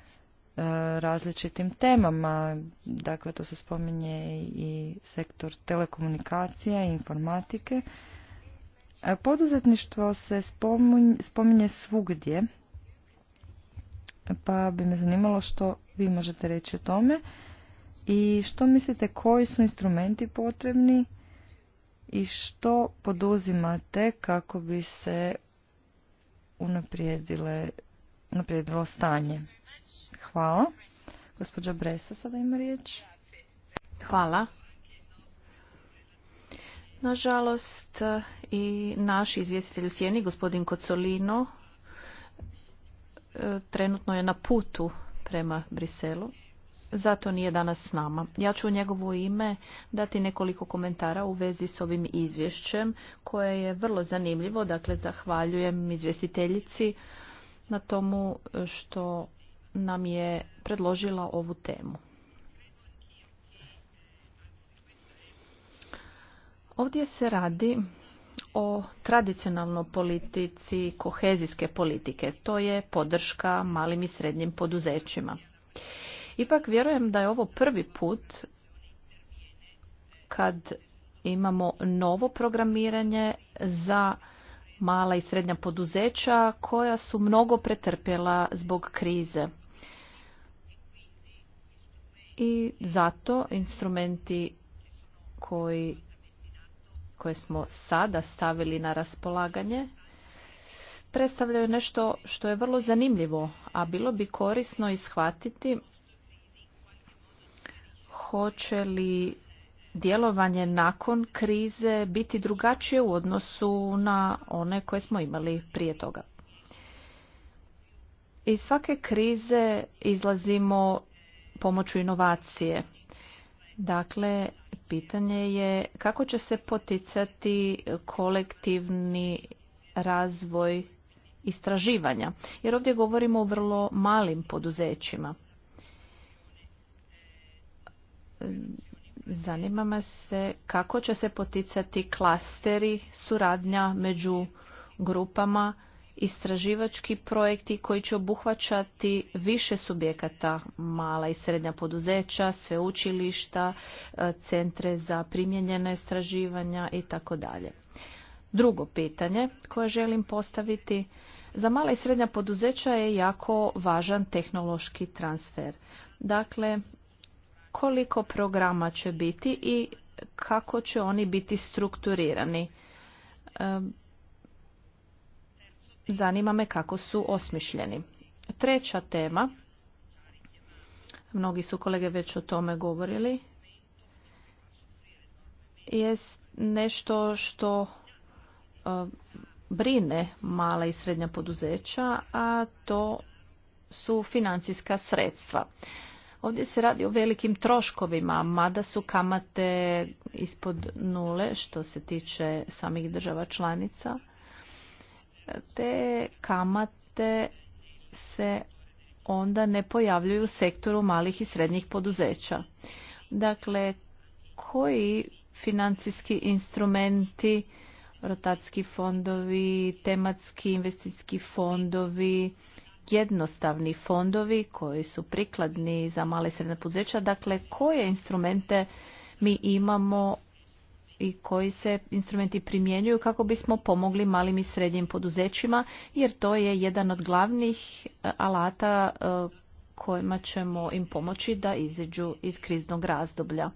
S4: različitim temama. Dakle, to se spominje i sektor telekomunikacija i informatike. E, poduzetništvo se spominje svugdje, pa bi me zanimalo što vi možete reći o tome i što mislite koji su instrumenti potrebni i što poduzimate kako bi se unaprijedilo stanje.
S1: Hvala. Gospođa Bresa sada ima riječ. Hvala. Nažalost i naš izvjestitelj u Sjeni, gospodin Kocolino, e, trenutno je na putu prema Briselu zato nije danas s nama. Ja ću u njegovo ime dati nekoliko komentara u vezi s ovim izvješćem koje je vrlo zanimljivo. Dakle, zahvaljujem izvjestiteljici na tomu što nam je predložila ovu temu. Ovdje se radi o tradicionalnoj politici kohezijske politike. To je podrška malim i srednjim poduzećima. Ipak vjerujem da je ovo prvi put kad imamo novo programiranje za mala i srednja poduzeća koja su mnogo pretrpjela zbog krize. I zato instrumenti koji, koje smo sada stavili na raspolaganje predstavljaju nešto što je vrlo zanimljivo, a bilo bi korisno ishvatiti hoće li djelovanje nakon krize biti drugačije u odnosu na one koje smo imali prije toga. Iz svake krize izlazimo pomoću inovacije. Dakle, pitanje je kako će se poticati kolektivni razvoj istraživanja. Jer ovdje govorimo o vrlo malim poduzećima zanima me se kako će se poticati klasteri, suradnja među grupama, istraživački projekti koji će obuhvaćati više subjekata, mala i srednja poduzeća, sveučilišta, e, centre za primjenjena istraživanja i tako dalje. Drugo pitanje koje želim postaviti za mala i srednja poduzeća je jako važan tehnološki transfer. Dakle, koliko programa će biti i kako će oni biti strukturirani. Zanima me kako su osmišljeni. Treća tema, mnogi su kolege već o tome govorili, je nešto što brine mala i srednja poduzeća, a to su financijska sredstva. Ovdje se radi o velikim troškovima, mada su kamate ispod nule što se tiče samih država članica. Te kamate se onda ne pojavljuju u sektoru malih i srednjih poduzeća. Dakle, koji financijski instrumenti, rotacijski fondovi, tematski investicijski fondovi, jednostavni fondovi koji su prikladni za male i srednje poduzeća. Dakle, koje instrumente mi imamo i koji se instrumenti primjenjuju kako bismo pomogli malim i srednjim poduzećima, jer to je jedan od glavnih e, alata e, kojima ćemo im pomoći da iziđu iz kriznog razdoblja.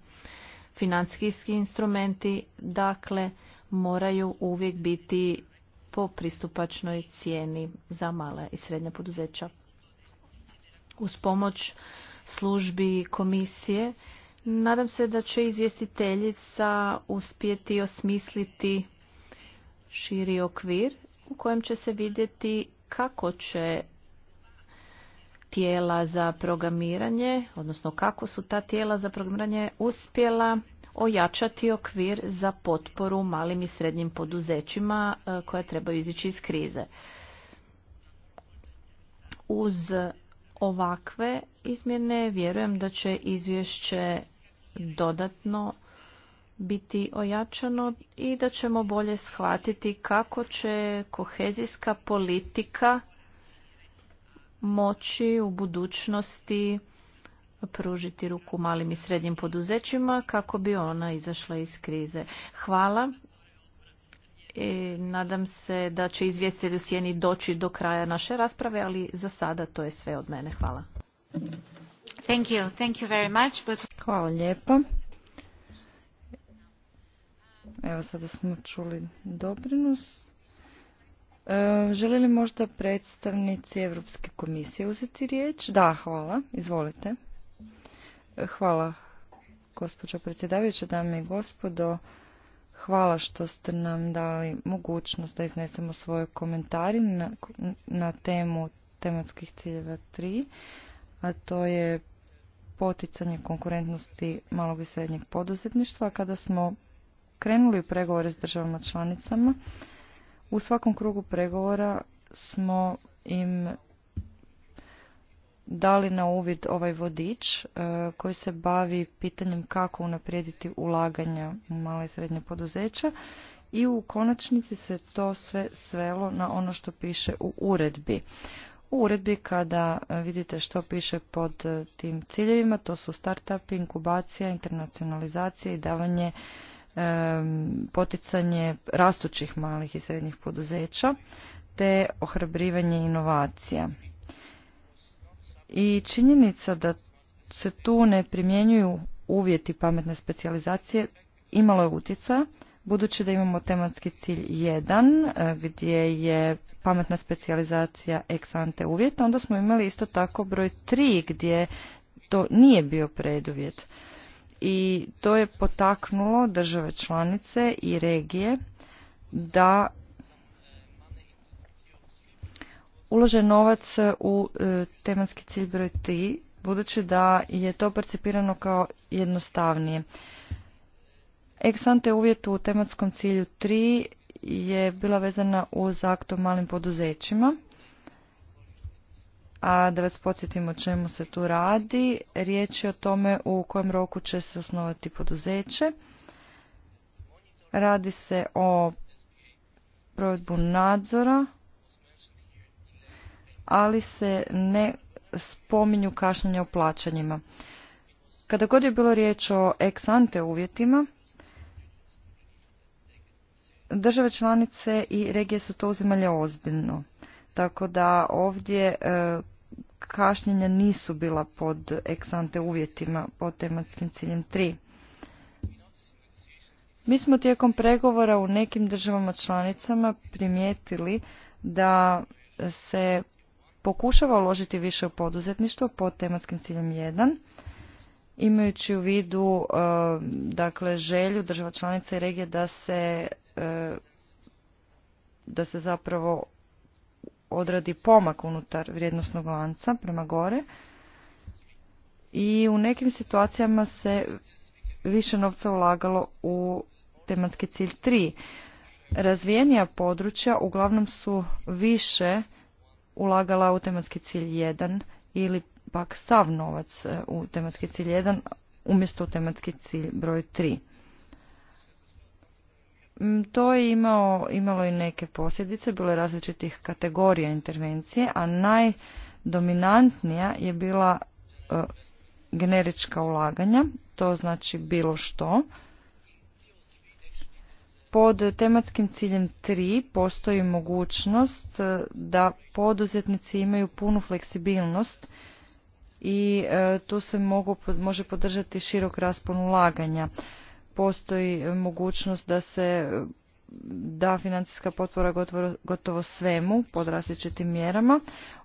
S1: Financijski instrumenti, dakle, moraju uvijek biti po pristupačnoj cijeni za mala i srednja poduzeća. Uz pomoć službi komisije nadam se da će izvjestiteljica uspjeti osmisliti širi okvir u kojem će se vidjeti kako će tijela za programiranje, odnosno kako su ta tijela za programiranje uspjela ojačati okvir za potporu malim i srednjim poduzećima e, koja trebaju izići iz krize. Uz ovakve izmjene vjerujem da će izvješće dodatno biti ojačano i da ćemo bolje shvatiti kako će kohezijska politika moći u budućnosti pružiti ruku malim i srednjim poduzećima kako bi ona izašla iz krize. Hvala. I e, nadam se da će izvjestitelj u sjeni doći do kraja naše rasprave, ali za sada to je sve od mene. Hvala. Thank you. Thank you very much, Hvala lijepo
S4: Evo sada smo čuli Dobrinus. E, želi li možda predstavnici Europske komisije uzeti riječ? Da, hvala. Izvolite. Hvala, gospođo predsjedavajuća, dame i gospodo. Hvala što ste nam dali mogućnost da iznesemo svoje komentare na, temu tematskih ciljeva 3, a to je poticanje konkurentnosti malog i srednjeg poduzetništva. Kada smo krenuli u pregovore s državama članicama, u svakom krugu pregovora smo im dali na uvid ovaj vodič e, koji se bavi pitanjem kako unaprijediti ulaganja u mala i srednje poduzeća i u konačnici se to sve svelo na ono što piše u uredbi. U uredbi kada e, vidite što piše pod e, tim ciljevima, to su startup, inkubacija, internacionalizacija i davanje poticanje rastućih malih i srednjih poduzeća te ohrabrivanje inovacija i činjenica da se tu ne primjenjuju uvjeti pametne specijalizacije imalo je utjeca, budući da imamo tematski cilj 1 e, gdje je pametna specijalizacija ex ante uvjet, onda smo imali isto tako broj 3 gdje to nije bio preduvjet. I to je potaknulo države članice i regije da uložen novac e, u e, tematski cilj broj 3, budući da je to percipirano kao jednostavnije. Eksante uvjet u tematskom cilju 3 je bila vezana uz akt o malim poduzećima. A da vas podsjetim o čemu se tu radi, riječ je o tome u kojem roku će se osnovati poduzeće. Radi se o provedbu nadzora ali se ne spominju kašnjenja o plaćanjima. Kada god je bilo riječ o ex ante uvjetima, države članice i regije su to uzimale ozbiljno. Tako da ovdje e, kašnjenja nisu bila pod ex ante uvjetima pod tematskim ciljem 3. Mi smo tijekom pregovora u nekim državama članicama primijetili da se pokušava uložiti više u poduzetništvo pod tematskim ciljem 1, imajući u vidu e, dakle, želju država članica i regije da se, e, da se zapravo odradi pomak unutar vrijednostnog lanca prema gore i u nekim situacijama se više novca ulagalo u tematski cilj 3. Razvijenija područja uglavnom su više ulagala u tematski cilj 1 ili pak sav novac e, u tematski cilj 1 umjesto u tematski cilj broj 3. Mm, to je imao, imalo i neke posljedice, bilo je različitih kategorija intervencije, a najdominantnija je bila e, generička ulaganja, to znači bilo što, pod tematskim ciljem 3 postoji mogućnost e, da poduzetnici imaju punu fleksibilnost i e, tu se mogu, može podržati širok raspon ulaganja. Postoji mogućnost da se da financijska potpora gotovo, gotovo svemu pod različitim mjerama.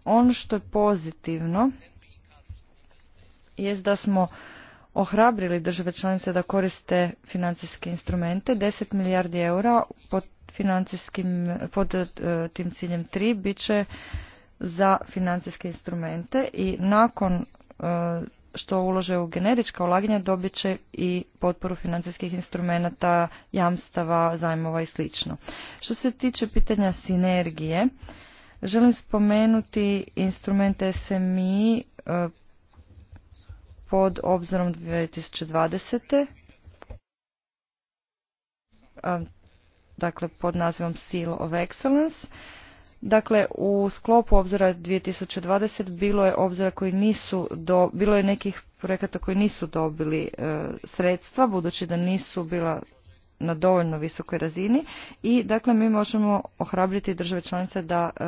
S4: Ono što je pozitivno jest da smo ohrabrili države članice da koriste financijske instrumente. 10 milijardi eura pod, financijskim, pod e, tim ciljem 3 bit će za financijske instrumente i nakon e, što ulože u generička ulaganja dobit će i potporu financijskih instrumenata, jamstava, zajmova i slično. Što se tiče pitanja sinergije, želim spomenuti instrumente SMI pod obzorom 2020. Dakle, pod nazivom Seal of Excellence. Dakle, u sklopu obzora 2020 bilo je obzora koji nisu do, bilo je nekih projekata koji nisu dobili e, sredstva budući da nisu bila na dovoljno visokoj razini i dakle mi možemo ohrabriti države članice da e,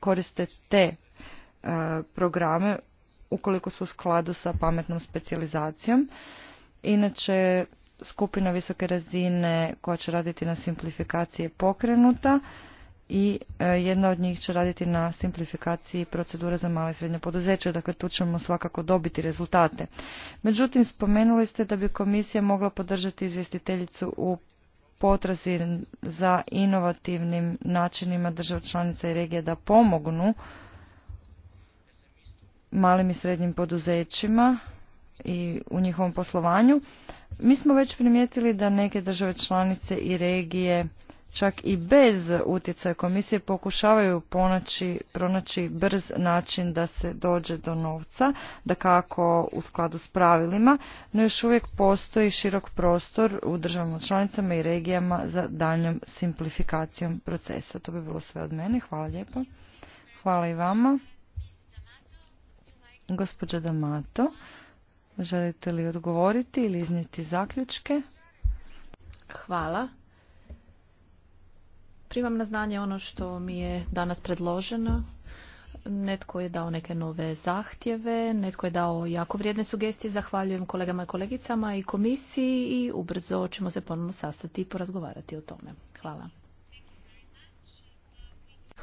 S4: koriste te e, programe ukoliko su u skladu sa pametnom specijalizacijom. Inače, skupina visoke razine koja će raditi na simplifikaciji je pokrenuta i e, jedna od njih će raditi na simplifikaciji procedura za male i srednje poduzeće, dakle tu ćemo svakako dobiti rezultate. Međutim, spomenuli ste da bi komisija mogla podržati izvjestiteljicu u potrazi za inovativnim načinima država članica i regija da pomognu malim i srednjim poduzećima i u njihovom poslovanju. Mi smo već primijetili da neke države članice i regije čak i bez utjecaja komisije pokušavaju ponaći, pronaći brz način da se dođe do novca, da kako u skladu s pravilima, no još uvijek postoji širok prostor u državama članicama i regijama za daljnjom simplifikacijom procesa. To bi bilo sve od mene. Hvala lijepo. Hvala i vama. Gospođo Damato, želite li odgovoriti ili iznijeti zaključke?
S1: Hvala. Primam na znanje ono što mi je danas predloženo. Netko je dao neke nove zahtjeve, netko je dao jako vrijedne sugestije. Zahvaljujem kolegama i kolegicama i komisiji i ubrzo ćemo se ponovno sastati i porazgovarati o tome. Hvala.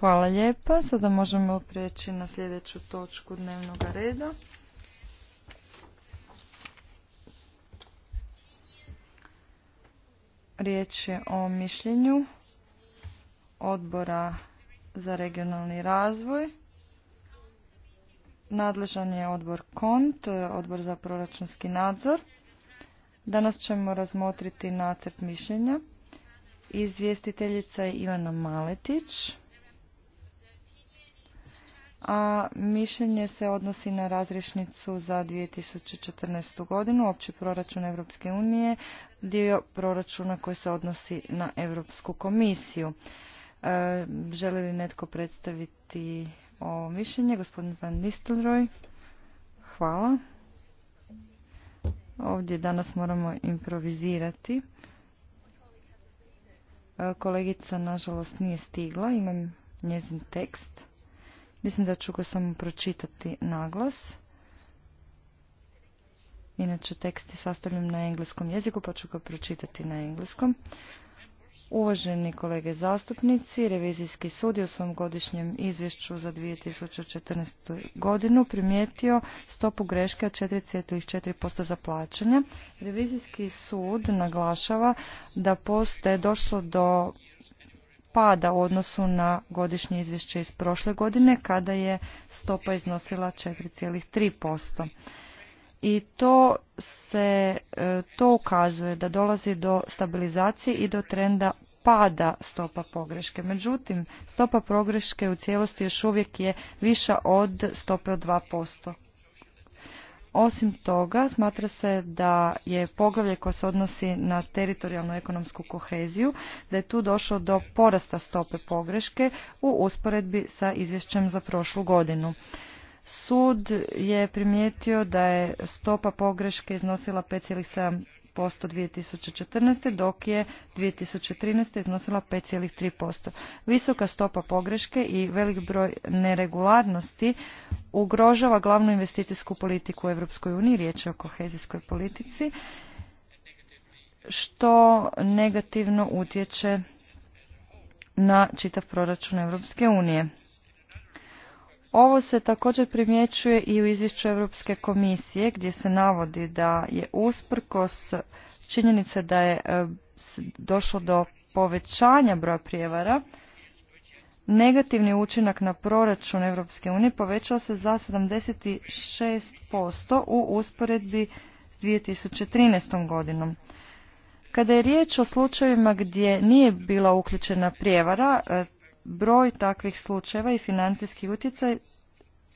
S4: Hvala lijepa. Sada možemo prijeći na sljedeću točku dnevnog reda. Riječ je o mišljenju odbora za regionalni razvoj. Nadležan je odbor KONT, odbor za proračunski nadzor. Danas ćemo razmotriti nacrt mišljenja. Izvjestiteljica je Ivana Maletić a mišljenje se odnosi na razrješnicu za 2014. godinu, opći proračun Europske unije, dio proračuna koji se odnosi na Europsku komisiju. E, želi li netko predstaviti ovo mišljenje? Gospodin Van Nistelroj, hvala. Ovdje danas moramo improvizirati. E, kolegica, nažalost, nije stigla. Imam njezin tekst. Mislim da ću ga samo pročitati glas. Inače, tekst je sastavljen na engleskom jeziku, pa ću ga pročitati na engleskom. Uvaženi kolege zastupnici, Revizijski sud je u svom godišnjem izvješću za 2014. godinu primijetio stopu greške od 4,4% za plaćanje. Revizijski sud naglašava da postoje došlo do pada u odnosu na godišnje izvješće iz prošle godine kada je stopa iznosila 4,3%. I to se e, to ukazuje da dolazi do stabilizacije i do trenda pada stopa pogreške. Međutim, stopa pogreške u cijelosti još uvijek je viša od stope od 2% osim toga, smatra se da je poglavlje koje se odnosi na teritorijalnu ekonomsku koheziju, da je tu došlo do porasta stope pogreške u usporedbi sa izvješćem za prošlu godinu. Sud je primijetio da je stopa pogreške iznosila 2014. dok je 2013. iznosila 5,3%. Visoka stopa pogreške i velik broj neregularnosti ugrožava glavnu investicijsku politiku u EU, riječ je o kohezijskoj politici, što negativno utječe na čitav proračun Europske unije. Ovo se također primjećuje i u izvješću Europske komisije gdje se navodi da je usprkos činjenice da je e, došlo do povećanja broja prijevara, negativni učinak na proračun Europske unije povećao se za 76% u usporedbi s 2013. godinom. Kada je riječ o slučajevima gdje nije bila uključena prijevara, e, broj takvih slučajeva i financijski utjecaj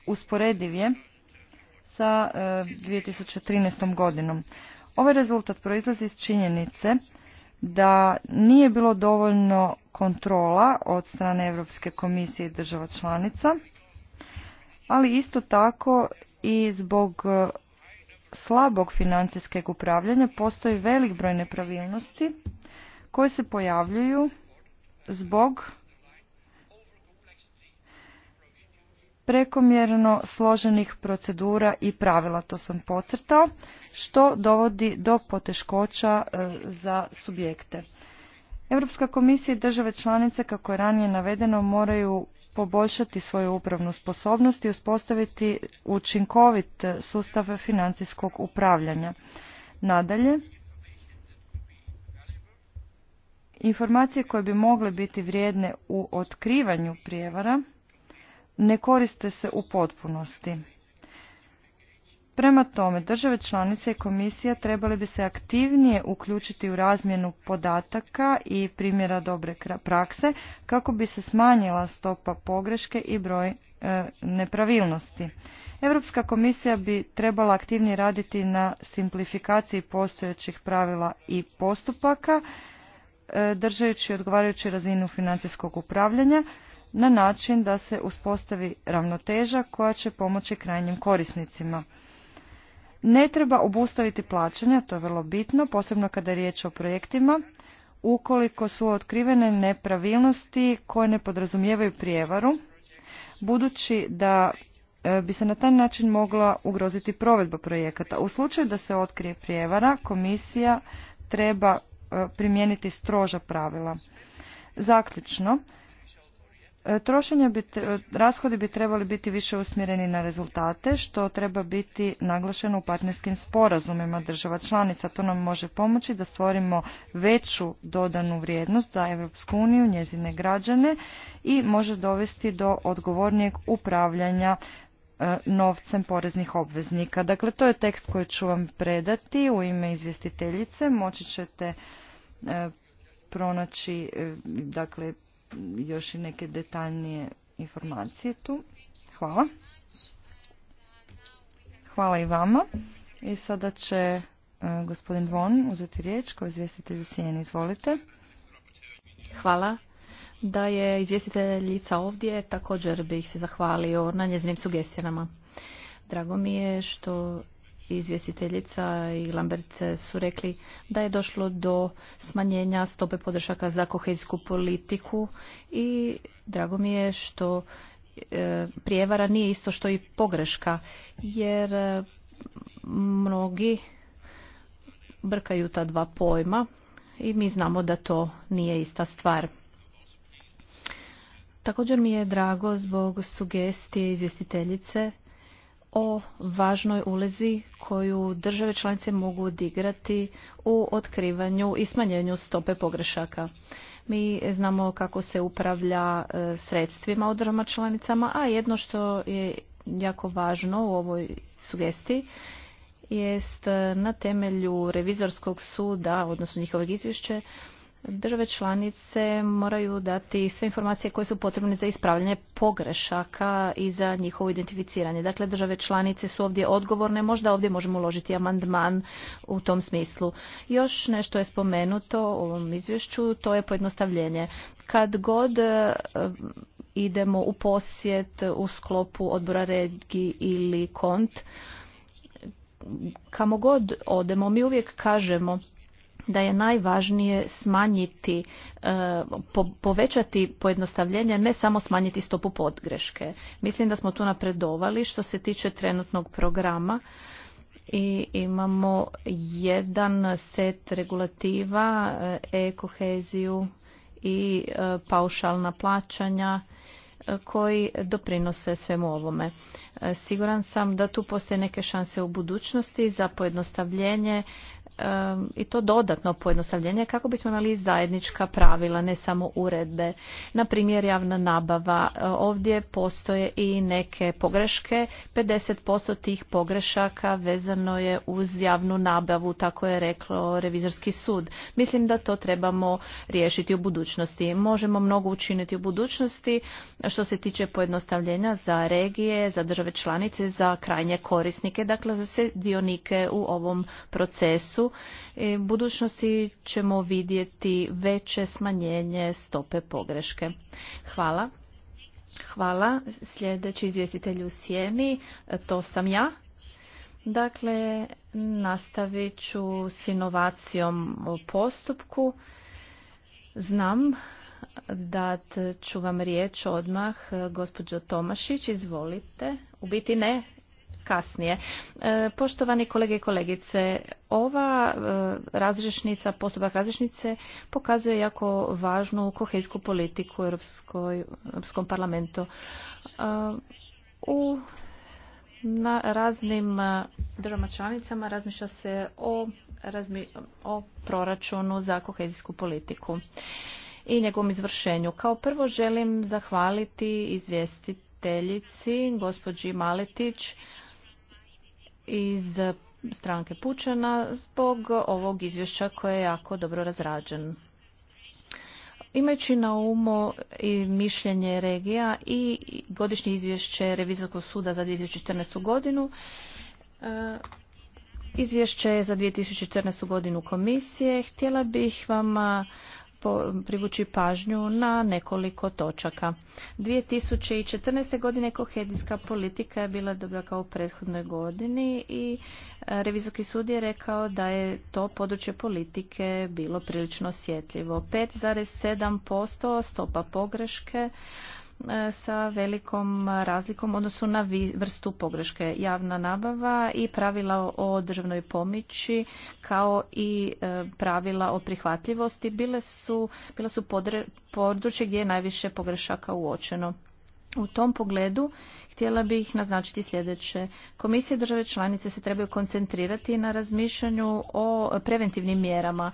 S4: usporediv je sa 2013. E, godinom. Ovaj rezultat proizlazi iz činjenice da nije bilo dovoljno kontrola od strane Europske komisije i država članica, ali isto tako i zbog e, slabog financijskog upravljanja postoji velik broj nepravilnosti koje se pojavljuju zbog prekomjerno složenih procedura i pravila, to sam pocrtao, što dovodi do poteškoća e, za subjekte. Europska komisija i države članice, kako je ranije navedeno, moraju poboljšati svoju upravnu sposobnost i uspostaviti učinkovit sustav financijskog upravljanja. Nadalje, informacije koje bi mogle biti vrijedne u otkrivanju prijevara ne koriste se u potpunosti. Prema tome, države članice i komisija trebali bi se aktivnije uključiti u razmjenu podataka i primjera dobre prakse kako bi se smanjila stopa pogreške i broj e, nepravilnosti. Europska komisija bi trebala aktivnije raditi na simplifikaciji postojećih pravila i postupaka, e, držajući odgovarajuću razinu financijskog upravljanja, na način da se uspostavi ravnoteža koja će pomoći krajnjim korisnicima. Ne treba obustaviti plaćanja, to je vrlo bitno, posebno kada je riječ o projektima, ukoliko su otkrivene nepravilnosti koje ne podrazumijevaju prijevaru, budući da e, bi se na taj način mogla ugroziti provedba projekata. U slučaju da se otkrije prijevara, komisija treba e, primijeniti stroža pravila. Zaključno, Trošenja bi, rashodi bi trebali biti više usmjereni na rezultate, što treba biti naglašeno u partnerskim sporazumima država članica. To nam može pomoći da stvorimo veću dodanu vrijednost za Europsku uniju, njezine građane i može dovesti do odgovornijeg upravljanja e, novcem poreznih obveznika. Dakle, to je tekst koji ću vam predati u ime izvjestiteljice. Moći ćete e, pronaći e, dakle, još i neke detaljnije informacije tu. Hvala. Hvala i vama. I sada će e, gospodin Von uzeti riječ kao
S1: izvjestitelj u Izvolite. Hvala. Da je izvjestiteljica ovdje, također bih se zahvalio na njezinim sugestijama. Drago mi je što izvjestiteljica i Lambert su rekli da je došlo do smanjenja stope podršaka za kohezijsku politiku i drago mi je što e, prijevara nije isto što i pogreška jer e, mnogi brkaju ta dva pojma i mi znamo da to nije ista stvar. Također mi je drago zbog sugestije izvjestiteljice o važnoj ulezi koju države članice mogu odigrati u otkrivanju i smanjenju stope pogrešaka. Mi znamo kako se upravlja e, sredstvima u državama članicama, a jedno što je jako važno u ovoj sugestiji jest e, na temelju revizorskog suda, odnosno njihovog izvješća, države članice moraju dati sve informacije koje su potrebne za ispravljanje pogrešaka i za njihovo identificiranje. Dakle, države članice su ovdje odgovorne, možda ovdje možemo uložiti amandman u tom smislu. Još nešto je spomenuto u ovom izvješću, to je pojednostavljenje. Kad god e, idemo u posjet u sklopu odbora regi ili kont, kamo god odemo, mi uvijek kažemo da je najvažnije smanjiti, e, povećati pojednostavljenje, ne samo smanjiti stopu podgreške. Mislim da smo tu napredovali što se tiče trenutnog programa i imamo jedan set regulativa, e, ekoheziju i e, paušalna plaćanja koji doprinose svemu ovome. Siguran sam da tu postoje neke šanse u budućnosti za pojednostavljenje i to dodatno pojednostavljenje kako bismo imali zajednička pravila, ne samo uredbe. Na primjer javna nabava. E, ovdje postoje i neke pogreške. 50% tih pogrešaka vezano je uz javnu nabavu, tako je reklo revizorski sud. Mislim da to trebamo riješiti u budućnosti. Možemo mnogo učiniti u budućnosti što se tiče pojednostavljenja za regije, za države članice, za krajnje korisnike, dakle za sve dionike u ovom procesu E, u budućnosti ćemo vidjeti veće smanjenje stope pogreške. Hvala. Hvala. Sljedeći izvjestitelj u sjeni, e, to sam ja. Dakle, nastavit ću s inovacijom u postupku. Znam da ću vam riječ odmah, e, gospođo Tomašić, izvolite. U biti ne, kasnije. E, poštovani kolege i kolegice, ova e, razrešnica, postupak razrešnice pokazuje jako važnu kohezijsku politiku u Europskoj, Europskom parlamentu. E, u na raznim državama članicama razmišlja se o, o proračunu za kohezijsku politiku i njegovom izvršenju. Kao prvo želim zahvaliti izvjestiteljici gospođi Maletić iz stranke Pučana zbog ovog izvješća koje je jako dobro razrađen. Imajući na umu i mišljenje regija i godišnje izvješće Revizorskog suda za 2014. godinu, e, izvješće za 2014. godinu komisije, htjela bih vama privući pažnju na nekoliko točaka. 2014. godine kohedijska politika je bila dobra kao u prethodnoj godini i e, revizorski sud je rekao da je to područje politike bilo prilično osjetljivo. 5,7% stopa pogreške E, sa velikom razlikom odnosu na vrstu pogreške javna nabava i pravila o državnoj pomići kao i e, pravila o prihvatljivosti bile su, bila su područje gdje je najviše pogrešaka uočeno. U tom pogledu htjela bih naznačiti sljedeće. Komisije države članice se trebaju koncentrirati na razmišljanju o preventivnim mjerama.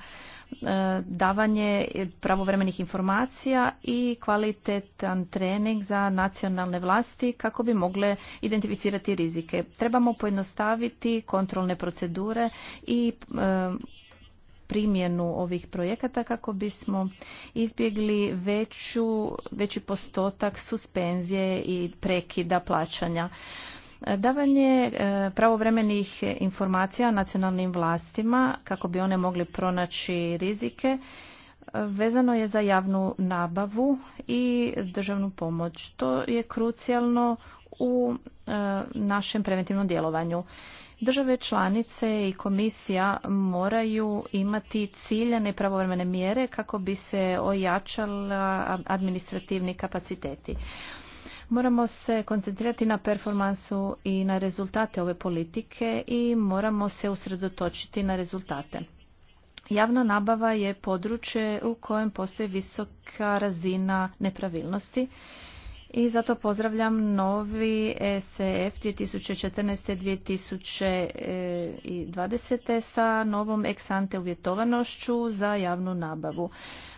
S1: E, davanje pravovremenih informacija i kvalitetan trening za nacionalne vlasti kako bi mogle identificirati rizike. Trebamo pojednostaviti kontrolne procedure i e, primjenu ovih projekata kako bismo izbjegli veći postotak suspenzije i prekida plaćanja. Davanje e, pravovremenih informacija nacionalnim vlastima kako bi one mogli pronaći rizike e, vezano je za javnu nabavu i državnu pomoć. To je krucijalno u e, našem preventivnom djelovanju. Države članice i komisija moraju imati ciljane pravovremene mjere kako bi se ojačala administrativni kapaciteti. Moramo se koncentrirati na performansu i na rezultate ove politike i moramo se usredotočiti na rezultate. Javna nabava je područje u kojem postoji visoka razina nepravilnosti i zato pozdravljam novi e SF e 2014-2020 sa novom eksante uvjetovanošću za javnu nabavu.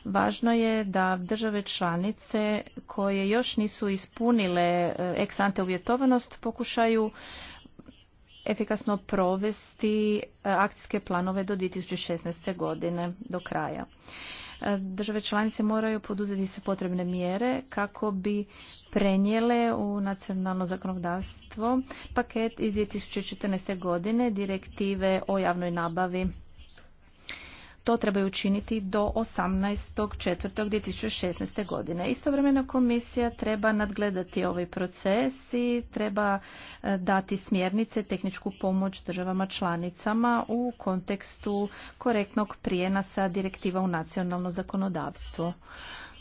S1: Važno je da države članice koje još nisu ispunile eksante uvjetovanost pokušaju efikasno provesti e, akcijske planove do 2016. godine do kraja države članice moraju poduzeti se potrebne mjere kako bi prenijele u nacionalno zakonodavstvo paket iz 2014. godine direktive o javnoj nabavi to trebaju učiniti do 18.4.2016. godine. Istovremeno komisija treba nadgledati ovaj proces i treba e, dati smjernice, tehničku pomoć državama članicama u kontekstu korektnog prijenasa direktiva u nacionalno zakonodavstvo.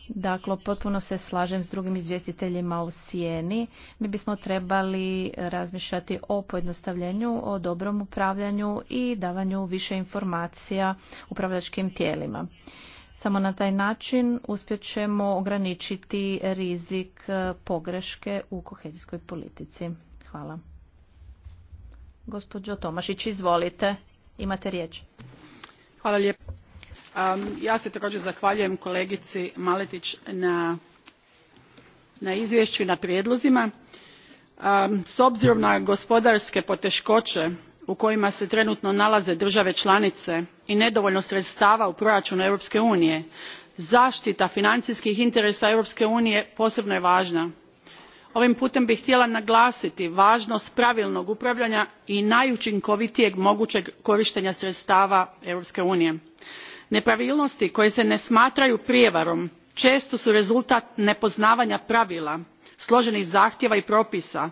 S1: Dakle, potpuno se slažem s drugim izvjestiteljima u Sijeni. Mi bismo trebali razmišljati o pojednostavljenju, o dobrom upravljanju i davanju više informacija upravljačkim tijelima. Samo na taj način uspjet ćemo ograničiti rizik e, pogreške u kohezijskoj politici. Hvala. Gospođo Tomašić, izvolite. Imate riječ. Hvala lijepo
S2: ja se također zahvaljujem kolegici maletić na, izvješću i na prijedlozima. s obzirom na gospodarske poteškoće u kojima se trenutno nalaze države članice i nedovoljno sredstava u proračunu europske unije zaštita financijskih interesa europske unije posebno je važna. ovim putem bih htjela naglasiti važnost pravilnog upravljanja i najučinkovitijeg mogućeg korištenja sredstava europske unije nepravilnosti koje se ne smatraju prijevarom često su rezultat nepoznavanja pravila složenih zahtjeva i propisa.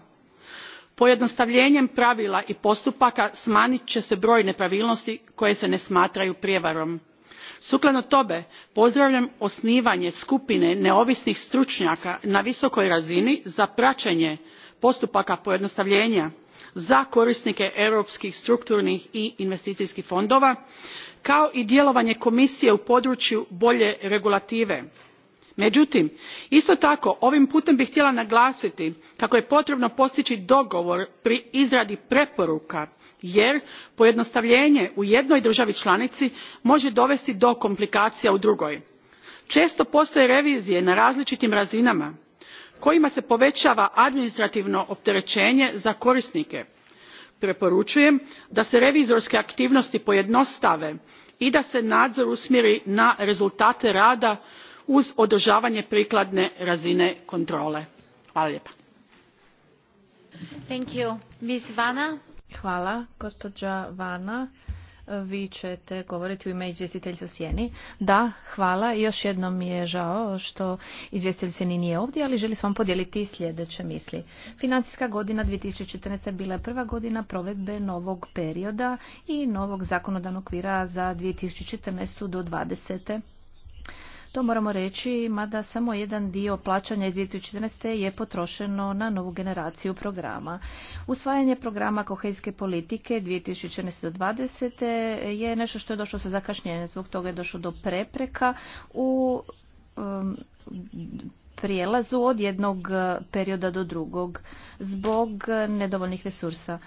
S2: pojednostavljenjem pravila i postupaka smanjit će se broj nepravilnosti koje se ne smatraju prijevarom. sukladno tome pozdravljam osnivanje skupine neovisnih stručnjaka na visokoj razini za praćenje postupaka pojednostavljenja za korisnike europskih strukturnih i investicijskih fondova kao i djelovanje komisije u području bolje regulative. međutim isto tako ovim putem bih htjela naglasiti kako je potrebno postići dogovor pri izradi preporuka jer pojednostavljenje u jednoj državi članici može dovesti do komplikacija u drugoj. često postoje revizije na različitim razinama kojima se povećava administrativno opterećenje za korisnike preporučujem da se revizorske aktivnosti pojednostave i da se nadzor usmjeri na rezultate rada uz održavanje prikladne razine kontrole. Hvala
S1: Hvala, Vana. Vi ćete govoriti u ime izvjestiteljstva Sjeni. Da, hvala. Još jednom mi je žao što izvjestitelj Sjeni nije ovdje, ali želi s vam podijeliti sljedeće misli. Financijska godina 2014. bila je prva godina provedbe novog perioda i novog zakonodavnog okvira za 2014. do 2020. To moramo reći, mada samo jedan dio plaćanja iz 2014. je potrošeno na novu generaciju programa. Usvajanje programa kohezijske politike 2014. do 2020. je nešto što je došlo sa zakašnjenjem. Zbog toga je došlo do prepreka u um, prijelazu od jednog perioda do drugog zbog nedovoljnih resursa.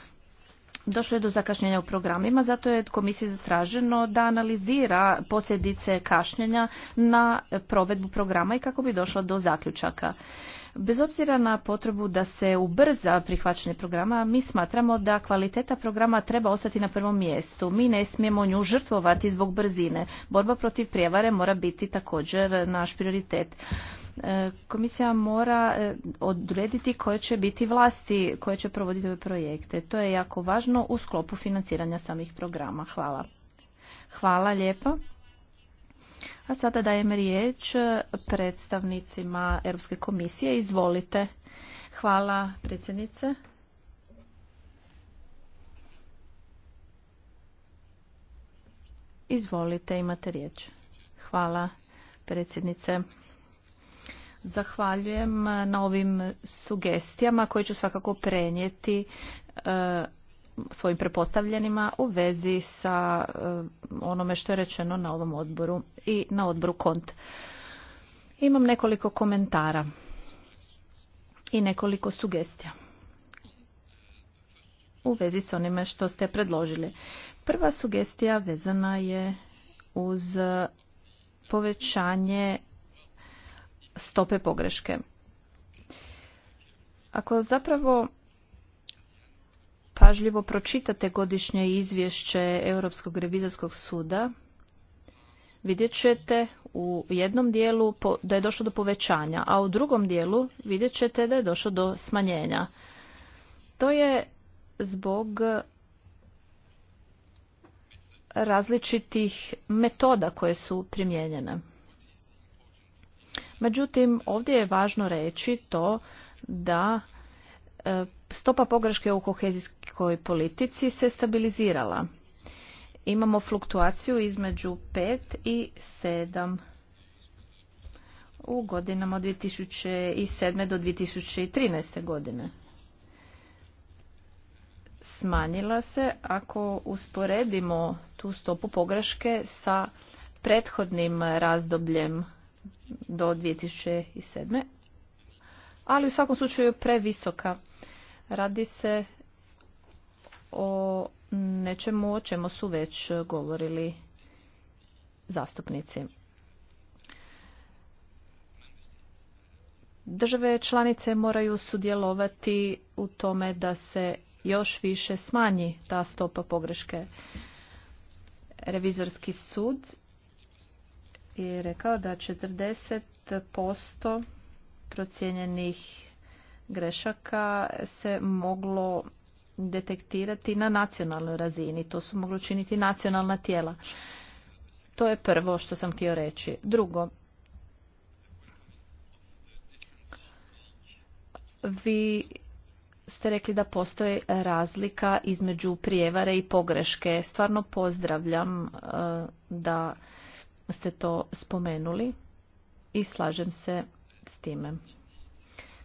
S1: Došlo je do zakašnjenja u programima, zato je komisiji zatraženo da analizira posljedice kašnjenja na provedbu programa i kako bi došlo do zaključaka. Bez obzira na potrebu da se ubrza prihvaćanje programa, mi smatramo da kvaliteta programa treba ostati na prvom mjestu. Mi ne smijemo nju žrtvovati zbog brzine. Borba protiv prijevare mora biti također naš prioritet e, komisija mora e, odrediti koje će biti vlasti koje će provoditi ove projekte. To je jako važno u sklopu financiranja samih programa. Hvala. Hvala lijepo. A sada dajem riječ predstavnicima Europske komisije. Izvolite. Hvala predsjednice. Izvolite, imate riječ. Hvala predsjednice. Zahvaljujem na ovim sugestijama koje ću svakako prenijeti e, svojim prepostavljenima u vezi sa eh, onome što je rečeno na ovom odboru i na odboru KONT. Imam nekoliko komentara i nekoliko sugestija u vezi s onime što ste predložili. Prva sugestija vezana je uz povećanje stope pogreške. Ako zapravo pažljivo pročitate godišnje izvješće Europskog revizorskog suda, vidjet ćete u jednom dijelu da je došlo do povećanja, a u drugom dijelu vidjet ćete da je došlo do smanjenja. To je zbog različitih metoda koje su primijenjene. Međutim, ovdje je važno reći to da e, stopa pogreške u ekonomskoj politici se stabilizirala. Imamo fluktuaciju između 5 i 7 u godinama od 2007. do 2013. godine. Smanjila se ako usporedimo tu stopu pogreške sa prethodnim razdobljem do 2007. Ali u svakom slučaju previsoka. Radi se o nečemu o čemu su već govorili zastupnici. Države članice moraju sudjelovati u tome da se još više smanji ta stopa pogreške. Revizorski sud je rekao da 40% procijenjenih grešaka se moglo detektirati na nacionalnoj razini. To su mogli učiniti nacionalna tijela. To je prvo što sam htio reći. Drugo, vi ste rekli da postoji razlika između prijevare i pogreške. Stvarno pozdravljam e, da ste to spomenuli i slažem se s time.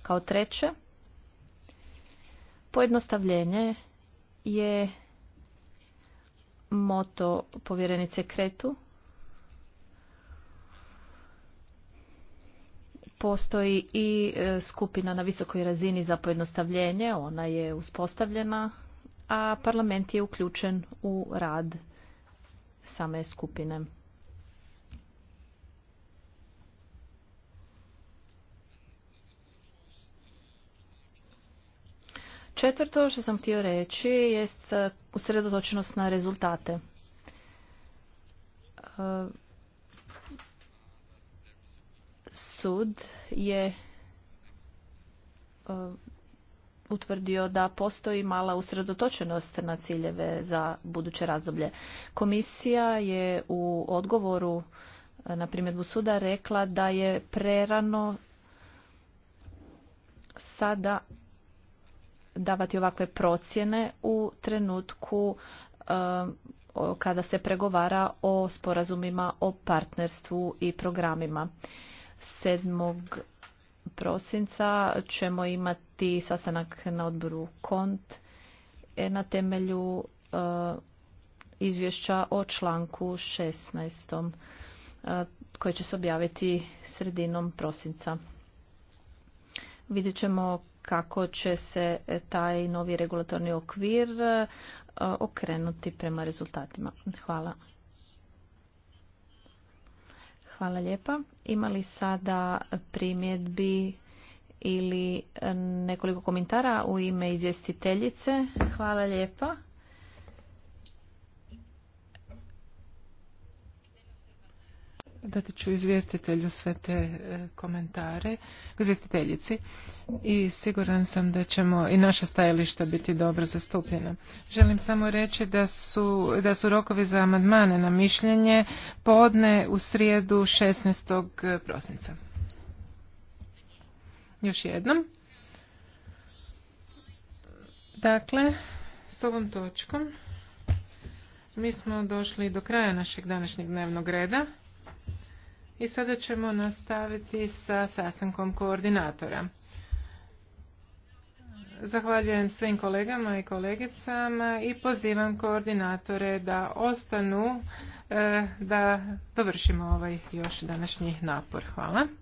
S1: Kao treće, Pojednostavljenje je moto povjerenice Kretu. Postoji i e, skupina na visokoj razini za pojednostavljenje, ona je uspostavljena, a parlament je uključen u rad same skupine. Četvrto što sam htio reći jest e, usredotočenost na rezultate. E, sud je e, utvrdio da postoji mala usredotočenost na ciljeve za buduće razdoblje. Komisija je u odgovoru na primjedbu suda rekla da je prerano sada davati ovakve procjene u trenutku um, kada se pregovara o sporazumima o partnerstvu i programima. 7. prosinca ćemo imati sastanak na odboru KONT e, na temelju uh, izvješća o članku 16. Uh, koje će se objaviti sredinom prosinca. Vidjet ćemo kako će se e, taj novi regulatorni okvir e, okrenuti prema rezultatima. Hvala. Hvala lijepa. Ima li sada primjedbi ili e, nekoliko komentara u ime izvjestiteljice? Hvala lijepa.
S3: dati ću izvjestitelju sve te e, komentare, izvjestiteljici i siguran sam da ćemo i naša stajališta biti dobro zastupljena. Želim samo reći da su, da su rokovi za amandmane na mišljenje podne u srijedu 16. E, prosinca. Još jednom. Dakle, s ovom točkom mi smo došli do kraja našeg današnjeg dnevnog reda. I sada ćemo nastaviti sa sastankom koordinatora. Zahvaljujem svim kolegama i kolegicama i pozivam koordinatore da ostanu e, da dovršimo ovaj još današnji napor. Hvala.